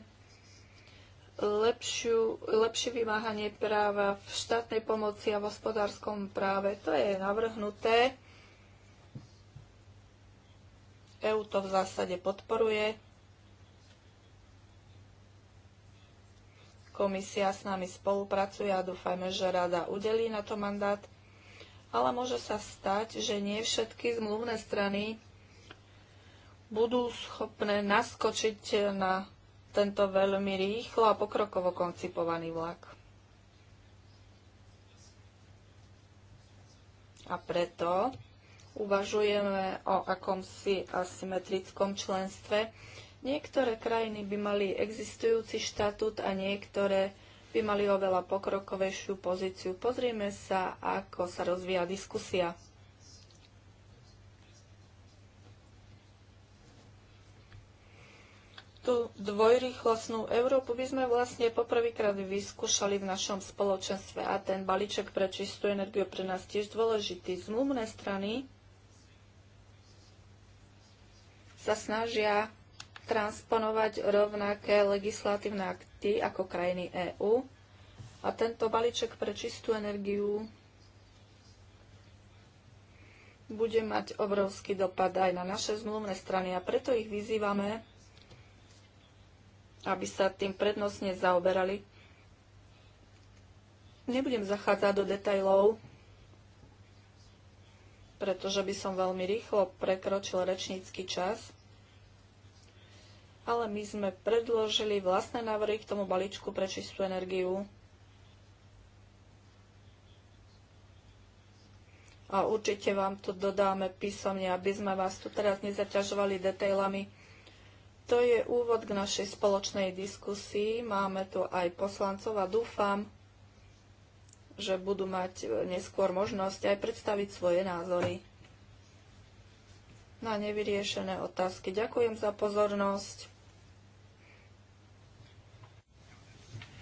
lepšiu, lepšie vymáhanie práva v štátnej pomoci a v hospodárskom práve. To je navrhnuté. EU to v zásade podporuje. Komisia s nami spolupracuje a dúfajme, že rada udelí na to mandát ale môže sa stať, že nie všetky zmluvné strany budú schopné naskočiť na tento veľmi rýchlo a pokrokovo koncipovaný vlak. A preto uvažujeme o akomsi asymetrickom členstve. Niektoré krajiny by mali existujúci štatút a niektoré by mali oveľa pokrokovejšiu pozíciu. Pozrieme sa, ako sa rozvíja diskusia. Tú dvojrýchlostnú Európu by sme vlastne poprvýkrát vyskúšali v našom spoločenstve a ten balíček pre čistú energiu pre nás tiež dôležitý. Zmluvné strany sa snažia transponovať rovnaké legislatívne akty ty ako krajiny EÚ. A tento balíček pre čistú energiu bude mať obrovský dopad aj na naše zmluvné strany a preto ich vyzývame, aby sa tým prednostne zaoberali. Nebudem zachádzať do detajlov, pretože by som veľmi rýchlo prekročil rečnícky čas ale my sme predložili vlastné návrhy k tomu balíčku pre čistú energiu. A určite vám to dodáme písomne, aby sme vás tu teraz nezaťažovali detailami. To je úvod k našej spoločnej diskusii. Máme tu aj poslancov a dúfam, že budú mať neskôr možnosť aj predstaviť svoje názory na nevyriešené otázky. Ďakujem za pozornosť.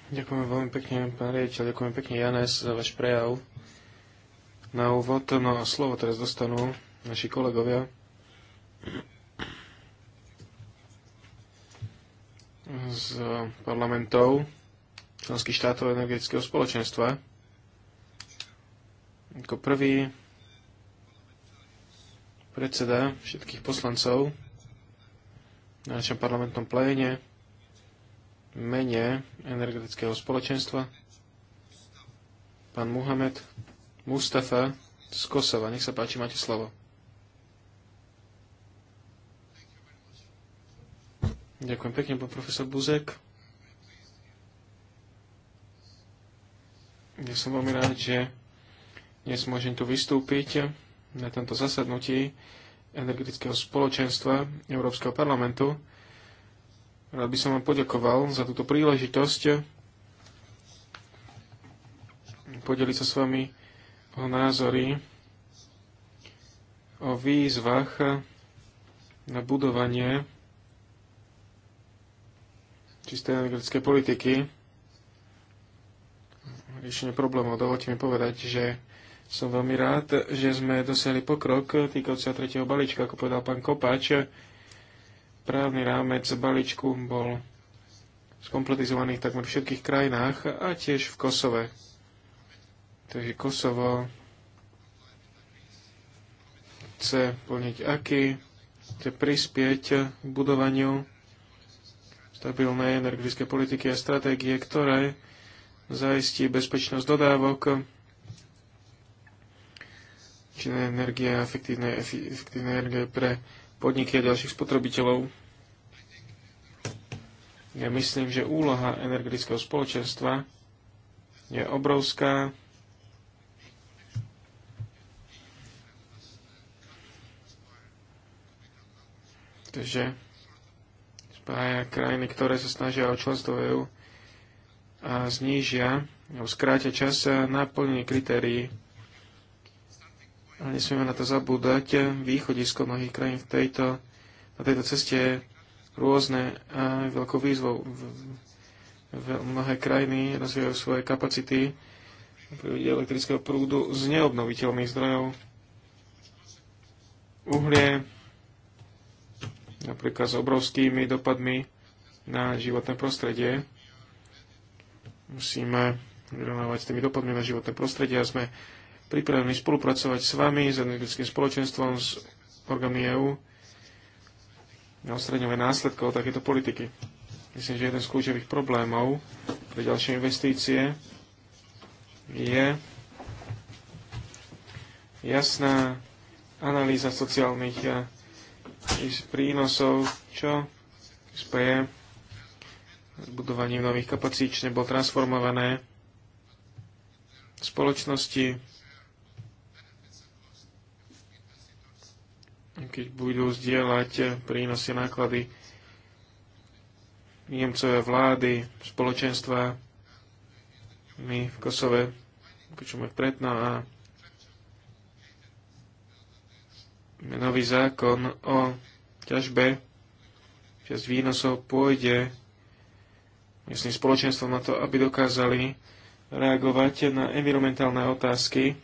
Ďakujem veľmi pekne, pán riaditeľ, ďakujem pekne, Janes, za váš prejav. Na úvod, no a slovo teraz dostanú naši kolegovia. z parlamentov členských štátov energetického spoločenstva. Ako prvý predseda všetkých poslancov na našom parlamentnom pléne mene energetického spoločenstva pán Muhamed Mustafa z Kosova. Nech sa páči, máte slovo. Ďakujem pekne, pán profesor Buzek. Ja som veľmi rád, že dnes môžem tu vystúpiť na tomto zasadnutí energetického spoločenstva Európskeho parlamentu. Rád by som vám poďakoval za túto príležitosť podeliť sa s vami o názory, o výzvach na budovanie čistej energetické politiky, riešenie problémov. Dovolte mi povedať, že som veľmi rád, že sme dosiahli pokrok týkajúca tretieho balíčka, ako povedal pán Kopač právny rámec balíčku bol skompletizovaný takmer v všetkých krajinách a tiež v Kosove. Takže Kosovo chce plniť aký, chce prispieť k budovaniu stabilnej energetické politiky a stratégie, ktoré zaistí bezpečnosť dodávok či energie a efektívnej efektívne energie pre podniky a ďalších spotrebiteľov. Ja myslím, že úloha energetického spoločenstva je obrovská. Takže spája krajiny, ktoré sa snažia o členstvo EU a znížia, alebo skrátia čas na plnenie kritérií a nesmieme na to zabúdať. Eh, východisko mnohých krajín v tejto, na tejto ceste je rôzne a veľkou výzvou. Mnohé krajiny rozvíjajú svoje kapacity elektrického prúdu z neobnoviteľných zdrojov. Uhlie, napríklad s obrovskými dopadmi na životné prostredie. Musíme vyrovnávať s tými dopadmi na životné prostredie a sme pripravení spolupracovať s vami, s energetickým spoločenstvom, s orgánmi EÚ na odstraňovanie následkov takéto politiky. Myslím, že jeden z kľúčových problémov pre ďalšie investície je jasná analýza sociálnych eh, prínosov, čo speje s budovaním nových kapacít, nebol transformované spoločnosti, keď budú zdieľať eh, prínosy náklady Niemcové vlády, spoločenstva, my v Kosove počujeme predná a nový zákon o ťažbe časť výnosov pôjde myslím spoločenstvom na to, aby dokázali reagovať na environmentálne otázky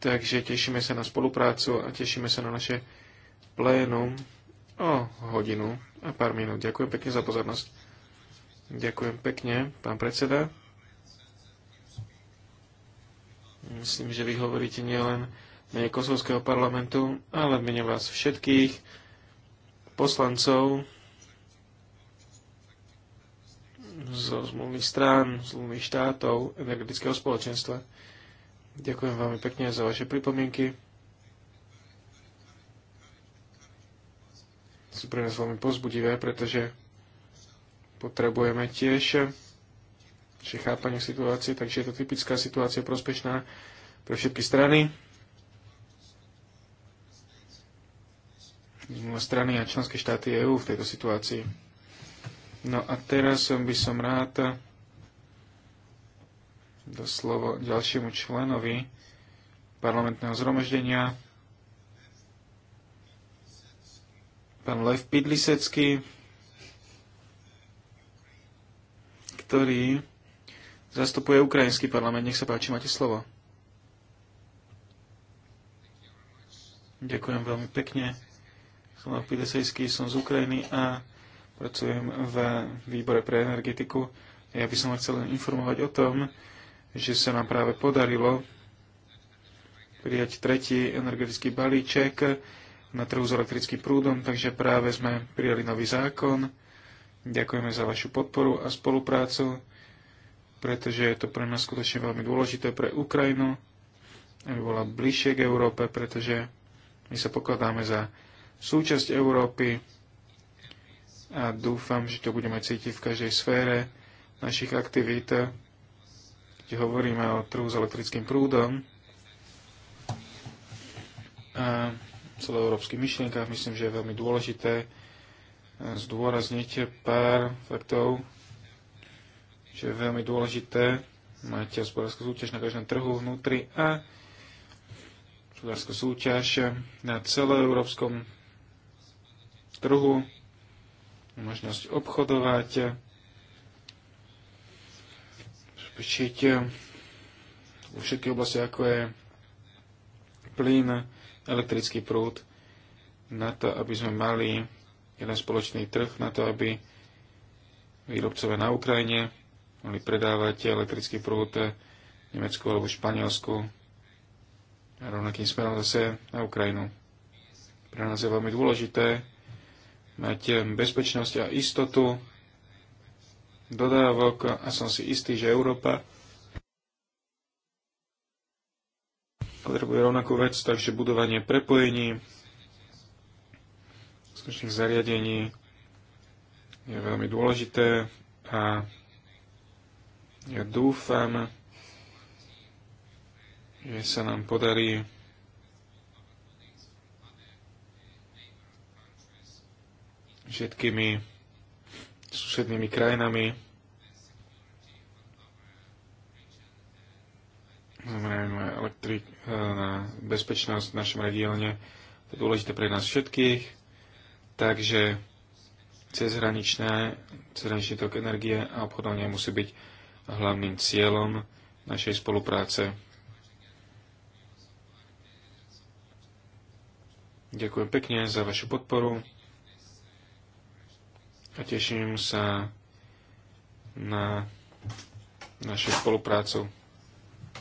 Takže tešíme sa na spoluprácu a tešíme sa na naše plénum o hodinu a pár minút. Ďakujem pekne za pozornosť. Ďakujem pekne, pán predseda. Myslím, že vy hovoríte nielen v mene Kosovského parlamentu, ale v mene vás všetkých poslancov zo zmluvných strán, zmluvných štátov, energetického spoločenstva. Ďakujem veľmi pekne za vaše pripomienky. Sú pre nás veľmi pozbudivé, pretože potrebujeme tiež či chápanie situácie, takže je to typická situácia prospešná pre všetky strany. Strany a členské štáty EÚ v tejto situácii. No a teraz by som rád do slovo ďalšiemu členovi parlamentného zhromaždenia, pán Lev Pidlisecký, ktorý zastupuje ukrajinský parlament. Nech sa páči, máte slovo. Ďakujem veľmi pekne. Som Lev Pidlisecký, som z Ukrajiny a pracujem v výbore pre energetiku. Ja by som chcel informovať o tom, že sa nám práve podarilo prijať tretí energetický balíček na trhu s elektrickým prúdom, takže práve sme prijali nový zákon. Ďakujeme za vašu podporu a spoluprácu, pretože je to pre nás skutočne veľmi dôležité pre Ukrajinu, aby bola bližšie k Európe, pretože my sa pokladáme za súčasť Európy a dúfam, že to budeme cítiť v každej sfére našich aktivít keď hovoríme o trhu s elektrickým prúdom a celoeurópskych myšlienkach, myslím, že je veľmi dôležité eh, zdôrazniť pár faktov, že je veľmi dôležité mať hospodárskú súťaž na každom trhu vnútri a hospodárskú súťaž na celoeurópskom trhu, možnosť obchodovať, zabezpečiť vo eh, všetkých oblasti, ako je plyn, elektrický prúd, na to, aby sme mali jeden spoločný trh, na to, aby výrobcové na Ukrajine mohli predávať elektrický prúd v eh, Nemecku alebo Španielsku a rovnakým smerom zase na Ukrajinu. Pre nás je veľmi dôležité mať eh, bezpečnosť a istotu dodávok a som si istý, že Európa potrebuje rovnakú vec, takže budovanie prepojení, skutočných zariadení je veľmi dôležité a ja dúfam, že sa nám podarí všetkými susednými krajinami. Znamená elektrik, e, na bezpečnosť v našom regióne. To je dôležité pre nás všetkých. Takže cezhraničné, cezhraničný tok energie a obchodovanie musí byť hlavným cieľom našej spolupráce. Ďakujem pekne za vašu podporu a teším sa na našu spoluprácu.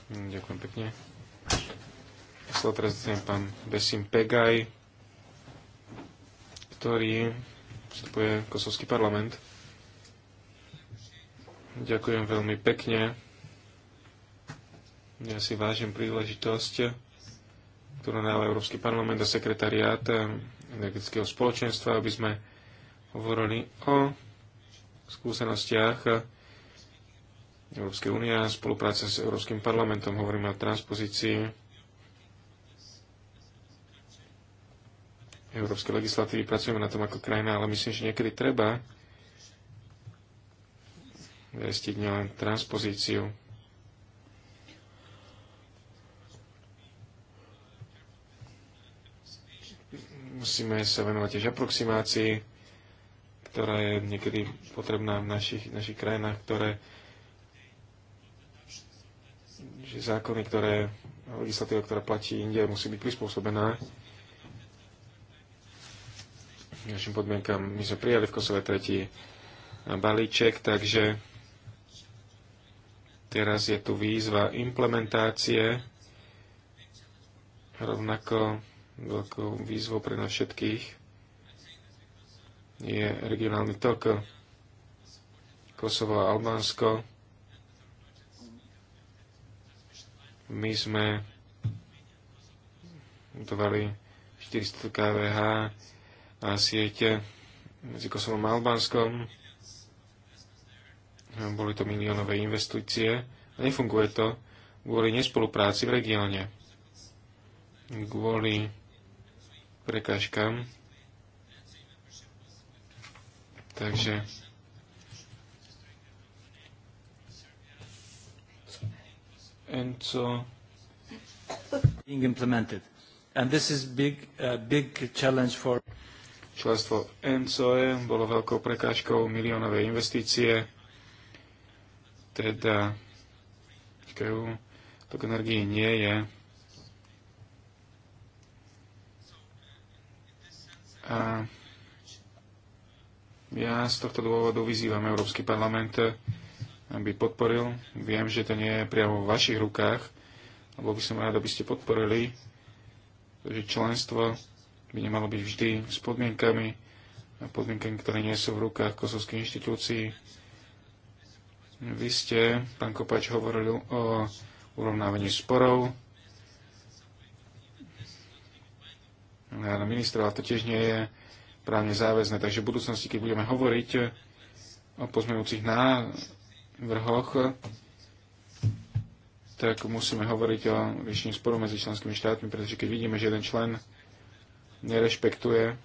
Ďakujem pekne. Slovo teraz pán Besim Pegaj, ktorý vstupuje Kosovský parlament. Ďakujem veľmi pekne. Ja si vážim príležitosť, ktorú dal Európsky parlament a sekretariát energetického spoločenstva, aby sme hovorili o skúsenostiach Európskej únie a spolupráca s Európskym parlamentom. Hovoríme o transpozícii európskej legislatívy. Pracujeme na tom ako krajina, ale myslím, že niekedy treba vestiť nielen transpozíciu. Musíme sa venovať tiež aproximácii ktorá je niekedy potrebná v našich, našich krajinách, ktoré že zákony, ktoré legislatíva, ktorá platí inde, musí byť prispôsobená našim podmienkam. My sme prijali v Kosove tretí balíček, takže teraz je tu výzva implementácie rovnako veľkou výzvou pre nás všetkých je regionálny tok Kosovo a Albánsko. My sme budovali 400 KVH a siete medzi Kosovom a Albánskom. Boli to miliónové investície a nefunguje to kvôli nespolupráci v regióne, kvôli prekážkam Takže Enco being implemented. And this is big, uh, big challenge for Členstvo ENCOE bolo veľkou prekážkou miliónovej investície, teda EU tok energii nie je. A ja z tohto dôvodu vyzývam Európsky parlament, aby podporil. Viem, že to nie je priamo v vašich rukách, lebo by som rád, aby ste podporili, že členstvo by nemalo byť vždy s podmienkami, a podmienkami, ktoré nie sú v rukách kosovských inštitúcií. Vy ste, pán Kopač, hovoril o urovnávaní sporov. Áno, ministra, ale to tiež nie je právne záväzné. Takže v budúcnosti, keď budeme hovoriť o pozmeňujúcich návrhoch, tak musíme hovoriť o riešení sporu medzi členskými štátmi, pretože keď vidíme, že jeden člen nerešpektuje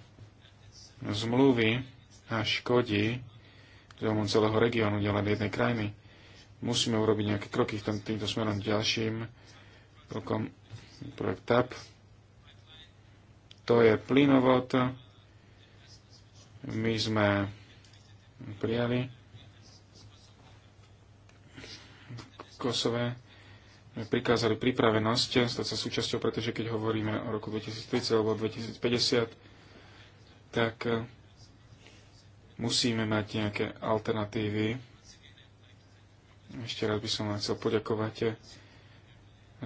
zmluvy a škodí záujmom celého regiónu, nielen jednej krajiny, musíme urobiť nejaké kroky v tom, týmto smerom ďalším krokom projekt TAP. To je plynovod, my sme prijali v Kosove prikázali pripravenosť stať sa súčasťou, pretože keď hovoríme o roku 2030 alebo 2050, tak eh, musíme mať nejaké alternatívy. Ešte raz by som vám chcel poďakovať eh,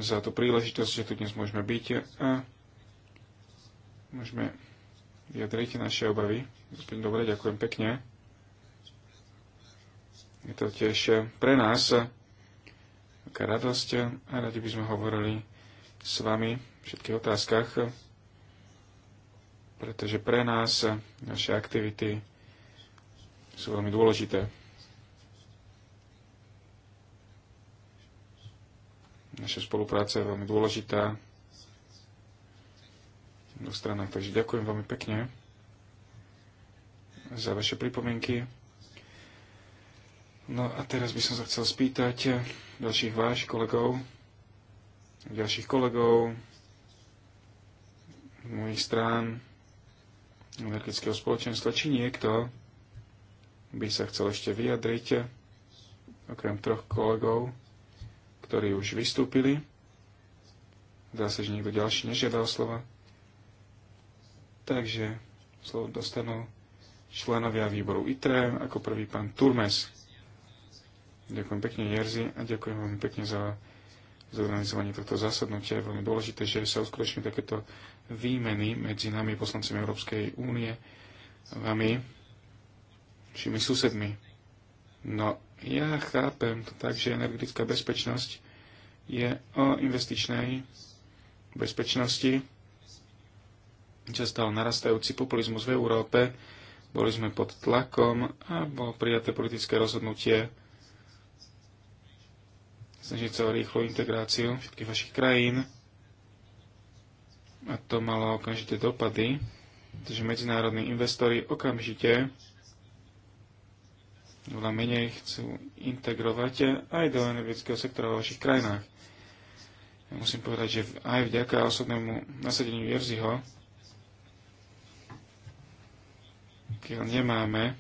za tú príležitosť, že tu dnes môžeme byť eh, a môžeme vyjadriť naše obavy. Dobre, ďakujem pekne. Je to tiež pre nás taká radosť a radi by sme hovorili s vami v všetkých otázkach, pretože pre nás naše aktivity sú veľmi dôležité. Naša spolupráca je veľmi dôležitá do stranách, takže ďakujem veľmi pekne za vaše pripomienky. No a teraz by som sa chcel spýtať ďalších váš kolegov, ďalších kolegov, mojich strán, energetického spoločenstva, či niekto by sa chcel ešte vyjadriť, okrem troch kolegov, ktorí už vystúpili. Zdá sa, že niekto ďalší nežiadal slova. Takže slovo dostanú členovia výboru ITRE, ako prvý pán Turmes. Ďakujem pekne Jerzy a ďakujem veľmi pekne za zorganizovanie tohto zasadnutia. Je veľmi dôležité, že sa uskutočňujú takéto výmeny medzi nami, poslancami Európskej únie, vami, všimi susedmi. No, ja chápem to tak, že energetická bezpečnosť je o investičnej bezpečnosti, Často narastajúci populizmus v Európe, boli sme pod tlakom a bolo prijaté politické rozhodnutie snažiť sa o rýchlu integráciu všetkých vašich krajín. A to malo okamžite dopady, pretože medzinárodní investori okamžite oveľa menej chcú integrovať aj do energetického sektora vo vašich krajinách. Ja musím povedať, že aj vďaka osobnému nasadeniu Jerzyho pokiaľ nemáme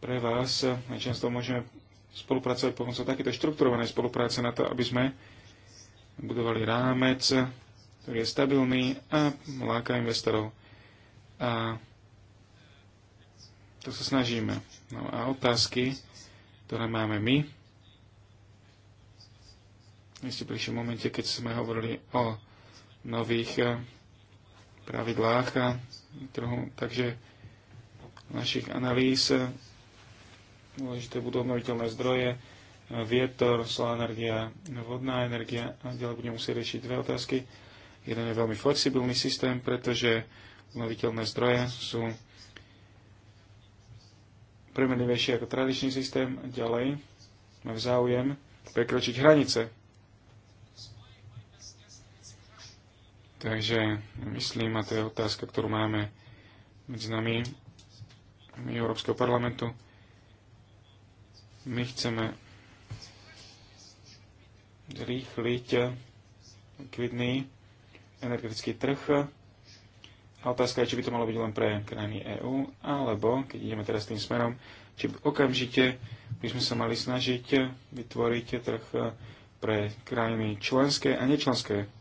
pre vás, často môžeme spolupracovať pomocou takéto štrukturovanej spolupráce na to, aby sme budovali rámec, ktorý je stabilný a láka investorov. A to sa snažíme. No a otázky, ktoré máme my, ešte bližšie momente, keď sme hovorili o nových pravidlách a trhu. Takže našich analýz dôležité budú obnoviteľné zdroje, vietor, solá energia, vodná energia a ďalej budeme musieť riešiť dve otázky. Jeden je veľmi flexibilný systém, pretože obnoviteľné zdroje sú premenlivejšie ako tradičný systém. Ďalej máme záujem prekročiť hranice Takže myslím, a to je otázka, ktorú máme medzi nami Európskeho parlamentu, my chceme zrýchliť likvidný energetický trh. A otázka je, či by to malo byť len pre krajiny EÚ, alebo, keď ideme teraz tým smerom, či okamžite by sme sa mali snažiť vytvoriť trh pre krajiny členské a nečlenské.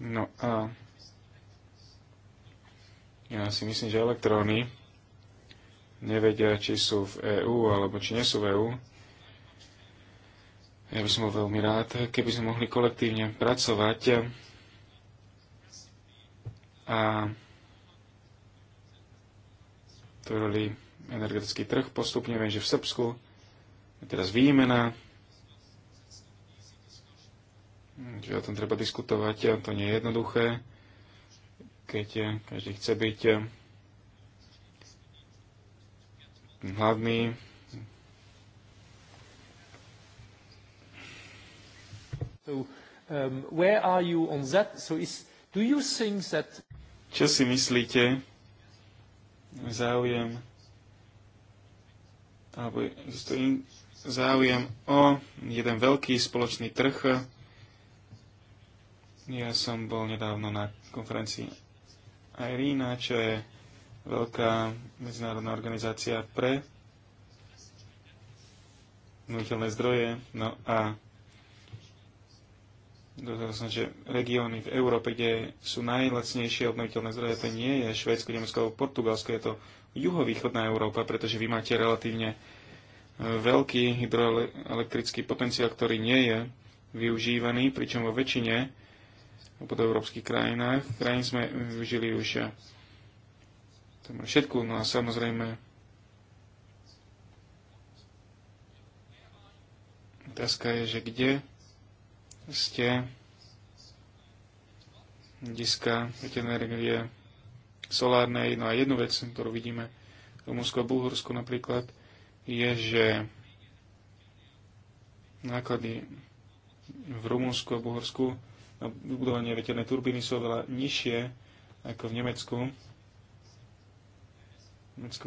No a ja si myslím, že elektróny nevedia, či sú v EÚ alebo či nie sú v EÚ. Ja by som bol veľmi rád, keby sme mohli kolektívne pracovať a tvorili energetický trh postupne. Viem, že v Srbsku je teraz výmena že o tom treba diskutovať, to nie je jednoduché, keď e, každý chce byť e, hlavný. So, um, where are you on that? So is, do you think that... Čo si myslíte? Záujem alebo záujem o jeden veľký spoločný trh ja som bol nedávno na konferencii IRINA, čo je veľká medzinárodná organizácia pre obnoviteľné zdroje. No a dozvedel som, že regióny v Európe, kde sú najlacnejšie obnoviteľné zdroje, to nie je Švédsko, Nemecko alebo Portugalsko, je to juhovýchodná Európa, pretože vy máte relatívne e, veľký hydroelektrický potenciál, ktorý nie je využívaný, pričom vo väčšine európskych krajinách. Krajín sme využili už eh, tam všetku, no a samozrejme otázka je, že kde ste diska energie solárnej. No a jednu vec, ktorú vidíme v Rumunsku a Bulhorsku napríklad, je, že náklady v Rumunsku a Bulhorsku na no, budovanie veternej turbíny sú oveľa nižšie ako v Nemecku. V Nemecku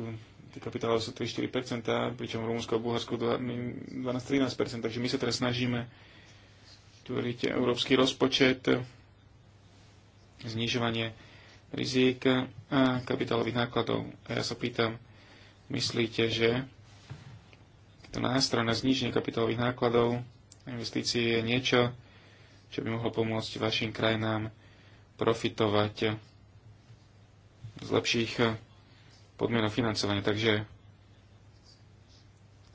tie kapitály sú 3-4%, pričom v Rumunsku a Bulharsku 12-13%, takže my sa teraz snažíme tvoriť európsky rozpočet, znižovanie rizik a kapitálových nákladov. A ja sa pýtam, myslíte, že to nástroj na zníženie kapitálových nákladov investícií je niečo, čo by mohlo pomôcť vašim krajinám profitovať z lepších podmienok financovania. Takže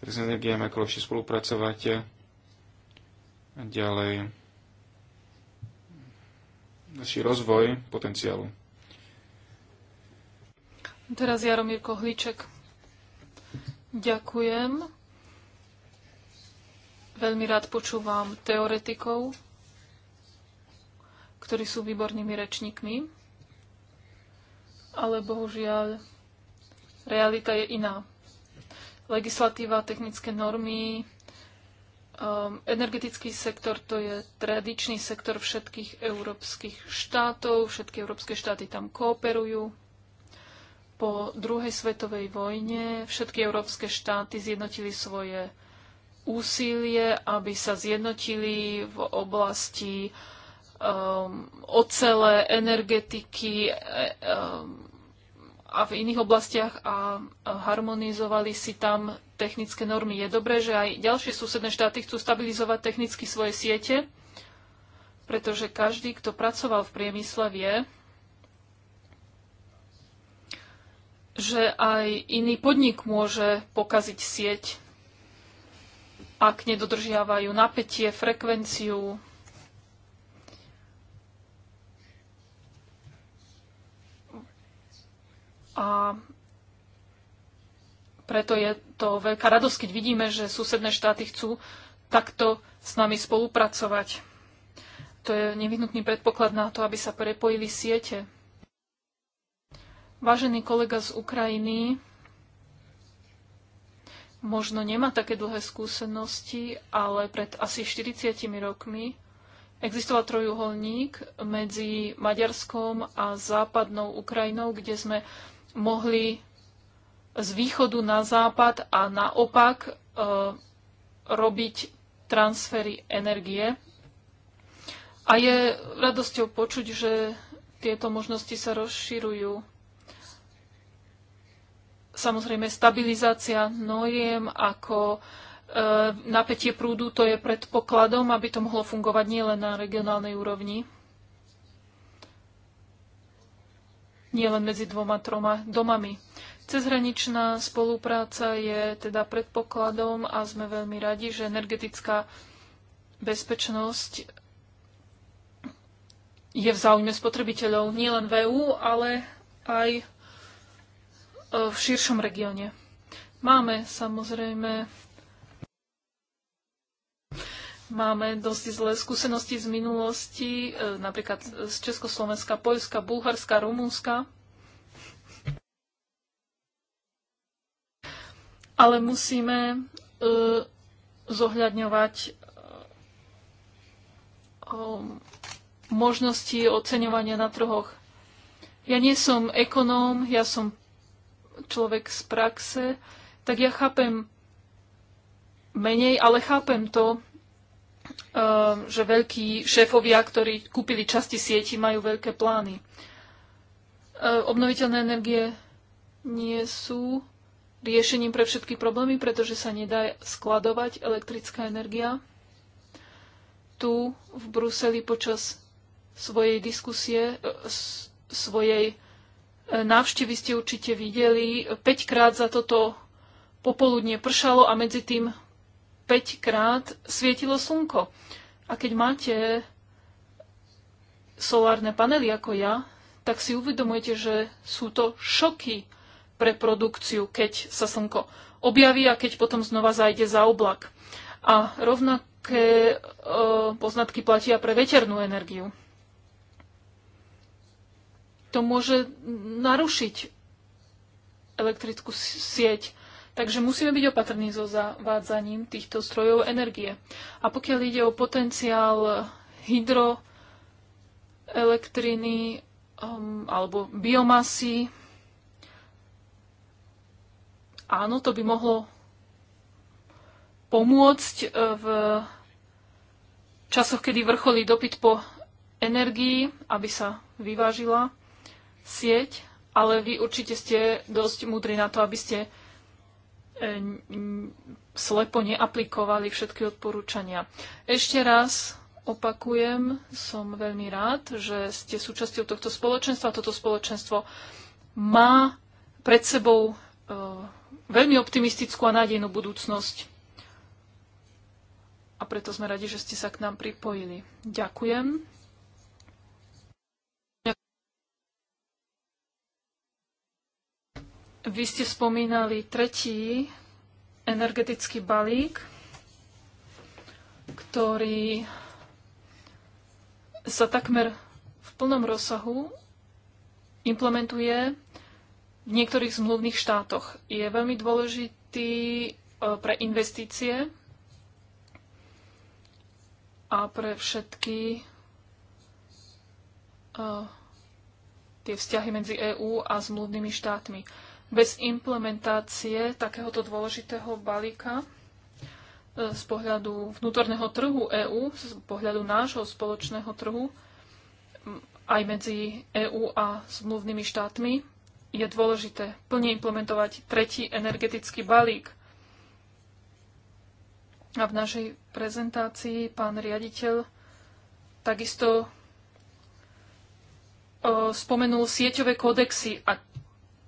s energiami ako lepšie spolupracovať a ďalej naši rozvoj potenciálu. Teraz Jaromír Kohlíček. Ďakujem. Veľmi rád počúvam teoretikov, ktorí sú výbornými rečníkmi, ale bohužiaľ realita je iná. Legislatíva, technické normy, Um, energetický sektor to je tradičný sektor všetkých európskych štátov, všetky európske štáty tam kooperujú. Po druhej svetovej vojne všetky európske štáty zjednotili svoje úsilie, aby sa zjednotili v oblasti um, ocele, energetiky e, um, a v iných oblastiach a harmonizovali si tam technické normy. Je dobré, že aj ďalšie susedné štáty chcú stabilizovať technicky svoje siete, pretože každý, kto pracoval v priemysle, vie, že aj iný podnik môže pokaziť sieť, ak nedodržiavajú napätie, frekvenciu, A preto je to veľká radosť, keď vidíme, že susedné štáty chcú takto s nami spolupracovať. To je nevyhnutný predpoklad na to, aby sa prepojili siete. Vážený kolega z Ukrajiny možno nemá také dlhé skúsenosti, ale pred asi 40 rokmi existoval trojuholník medzi Maďarskom a západnou Ukrajinou, kde sme mohli z východu na západ a naopak e, robiť transfery energie. A je radosťou počuť, že tieto možnosti sa rozširujú. Samozrejme, stabilizácia noriem ako e, napätie prúdu, to je predpokladom, aby to mohlo fungovať nielen na regionálnej úrovni, nielen medzi dvoma, troma domami. Cezhraničná spolupráca je teda predpokladom a sme veľmi radi, že energetická bezpečnosť je v záujme spotrebiteľov nielen v EÚ, ale aj e, v širšom regióne. Máme samozrejme Máme dosť zlé skúsenosti z minulosti, e, napríklad z Československa, Poľska, Bulharska, Rumúnska. Ale musíme e, zohľadňovať e, možnosti oceňovania na trhoch. Ja nie som ekonóm, ja som človek z praxe, tak ja chápem menej, ale chápem to, Ehm, že veľkí šéfovia, ktorí kúpili časti sieti, majú veľké plány. Ehm, obnoviteľné energie nie sú riešením pre všetky problémy, pretože sa nedá skladovať elektrická energia. Tu v Bruseli počas svojej diskusie, e, svojej e, návštevy ste určite videli, 5 e, krát za toto popoludne pršalo a medzi tým 5 krát svietilo slnko. A keď máte solárne panely ako ja, tak si uvedomujete, že sú to šoky pre produkciu, keď sa slnko objaví a keď potom znova zajde za oblak. A rovnaké e, poznatky platia pre veternú energiu. To môže narušiť elektrickú sieť Takže musíme byť opatrní so zavádzaním týchto strojov energie. A pokiaľ ide o potenciál hydroelektriny um, alebo biomasy, áno, to by mohlo pomôcť eh, v časoch, kedy vrcholí dopyt po energii, aby sa vyvážila sieť, ale vy určite ste dosť múdri na to, aby ste E, slepo neaplikovali všetky odporúčania. Ešte raz opakujem, som veľmi rád, že ste súčasťou tohto spoločenstva. Toto spoločenstvo má pred sebou e, veľmi optimistickú a nádejnú budúcnosť. A preto sme radi, že ste sa k nám pripojili. Ďakujem. Vy ste spomínali tretí energetický balík, ktorý sa takmer v plnom rozsahu implementuje v niektorých zmluvných štátoch. Je veľmi dôležitý e, pre investície a pre všetky e, tie vzťahy medzi EÚ a zmluvnými štátmi bez implementácie takéhoto dôležitého balíka e, z pohľadu vnútorného trhu EÚ, z pohľadu nášho spoločného trhu, aj medzi EÚ a zmluvnými štátmi, je dôležité plne implementovať tretí energetický balík. A v našej prezentácii pán riaditeľ takisto e, spomenul sieťové kodexy a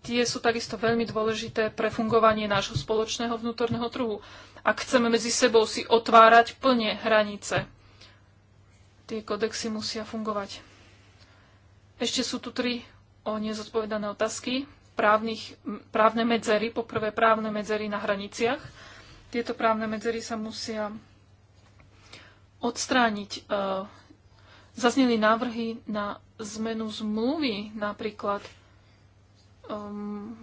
tie sú takisto veľmi dôležité pre fungovanie nášho spoločného vnútorného trhu. Ak chceme medzi sebou si otvárať plne hranice, tie kodexy musia fungovať. Ešte sú tu tri o nezodpovedané otázky. Právnych, právne medzery, poprvé právne medzery na hraniciach. Tieto právne medzery sa musia odstrániť. E, zazneli návrhy na zmenu zmluvy napríklad Um,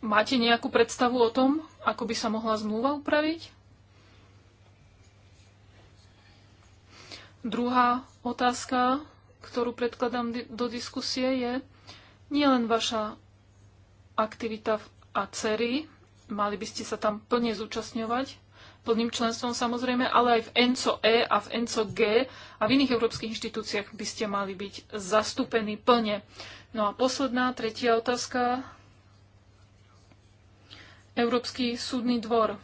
máte nejakú predstavu o tom, ako by sa mohla zmluva upraviť? Druhá otázka, ktorú predkladám do diskusie, je nielen vaša aktivita v ACERI, mali by ste sa tam plne zúčastňovať, plným členstvom samozrejme, ale aj v ENCO-E a v ENCO-G a v iných európskych inštitúciách by ste mali byť zastúpení plne. No a posledná, tretia otázka. Európsky súdny dvor.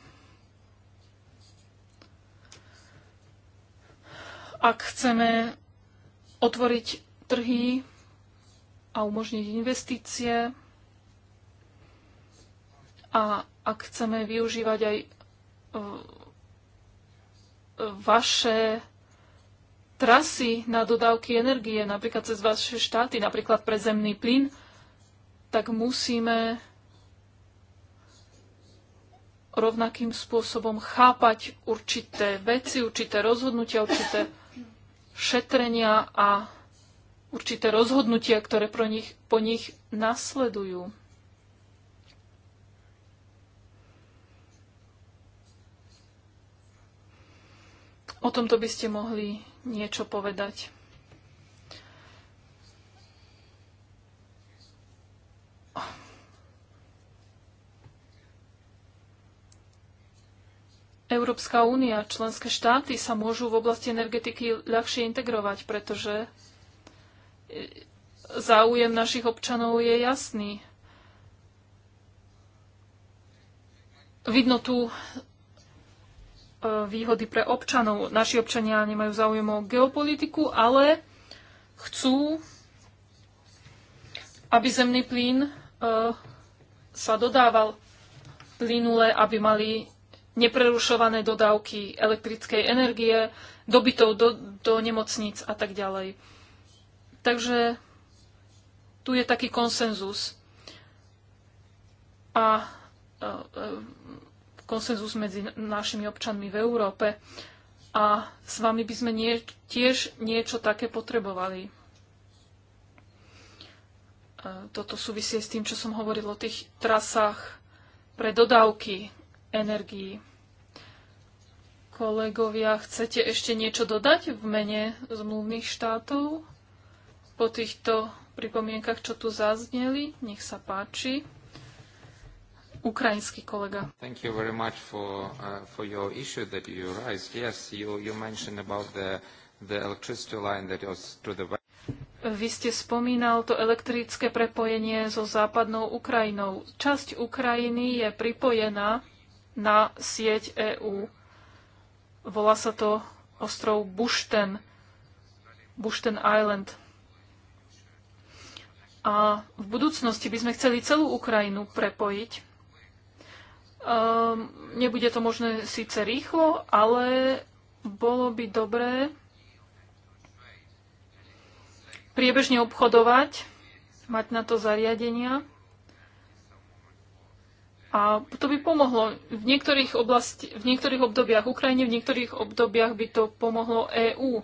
Ak chceme otvoriť trhy a umožniť investície a ak chceme využívať aj vaše trasy na dodávky energie, napríklad cez vaše štáty, napríklad pre zemný plyn, tak musíme rovnakým spôsobom chápať určité veci, určité rozhodnutia, určité šetrenia a určité rozhodnutia, ktoré pro nich, po nich nasledujú. O tomto by ste mohli niečo povedať. Európska únia, členské štáty sa môžu v oblasti energetiky ľahšie integrovať, pretože e, záujem našich občanov je jasný. Vidno tu výhody pre občanov. Naši občania nemajú záujem o geopolitiku, ale chcú, aby zemný plyn e, sa dodával plynule, aby mali neprerušované dodávky elektrickej energie, dobytov do, do nemocníc a tak ďalej. Takže tu je taký konsenzus. A e, e, konsenzus medzi našimi občanmi v Európe. A s vami by sme nie, tiež niečo také potrebovali. E, toto súvisí s tým, čo som hovoril o tých trasách pre dodávky energií. Kolegovia, chcete ešte niečo dodať v mene zmluvných štátov po týchto pripomienkach, čo tu zazneli? Nech sa páči ukrajinský kolega. Thank you very much for, uh, for your issue that you raised. Yes, you, you mentioned about the, the electricity line that was to the vy ste spomínal to elektrické prepojenie so západnou Ukrajinou. Časť Ukrajiny je pripojená na sieť EÚ. Volá sa to ostrov Bušten, Bušten Island. A v budúcnosti by sme chceli celú Ukrajinu prepojiť Um, nebude to možné síce rýchlo, ale bolo by dobré priebežne obchodovať, mať na to zariadenia. A to by pomohlo. V niektorých, oblasti, v niektorých obdobiach Ukrajine, v niektorých obdobiach by to pomohlo EÚ.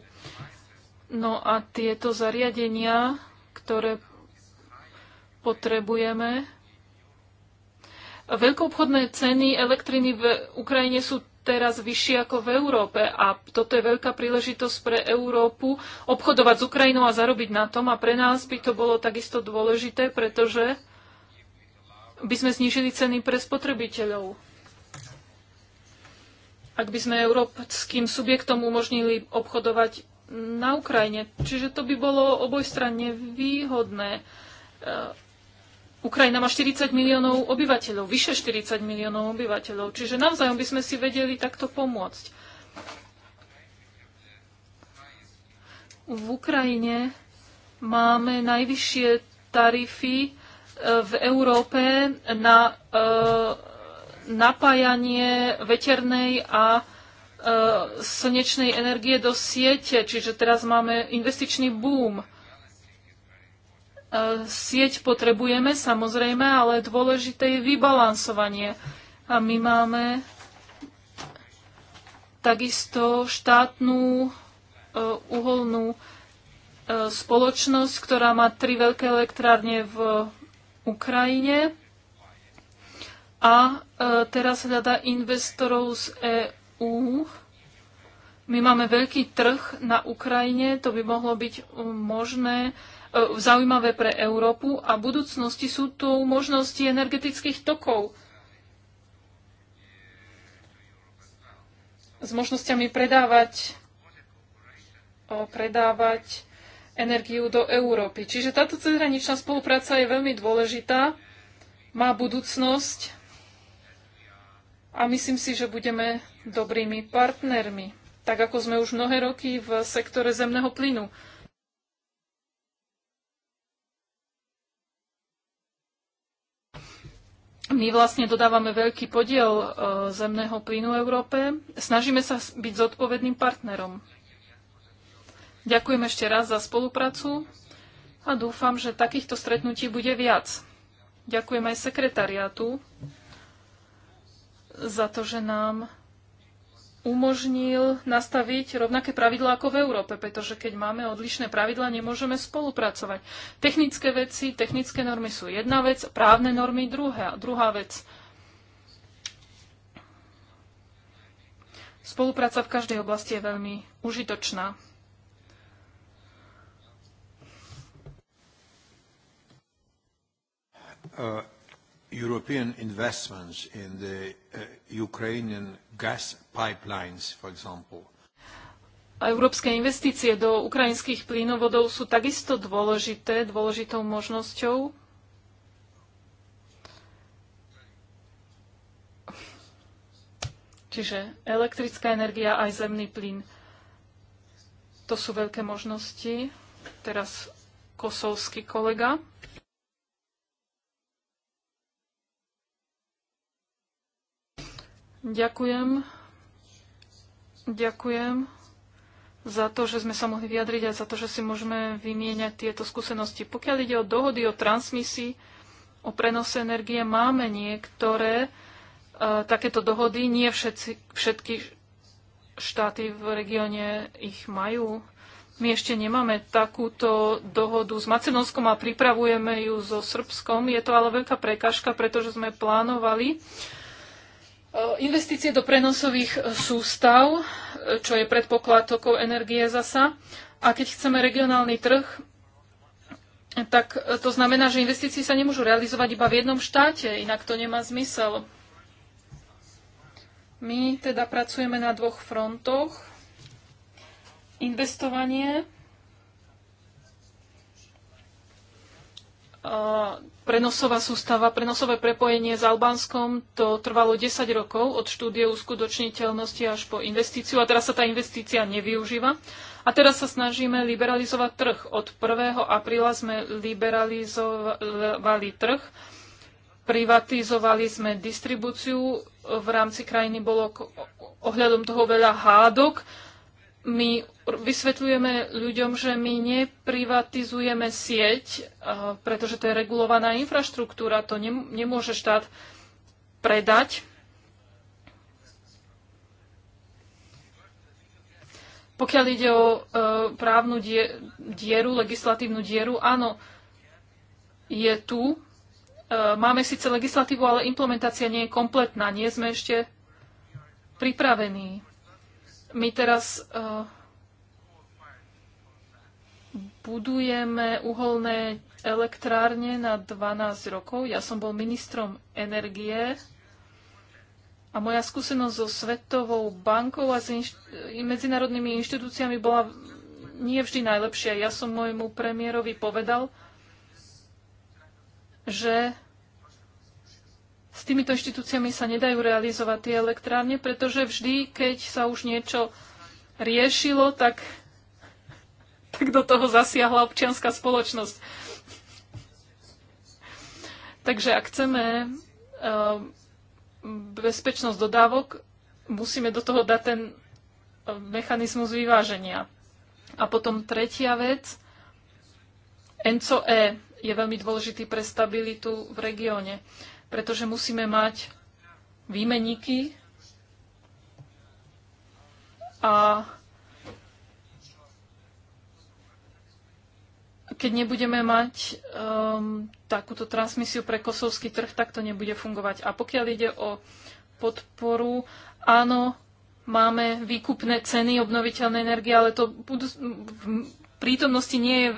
No a tieto zariadenia, ktoré potrebujeme, Veľkoobchodné ceny elektriny v Ukrajine sú teraz vyššie ako v Európe a toto je veľká príležitosť pre Európu obchodovať s Ukrajinou a zarobiť na tom a pre nás by to bolo takisto dôležité, pretože by sme znížili ceny pre spotrebiteľov. Ak by sme európskym subjektom umožnili obchodovať na Ukrajine. Čiže to by bolo obojstranne výhodné Ukrajina má 40 miliónov obyvateľov, vyše 40 miliónov obyvateľov, čiže navzájom by sme si vedeli takto pomôcť. V Ukrajine máme najvyššie tarify e, v Európe na e, napájanie veternej a e, slnečnej energie do siete, čiže teraz máme investičný boom E, sieť potrebujeme samozrejme, ale dôležité je vybalansovanie. A my máme takisto štátnu e, uholnú e, spoločnosť, ktorá má tri veľké elektrárne v Ukrajine a teraz hľada investorov z EÚ. My máme veľký trh na Ukrajine, to by mohlo byť možné E, zaujímavé pre Európu a v budúcnosti sú tu možnosti energetických tokov s možnosťami predávať, predávať energiu do Európy. Čiže táto cezhraničná spolupráca je veľmi dôležitá, má budúcnosť a myslím si, že budeme dobrými partnermi, tak ako sme už mnohé roky v sektore zemného plynu. My vlastne dodávame veľký podiel e, zemného plynu Európe. Snažíme sa byť zodpovedným partnerom. Ďakujem ešte raz za spoluprácu a dúfam, že takýchto stretnutí bude viac. Ďakujem aj sekretariátu za to, že nám umožnil nastaviť rovnaké pravidlá ako v Európe, pretože keď máme odlišné pravidlá, nemôžeme spolupracovať. Technické veci, technické normy sú jedna vec, právne normy druhá, druhá vec. Spolupráca v každej oblasti je veľmi užitočná. Uh, European investments in the uh, Ukrainian gas pipelines, for example. Európske investície do ukrajinských plynovodov sú takisto dôležité, dôležitou možnosťou. Čiže elektrická energia aj zemný plyn. To sú veľké možnosti. Teraz kosovský kolega. Ďakujem. Ďakujem za to, že sme sa mohli vyjadriť a za to, že si môžeme vymieňať tieto skúsenosti. Pokiaľ ide o dohody o transmisii, o prenose energie, máme niektoré e, takéto dohody. Nie všetci, všetky štáty v regióne ich majú. My ešte nemáme takúto dohodu s Macedónskom a pripravujeme ju so Srbskom. Je to ale veľká prekažka, pretože sme plánovali Eh, investície do prenosových eh, sústav, eh, čo je predpoklad tokov energie zasa. A keď chceme regionálny trh, tak to znamená, že investície sa nemôžu realizovať iba v jednom štáte, inak to nemá zmysel. My teda pracujeme na dvoch frontoch. Investovanie prenosová sústava, prenosové prepojenie s Albánskom, to trvalo 10 rokov od štúdie uskutočniteľnosti až po investíciu a teraz sa tá investícia nevyužíva. A teraz sa snažíme liberalizovať trh. Od 1. apríla sme liberalizovali trh, privatizovali sme distribúciu, v rámci krajiny bolo ohľadom toho veľa hádok, my vysvetľujeme ľuďom, že my neprivatizujeme sieť, pretože to je regulovaná infraštruktúra, to nemôže štát predať. Pokiaľ ide o e, právnu dieru, legislatívnu dieru, áno, je tu. E, máme síce legislatívu, ale implementácia nie je kompletná. Nie sme ešte pripravení my teraz e, budujeme uholné elektrárne na 12 rokov. Ja som bol ministrom energie a moja skúsenosť so Svetovou bankou a s inš- medzinárodnými inštitúciami bola nie vždy najlepšia. Ja som môjmu premiérovi povedal, že s týmito inštitúciami sa nedajú realizovať tie elektrárne, pretože vždy, keď sa už niečo riešilo, tak, tak do toho zasiahla občianská spoločnosť. Takže ak chceme eh, bezpečnosť dodávok, musíme do toho dať ten eh, mechanizmus vyváženia. A potom tretia vec, ENCO-E je veľmi dôležitý pre stabilitu v regióne pretože musíme mať výmenníky a keď nebudeme mať um, takúto transmisiu pre kosovský trh, tak to nebude fungovať. A pokiaľ ide o podporu, áno, máme výkupné ceny obnoviteľnej energie, ale to v prítomnosti nie je,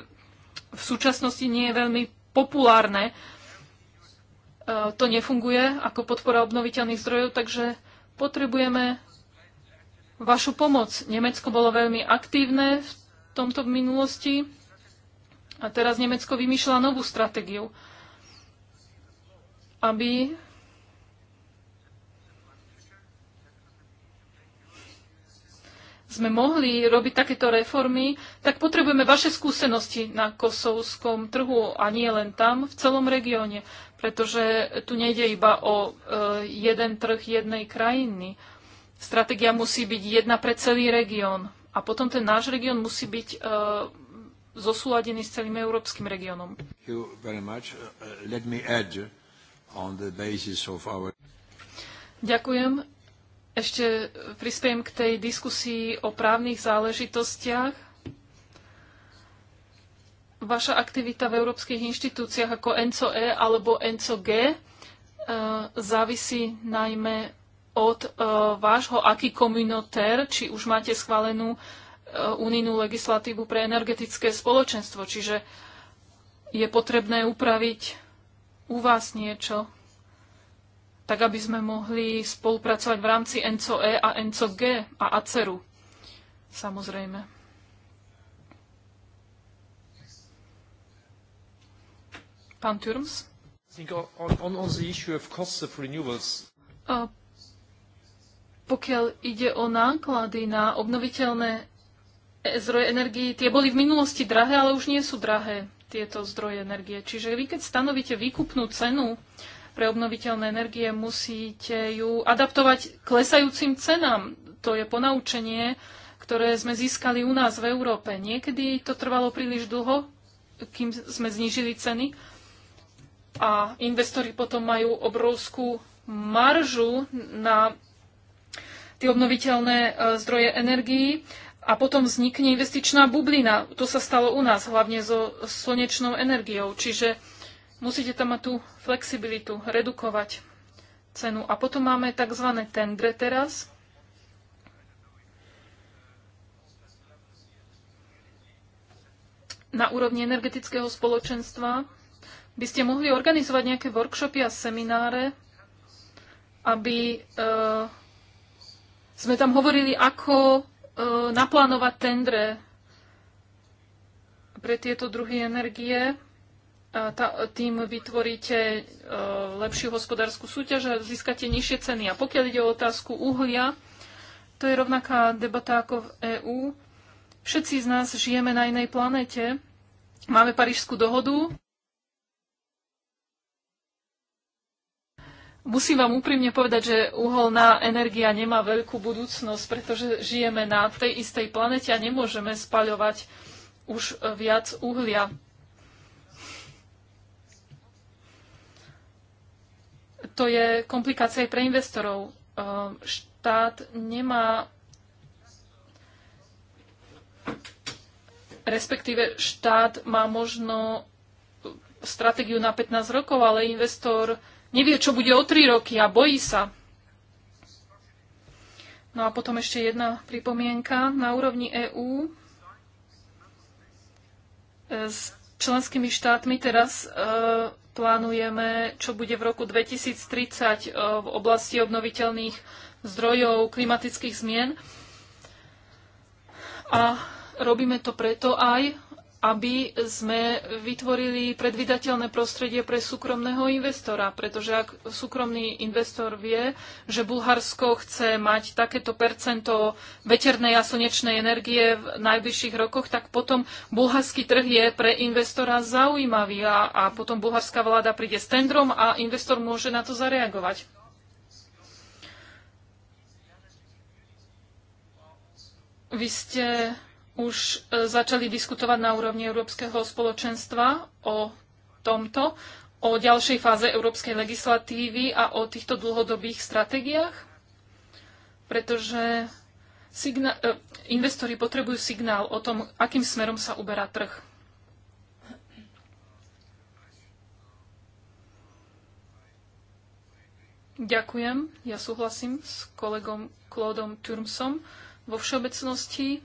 v súčasnosti nie je veľmi populárne to nefunguje ako podpora obnoviteľných zdrojov, takže potrebujeme vašu pomoc. Nemecko bolo veľmi aktívne v tomto v minulosti a teraz Nemecko vymýšľa novú stratégiu, aby sme mohli robiť takéto reformy, tak potrebujeme vaše skúsenosti na kosovskom trhu a nie len tam, v celom regióne pretože tu nejde iba o e, jeden trh jednej krajiny. Stratégia musí byť jedna pre celý región. A potom ten náš región musí byť e, zosúladený s celým európskym regiónom. Uh, uh, Ďakujem. Ešte prispiem k tej diskusii o právnych záležitostiach vaša aktivita v európskych inštitúciách ako ENCO-E alebo ENCO-G eh, závisí najmä od eh, vášho aký komunotér, či už máte schválenú eh, unijnú legislatívu pre energetické spoločenstvo. Čiže je potrebné upraviť u vás niečo, tak aby sme mohli spolupracovať v rámci ENCO-E a ENCO-G a ACERu. Samozrejme. Pán Turms? Pokiaľ ide o náklady na obnoviteľné zdroje energii, tie boli v minulosti drahé, ale už nie sú drahé tieto zdroje energie. Čiže vy, keď stanovíte výkupnú cenu pre obnoviteľné energie, musíte ju adaptovať klesajúcim cenám. To je ponaučenie, ktoré sme získali u nás v Európe. Niekedy to trvalo príliš dlho, kým sme znížili ceny a investori potom majú obrovskú maržu na tie obnoviteľné e, zdroje energií a potom vznikne investičná bublina. To sa stalo u nás, hlavne so slnečnou energiou. Čiže musíte tam mať tú flexibilitu, redukovať cenu. A potom máme tzv. tendre teraz. Na úrovni energetického spoločenstva by ste mohli organizovať nejaké workshopy a semináre, aby uh, sme tam hovorili, ako uh, naplánovať tendre pre tieto druhy energie. A tá, tým vytvoríte uh, lepšiu hospodárskú súťaž a získate nižšie ceny. A pokiaľ ide o otázku uhlia, to je rovnaká debata ako v EÚ. Všetci z nás žijeme na inej planete. Máme Parížskú dohodu, Musím vám úprimne povedať, že uholná energia nemá veľkú budúcnosť, pretože žijeme na tej istej planete a nemôžeme spaľovať už viac uhlia. To je komplikácia aj pre investorov. Ehm, štát nemá respektíve štát má možno stratégiu na 15 rokov, ale investor nevie, čo bude o tri roky a bojí sa. No a potom ešte jedna pripomienka. Na úrovni EÚ e, s členskými štátmi teraz e, plánujeme, čo bude v roku 2030 e, v oblasti obnoviteľných zdrojov, klimatických zmien. A robíme to preto aj, aby sme vytvorili predvydateľné prostredie pre súkromného investora, pretože ak súkromný investor vie, že Bulharsko chce mať takéto percento veternej a slnečnej energie v najbližších rokoch, tak potom bulharský trh je pre investora zaujímavý a, a potom bulharská vláda príde s tendrom a investor môže na to zareagovať. Vy ste už e, začali diskutovať na úrovni Európskeho spoločenstva o tomto, o ďalšej fáze európskej legislatívy a o týchto dlhodobých stratégiách? Pretože e, investori potrebujú signál o tom, akým smerom sa uberá trh. Ďakujem. Ja súhlasím s kolegom Claudom Turmsom vo všeobecnosti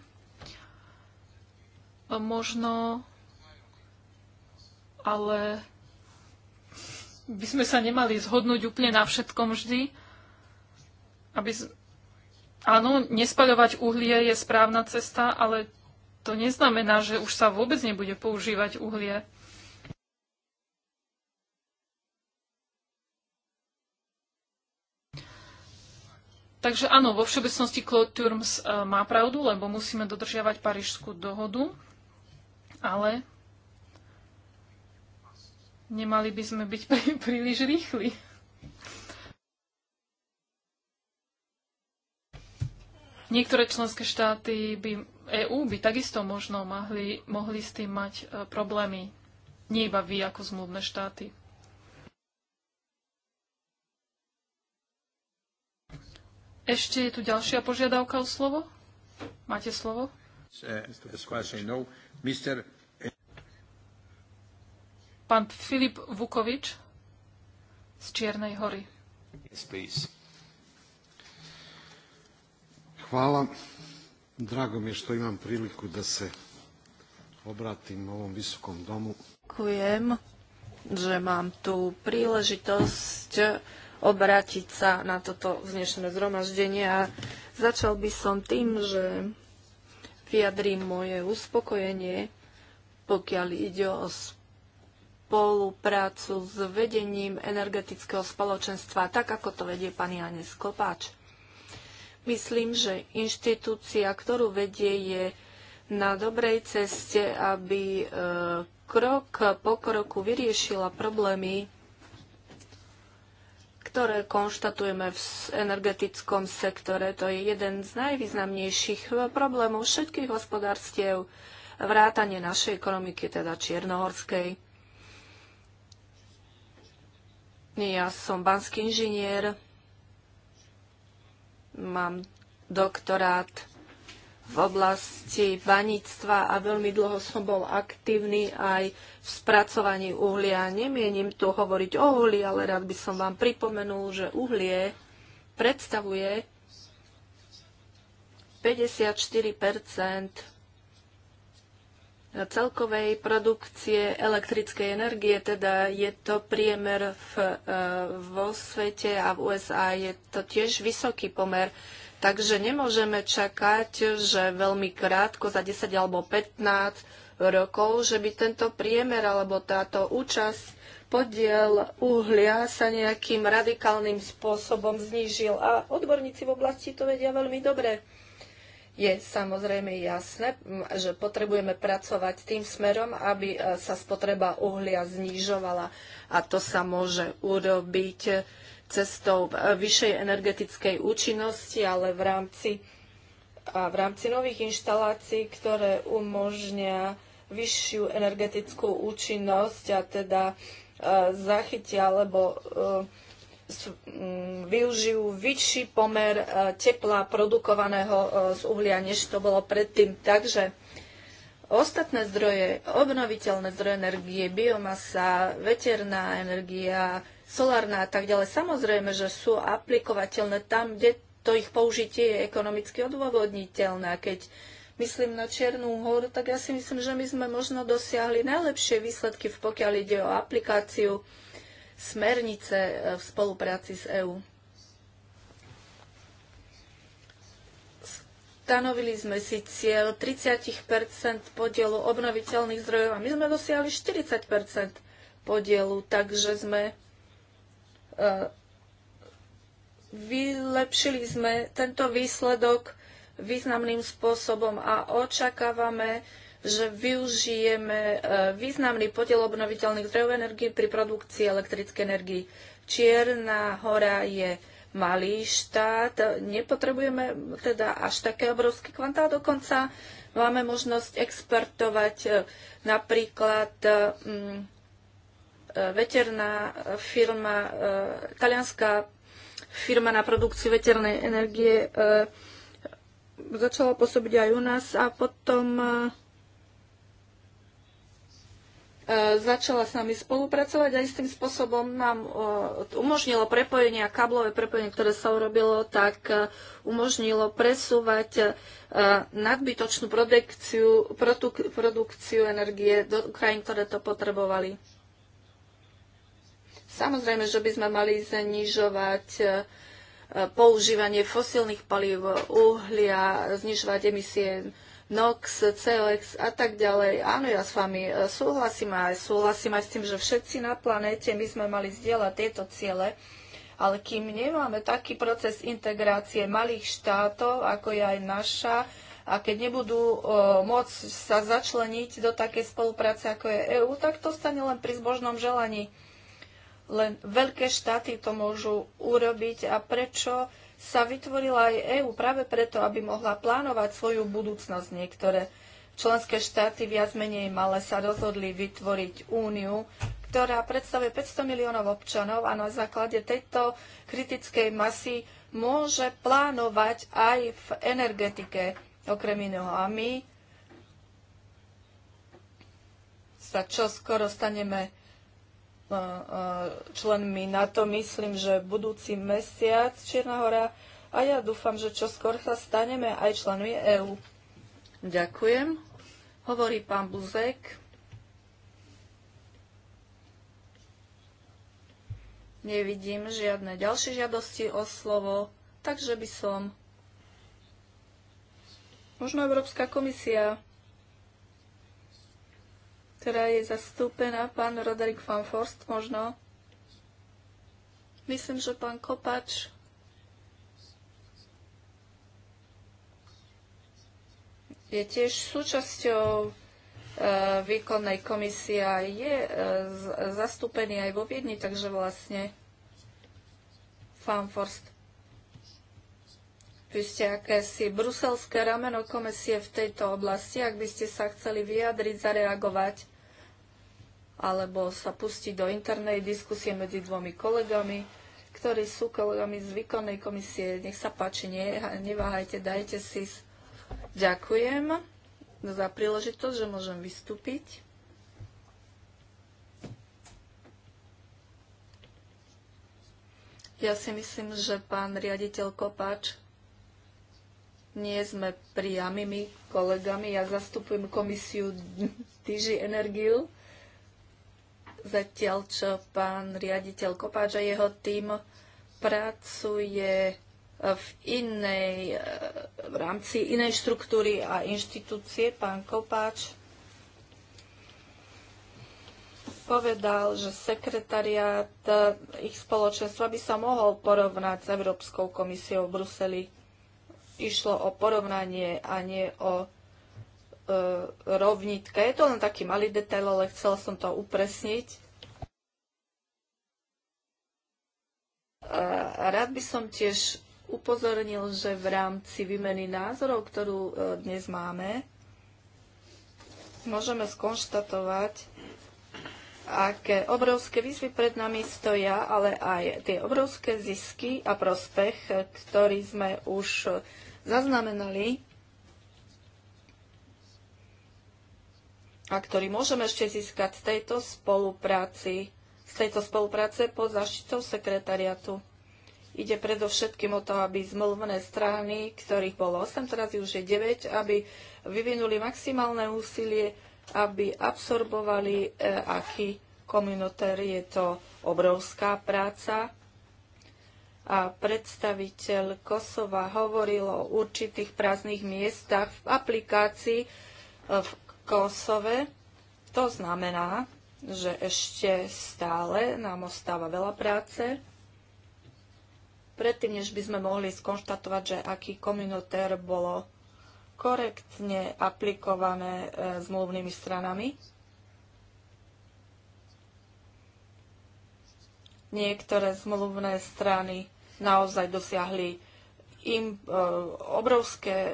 možno, ale by sme sa nemali zhodnúť úplne na všetkom vždy. Aby z... Áno, nespaľovať uhlie je správna cesta, ale to neznamená, že už sa vôbec nebude používať uhlie. Takže áno, vo všeobecnosti Claude Turms e, má pravdu, lebo musíme dodržiavať Parížskú dohodu ale nemali by sme byť *laughs* príliš rýchli. Niektoré členské štáty by EÚ by takisto možno mohli, mohli s tým mať e, problémy. Nie iba vy ako zmluvné štáty. Ešte je tu ďalšia požiadavka o slovo. Máte slovo? Eh, Pán Filip Vukovič z Čiernej hory. Yes, Hvala. Drago mi je što imam priliku da se obratim ovom visokom domu. Ďakujem, že mám tu príležitosť obrátiť sa na toto dnešné zhromaždenie a začal by som tým, že vyjadrím moje uspokojenie, pokiaľ ide o spoluprácu s vedením energetického spoločenstva, tak ako to vedie pani Janes Kopáč. Myslím, že inštitúcia, ktorú vedie, je na dobrej ceste, aby e, krok po kroku vyriešila problémy ktoré konštatujeme v energetickom sektore. To je jeden z najvýznamnejších eh, problémov všetkých hospodárstiev, vrátanie našej ekonomiky, teda čiernohorskej. Ja som banský inžinier, mám doktorát v oblasti baníctva a veľmi dlho som bol aktívny aj v spracovaní uhlia. Nemienim tu hovoriť o uhli, ale rád by som vám pripomenul, že uhlie predstavuje 54 celkovej produkcie elektrickej energie, teda je to priemer v, e, vo svete a v USA je to tiež vysoký pomer. Takže nemôžeme čakať, že veľmi krátko, za 10 alebo 15 rokov, že by tento priemer alebo táto účasť podiel uhlia sa nejakým radikálnym spôsobom znížil. A odborníci v oblasti to vedia veľmi dobre. Je samozrejme jasné, že potrebujeme pracovať tým smerom, aby e, sa spotreba uhlia znižovala. A to sa môže urobiť cestou e, vyššej energetickej účinnosti, ale v rámci, a v rámci nových inštalácií, ktoré umožnia vyššiu energetickú účinnosť a teda e, zachytia alebo e, využijú vyšší pomer tepla produkovaného z uhlia, než to bolo predtým. Takže ostatné zdroje, obnoviteľné zdroje energie, biomasa, veterná energia, solárna a tak ďalej. Samozrejme, že sú aplikovateľné tam, kde to ich použitie je ekonomicky odôvodniteľné. A keď myslím na Černú horu, tak ja si myslím, že my sme možno dosiahli najlepšie výsledky, pokiaľ ide o aplikáciu smernice e, v spolupráci s EÚ. Stanovili sme si cieľ 30 podielu obnoviteľných zdrojov a my sme dosiahli 40 podielu, takže sme E, vylepšili sme tento výsledok významným spôsobom a očakávame, že využijeme e, významný podiel obnoviteľných zdrojov energie pri produkcii elektrickej energii. Čierna hora je malý štát, nepotrebujeme teda až také obrovské kvantá dokonca. Máme možnosť exportovať e, napríklad mm, E, veterná firma, e, talianská firma na produkciu veternej energie e, začala pôsobiť aj u nás a potom začala s nami spolupracovať a istým spôsobom nám umožnilo prepojenie a káblové prepojenie, ktoré sa urobilo, tak umožnilo presúvať nadbytočnú produkciu, produkciu energie do krajín, ktoré to potrebovali. Samozrejme, že by sme mali znižovať e, používanie fosílnych palív, uhlia, znižovať emisie NOx, COX a tak ďalej. Áno, ja s vami e, súhlasím aj súhlasím aj s tým, že všetci na planéte my sme mali zdieľať tieto ciele, ale kým nemáme taký proces integrácie malých štátov, ako je aj naša, a keď nebudú o, e, môcť sa začleniť do takej spolupráce, ako je EÚ, tak to stane len pri zbožnom želaní. Len veľké štáty to môžu urobiť a prečo sa vytvorila aj EÚ práve preto, aby mohla plánovať svoju budúcnosť. Niektoré členské štáty viac menej malé sa rozhodli vytvoriť úniu, ktorá predstavuje 500 miliónov občanov a na základe tejto kritickej masy môže plánovať aj v energetike okrem iného. A my sa čo skoro staneme E, členmi NATO. Myslím, že budúci mesiac Čierna hora a ja dúfam, že čo skôr sa staneme aj členmi EÚ. Ďakujem. Hovorí pán Buzek. Nevidím žiadne ďalšie žiadosti o slovo, takže by som. Možno Európska komisia ktorá je zastúpená, pán Roderick van Forst možno. Myslím, že pán Kopač je tiež súčasťou e, výkonnej komisie a je e, zastúpený aj vo Viedni, takže vlastne Fanforst. Vy ste akési bruselské rameno komisie v tejto oblasti, ak by ste sa chceli vyjadriť, zareagovať alebo sa pustiť do internej diskusie medzi dvomi kolegami, ktorí sú kolegami z výkonnej komisie. Nech sa páči, nie, neváhajte, dajte si. Ďakujem za príležitosť, že môžem vystúpiť. Ja si myslím, že pán riaditeľ Kopač, nie sme priamými kolegami. Ja zastupujem komisiu Tyži Energiu zatiaľ čo pán riaditeľ Kopáč a jeho tým pracuje v inej, v rámci inej štruktúry a inštitúcie. Pán Kopáč povedal, že sekretariát ich spoločenstva by sa mohol porovnať s Európskou komisiou v Bruseli. Išlo o porovnanie a nie o E, rovnitka. Je to len taký malý detail, ale chcela som to upresniť. E, rád by som tiež upozornil, že v rámci výmeny názorov, ktorú e, dnes máme, môžeme skonštatovať, aké obrovské výzvy pred nami stoja, ale aj tie obrovské zisky a prospech, ktorý sme už zaznamenali a ktorý môžeme ešte získať z tejto spolupráci, z tejto spolupráce pod zaštitou sekretariatu. Ide predovšetkým o to, aby zmluvné strany, ktorých bolo 8, teraz už je 9, aby vyvinuli maximálne úsilie, aby absorbovali e, aký komunitér. Je to obrovská práca. A predstaviteľ Kosova hovoril o určitých prázdnych miestach v aplikácii, e, v Kosove. To znamená, že ešte stále nám ostáva veľa práce. Predtým, než by sme mohli skonštatovať, že aký komunitér bolo korektne aplikované e, zmluvnými stranami. Niektoré zmluvné strany naozaj dosiahli im e, obrovské e,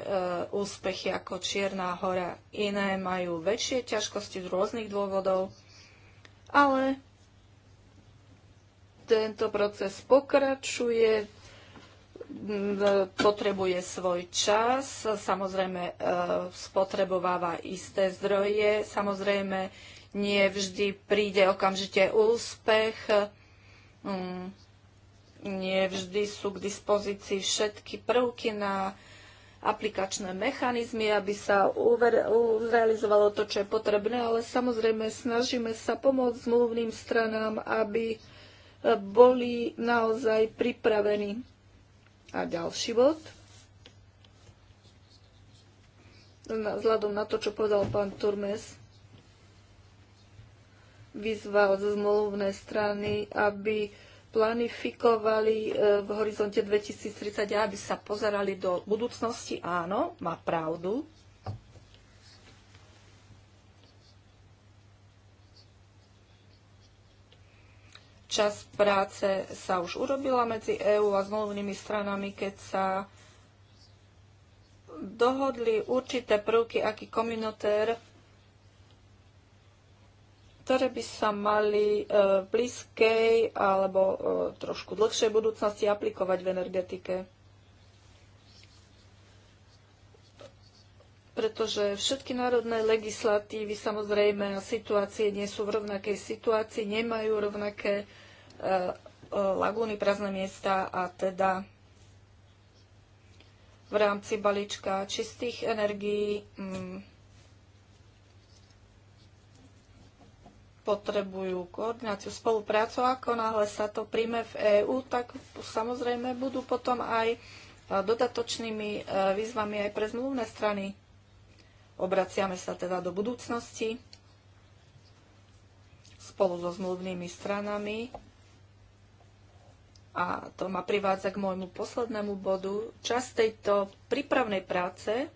úspechy ako Čierna hora. Iné majú väčšie ťažkosti z rôznych dôvodov, ale tento proces pokračuje, potrebuje svoj čas, samozrejme e, spotrebováva isté zdroje, samozrejme nie vždy príde okamžite úspech nevždy sú k dispozícii všetky prvky na aplikačné mechanizmy, aby sa realizovalo to, čo je potrebné, ale samozrejme snažíme sa pomôcť zmluvným stranám, aby e, boli naozaj pripravení. A ďalší bod. Vzhľadom na to, čo povedal pán Turmes, vyzval zmluvné strany, aby planifikovali e, v horizonte 2030, aby sa pozerali do budúcnosti. Áno, má pravdu. Čas práce sa už urobila medzi EÚ a zmluvnými stranami, keď sa dohodli určité prvky, aký komunitér ktoré by sa mali e, v blízkej alebo e, trošku dlhšej budúcnosti aplikovať v energetike. pretože všetky národné legislatívy samozrejme a situácie nie sú v rovnakej situácii, nemajú rovnaké e, e, lagúny, prázdne miesta a teda v rámci balíčka čistých energií mm, potrebujú koordináciu, spoluprácu. Ako náhle sa to príjme v EÚ, tak samozrejme budú potom aj e, dodatočnými e, výzvami aj pre zmluvné strany. Obraciame sa teda do budúcnosti spolu so zmluvnými stranami. A to ma privádza k môjmu poslednému bodu. Čas tejto prípravnej práce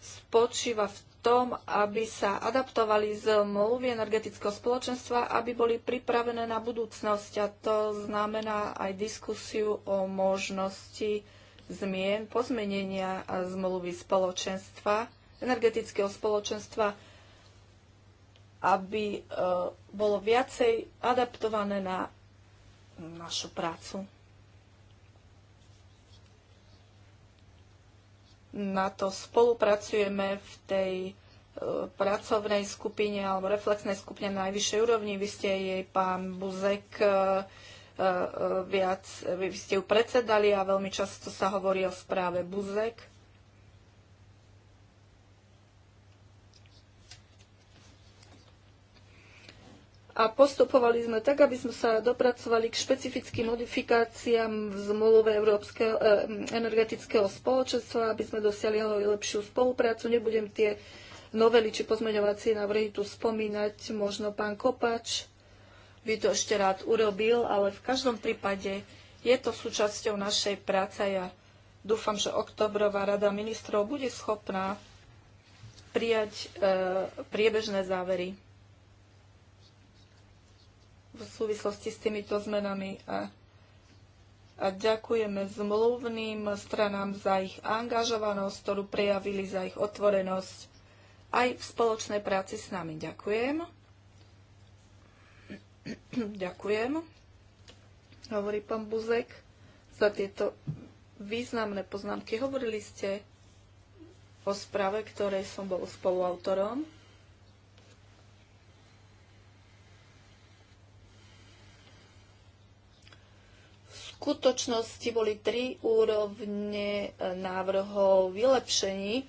spočíva v tom, aby sa adaptovali z mluvy energetického spoločenstva, aby boli pripravené na budúcnosť. A to znamená aj diskusiu o možnosti zmien, pozmenenia zmluvy spoločenstva, energetického spoločenstva, aby e, bolo viacej adaptované na našu prácu. na to spolupracujeme v tej e, pracovnej skupine alebo reflexnej skupine na najvyššej úrovni. Vy ste jej pán Buzek e, e, viac, vy ste ju predsedali a veľmi často sa hovorí o správe Buzek. a postupovali sme tak, aby sme sa dopracovali k špecifickým modifikáciám v zmluve Európskeho e, energetického spoločenstva, aby sme dosiahli lepšiu spoluprácu. Nebudem tie novely či pozmeňovacie návrhy tu spomínať, možno pán Kopač by to ešte rád urobil, ale v každom prípade je to súčasťou našej práce. Ja dúfam, že oktobrová rada ministrov bude schopná prijať e, priebežné závery v súvislosti s týmito zmenami. A, a ďakujeme zmluvným stranám za ich angažovanosť, ktorú prejavili za ich otvorenosť aj v spoločnej práci s nami. Ďakujem. *clears throat* Ďakujem, hovorí pán Buzek, za tieto významné poznámky. Hovorili ste o sprave, ktorej som bol spoluautorom. skutočnosti boli tri úrovne eh, návrhov vylepšení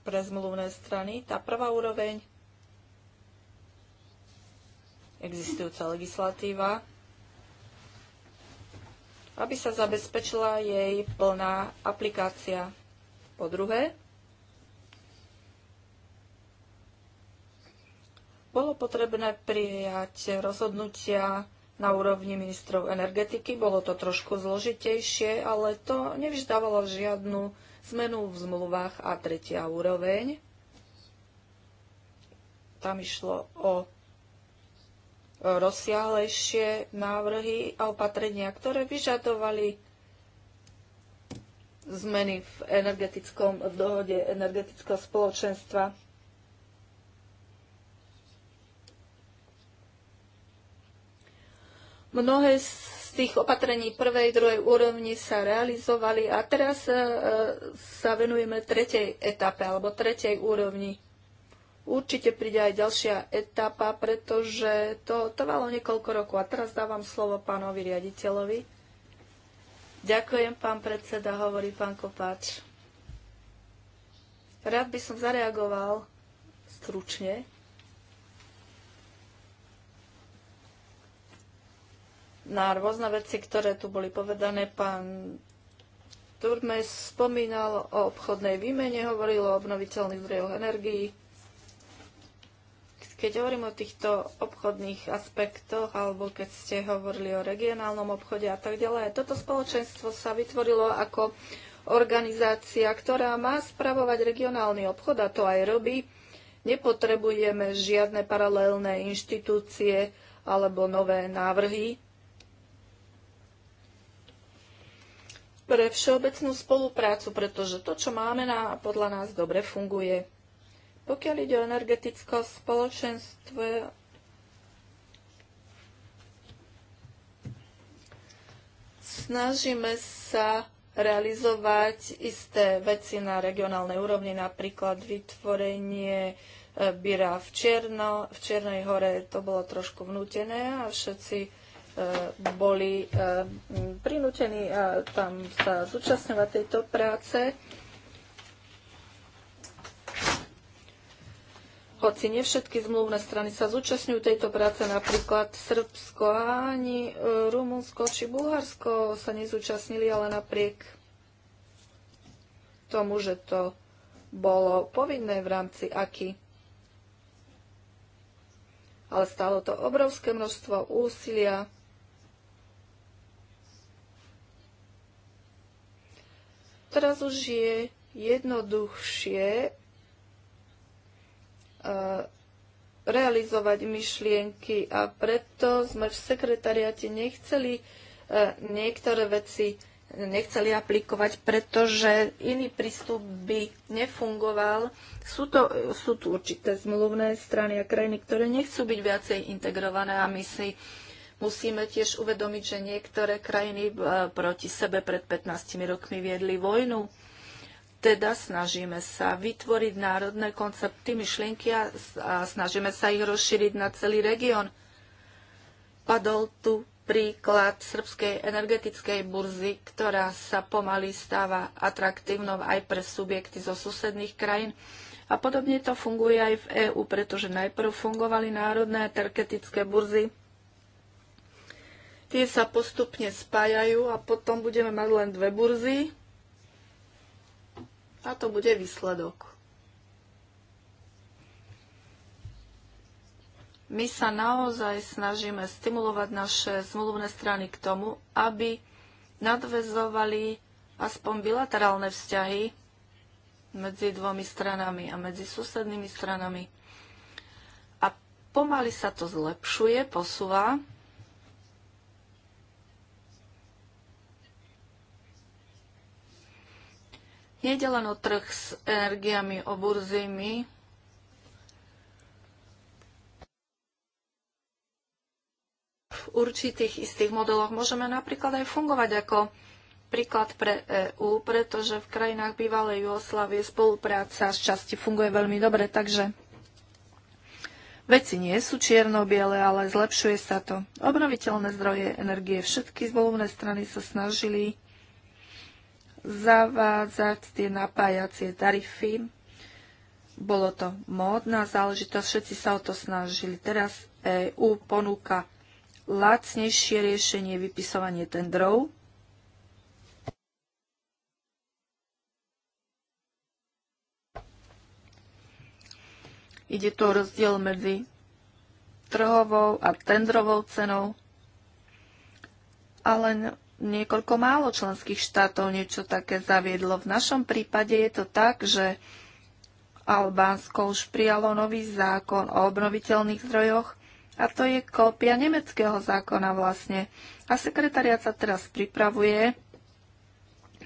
pre zmluvné strany. Tá prvá úroveň, existujúca legislatíva, aby sa zabezpečila jej plná aplikácia. Po druhé, bolo potrebné prijať rozhodnutia na úrovni ministrov energetiky. Bolo to trošku zložitejšie, ale to nevyždávalo žiadnu zmenu v zmluvách a tretia úroveň. Tam išlo o rozsiahlejšie návrhy a opatrenia, ktoré vyžadovali zmeny v energetickom v dohode energetického spoločenstva. Mnohé z tých opatrení prvej, druhej úrovni sa realizovali a teraz e, sa venujeme tretej etape alebo tretej úrovni. Určite príde aj ďalšia etapa, pretože to trvalo niekoľko rokov. A teraz dávam slovo pánovi riaditeľovi. Ďakujem, pán predseda, hovorí pán Kopáč. Rád by som zareagoval stručne na rôzne veci, ktoré tu boli povedané. Pán Turmes spomínal o obchodnej výmene, hovoril o obnoviteľných zdrojoch energií. Keď hovorím o týchto obchodných aspektoch, alebo keď ste hovorili o regionálnom obchode a tak ďalej, toto spoločenstvo sa vytvorilo ako organizácia, ktorá má spravovať regionálny obchod a to aj robí. Nepotrebujeme žiadne paralelné inštitúcie alebo nové návrhy. pre všeobecnú spoluprácu, pretože to, čo máme na, podľa nás dobre funguje. Pokiaľ ide o energetické spoločenstvo, snažíme sa realizovať isté veci na regionálnej úrovni, napríklad vytvorenie eh, Byra v, Čierno, v Čiernej hore to bolo trošku vnútené a všetci E, boli e, prinútení e, tam sa zúčastňovať tejto práce. Hoci nie všetky zmluvné strany sa zúčastňujú tejto práce, napríklad Srbsko, ani Rumunsko či Bulharsko sa nezúčastnili, ale napriek tomu, že to bolo povinné v rámci AKI. Ale stalo to obrovské množstvo úsilia Teraz už je jednoduchšie e, realizovať myšlienky a preto sme v sekretariate nechceli e, niektoré veci nechceli aplikovať, pretože iný prístup by nefungoval. Sú, to, sú tu určité zmluvné strany a krajiny, ktoré nechcú byť viacej integrované a my si Musíme tiež uvedomiť, že niektoré krajiny e, proti sebe pred 15 rokmi viedli vojnu. Teda snažíme sa vytvoriť národné koncepty, myšlienky a, a snažíme sa ich rozšíriť na celý región. Padol tu príklad srbskej energetickej burzy, ktorá sa pomaly stáva atraktívnou aj pre subjekty zo susedných krajín. A podobne to funguje aj v EÚ, pretože najprv fungovali národné energetické burzy, Tie sa postupne spájajú a potom budeme mať len dve burzy a to bude výsledok. My sa naozaj snažíme stimulovať naše zmluvné strany k tomu, aby nadvezovali aspoň bilaterálne vzťahy medzi dvomi stranami a medzi susednými stranami. A pomaly sa to zlepšuje, posúva. Nejde len o trh s energiami, o burzy. My v určitých istých modeloch môžeme napríklad aj fungovať ako príklad pre EÚ, pretože v krajinách bývalej Jugoslávie spolupráca s časti funguje veľmi dobre, takže Veci nie sú čierno-biele, ale zlepšuje sa to. Obnoviteľné zdroje energie všetky zvolovné strany sa snažili zavádzať tie napájacie tarify. Bolo to módna záležitosť, všetci sa o to snažili. Teraz EU ponúka lacnejšie riešenie vypisovanie tendrov. Ide tu rozdiel medzi trhovou a tendrovou cenou, ale niekoľko málo členských štátov niečo také zaviedlo. V našom prípade je to tak, že Albánsko už prijalo nový zákon o obnoviteľných zdrojoch a to je kópia nemeckého zákona vlastne. A sekretariat sa teraz pripravuje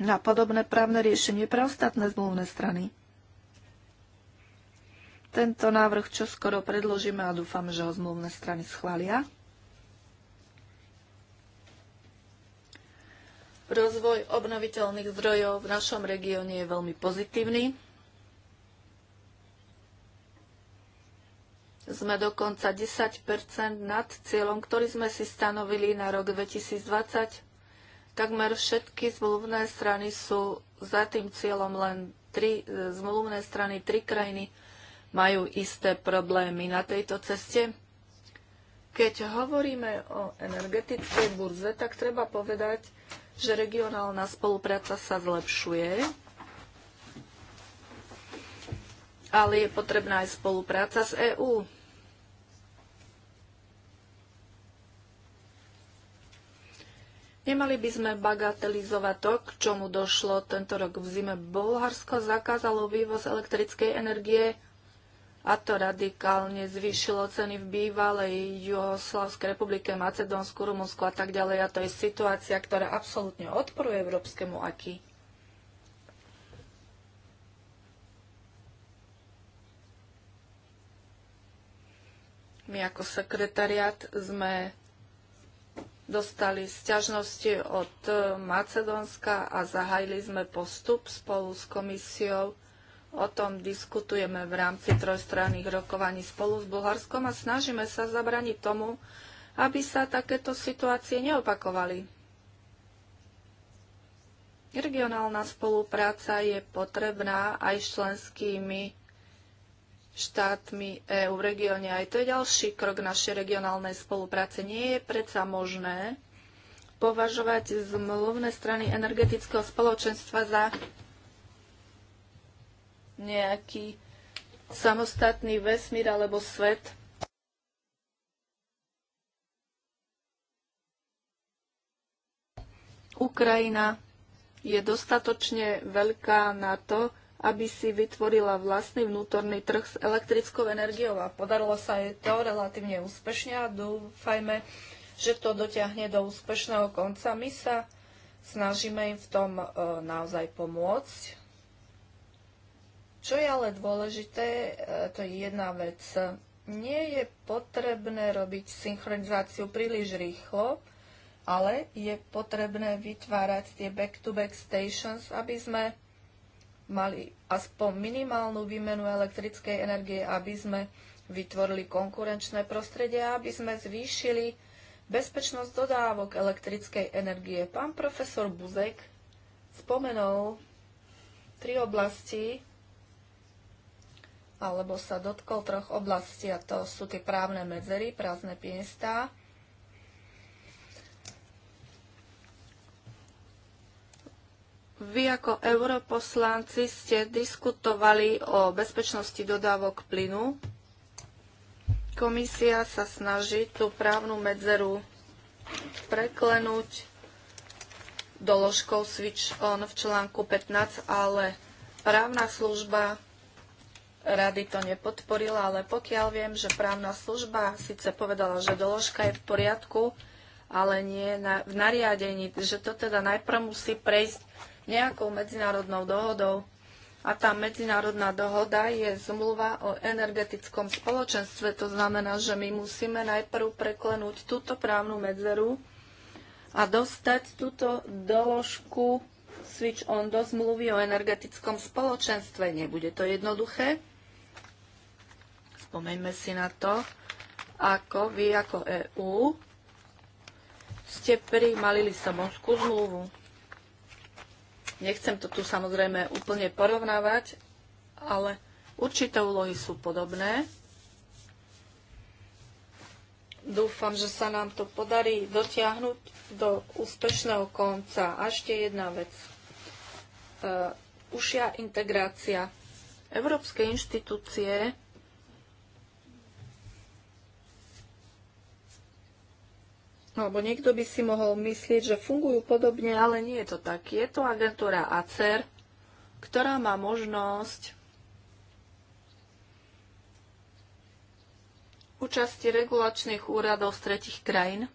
na podobné právne riešenie pre ostatné zmluvné strany. Tento návrh čoskoro predložíme a dúfam, že ho zmluvné strany schvália. Rozvoj obnoviteľných zdrojov v našom regióne je veľmi pozitívny. Sme dokonca 10 nad cieľom, ktorý sme si stanovili na rok 2020. Takmer všetky zmluvné strany sú za tým cieľom len tri e, zmluvné strany, tri krajiny majú isté problémy na tejto ceste. Keď hovoríme o energetickej burze, tak treba povedať, že regionálna spolupráca sa zlepšuje, ale je potrebná aj spolupráca s EÚ. Nemali by sme bagatelizovať to, k čomu došlo tento rok v zime. Bulharsko zakázalo vývoz elektrickej energie a to radikálne zvýšilo ceny v bývalej Juhoslavskej republike, Macedónsku, Rumunsku a tak ďalej. A to je situácia, ktorá absolútne odporuje európskemu aký. My ako sekretariat sme dostali sťažnosti od Macedónska a zahajili sme postup spolu s komisiou O tom diskutujeme v rámci trojstranných rokovaní spolu s Bulharskom a snažíme sa zabraniť tomu, aby sa takéto situácie neopakovali. Regionálna spolupráca je potrebná aj s členskými štátmi EÚ v regióne. Aj to je ďalší krok našej regionálnej spolupráce. Nie je predsa možné považovať zmluvné strany energetického spoločenstva za nejaký samostatný vesmír alebo svet. Ukrajina je dostatočne veľká na to, aby si vytvorila vlastný vnútorný trh s elektrickou energiou a podarilo sa jej to relatívne úspešne a dúfajme, že to dotiahne do úspešného konca. My sa snažíme im v tom e, naozaj pomôcť. Čo je ale dôležité, e, to je jedna vec. Nie je potrebné robiť synchronizáciu príliš rýchlo, ale je potrebné vytvárať tie back-to-back -back stations, aby sme mali aspoň minimálnu výmenu elektrickej energie, aby sme vytvorili konkurenčné prostredie, aby sme zvýšili bezpečnosť dodávok elektrickej energie. Pán profesor Buzek spomenul tri oblasti, alebo sa dotkol troch oblastí a to sú tie právne medzery, prázdne piesta. Vy ako europoslanci ste diskutovali o bezpečnosti dodávok plynu. Komisia sa snaží tú právnu medzeru preklenúť doložkou switch on v článku 15, ale právna služba rady to nepodporila, ale pokiaľ viem, že právna služba síce povedala, že doložka je v poriadku, ale nie na, v nariadení, že to teda najprv musí prejsť nejakou medzinárodnou dohodou. A tá medzinárodná dohoda je zmluva o energetickom spoločenstve. To znamená, že my musíme najprv preklenúť túto právnu medzeru a dostať túto doložku switch on do zmluvy o energetickom spoločenstve. Nebude to jednoduché, spomeňme si na to, ako vy ako EÚ ste prijímali Lisabonskú zmluvu. Nechcem to tu samozrejme úplne porovnávať, ale určité úlohy sú podobné. Dúfam, že sa nám to podarí dotiahnuť do úspešného konca. A ešte jedna vec. E, ušia integrácia. Európske inštitúcie No, lebo niekto by si mohol myslieť, že fungujú podobne, ale nie je to tak. Je to agentúra ACER, ktorá má možnosť účasti regulačných úradov z tretich krajín.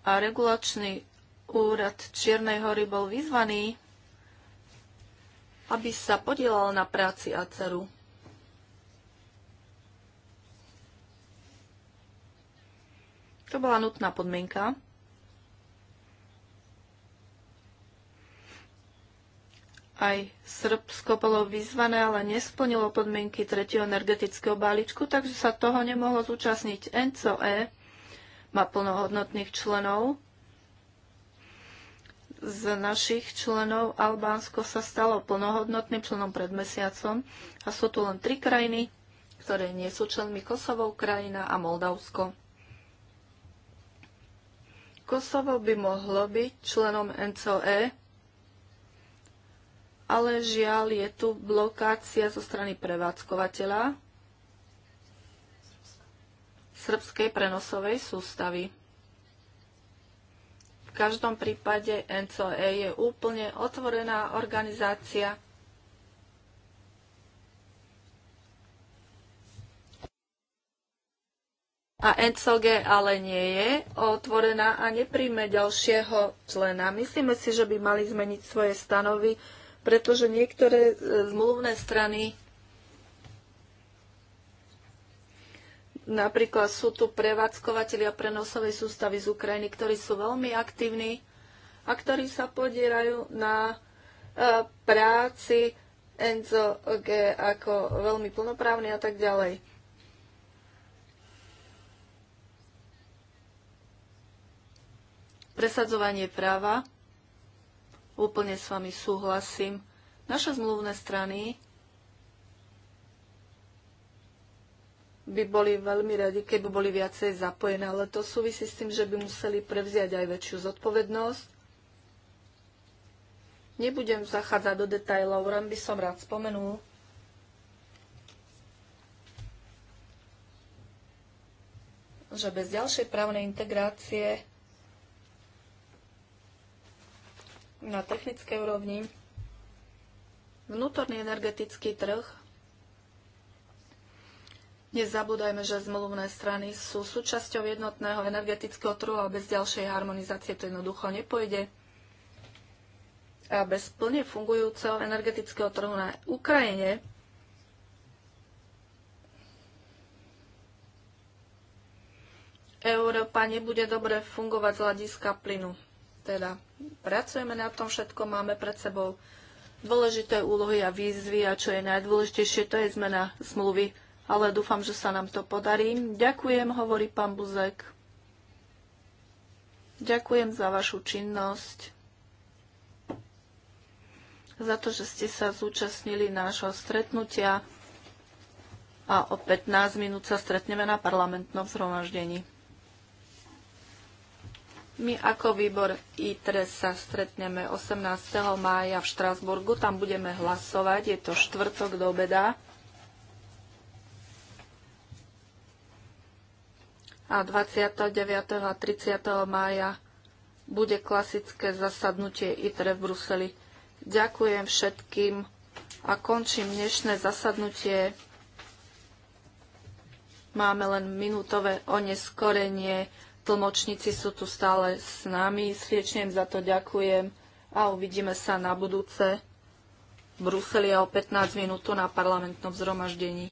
A regulačný úrad Čiernej hory bol vyzvaný, aby sa podielal na práci ACERu. To bola nutná podmienka. Aj Srbsko bolo vyzvané, ale nesplnilo podmienky tretieho energetického balíčku, takže sa toho nemohlo zúčastniť. NCOE má plnohodnotných členov. Z našich členov Albánsko sa stalo plnohodnotným členom pred mesiacom a sú tu len tri krajiny, ktoré nie sú členmi Kosovo, krajina a Moldavsko. Kosovo by mohlo byť členom NCOE, ale žiaľ je tu blokácia zo strany prevádzkovateľa srbskej prenosovej sústavy. V každom prípade NCOE je úplne otvorená organizácia, a NCLG ale nie je otvorená a nepríjme ďalšieho člena. Myslíme si, že by mali zmeniť svoje stanovy, pretože niektoré e, zmluvné strany Napríklad sú tu prevádzkovateľia prenosovej sústavy z Ukrajiny, ktorí sú veľmi aktívni a ktorí sa podierajú na e, práci NZOG ako veľmi plnoprávny a tak ďalej. Presadzovanie práva. Úplne s vami súhlasím. Naše zmluvné strany by boli veľmi radi, keby boli viacej zapojené, ale to súvisí s tým, že by museli prevziať aj väčšiu zodpovednosť. Nebudem zachádzať do detajlov, len by som rád spomenul, že bez ďalšej právnej integrácie na technickej úrovni. Vnútorný energetický trh. Nezabúdajme, že zmluvné strany sú súčasťou jednotného energetického trhu a bez ďalšej harmonizácie to jednoducho nepôjde. A bez plne fungujúceho energetického trhu na Ukrajine Európa nebude dobre fungovať z hľadiska plynu. Teda pracujeme na tom všetko, máme pred sebou dôležité úlohy a výzvy a čo je najdôležitejšie, to je zmena zmluvy. Ale dúfam, že sa nám to podarí. Ďakujem, hovorí pán Buzek. Ďakujem za vašu činnosť, za to, že ste sa zúčastnili nášho stretnutia a o 15 minút sa stretneme na parlamentnom zhromaždení. My ako výbor ITRE sa stretneme 18. mája v Štrásburgu, tam budeme hlasovať, je to štvrtok do obeda. A 29. a 30. mája bude klasické zasadnutie ITRE v Bruseli. Ďakujem všetkým a končím dnešné zasadnutie. Máme len minútové oneskorenie. Tlmočníci sú tu stále s nami. Srdečne im za to ďakujem a uvidíme sa na budúce v Bruseli o 15 minút na parlamentnom zhromaždení.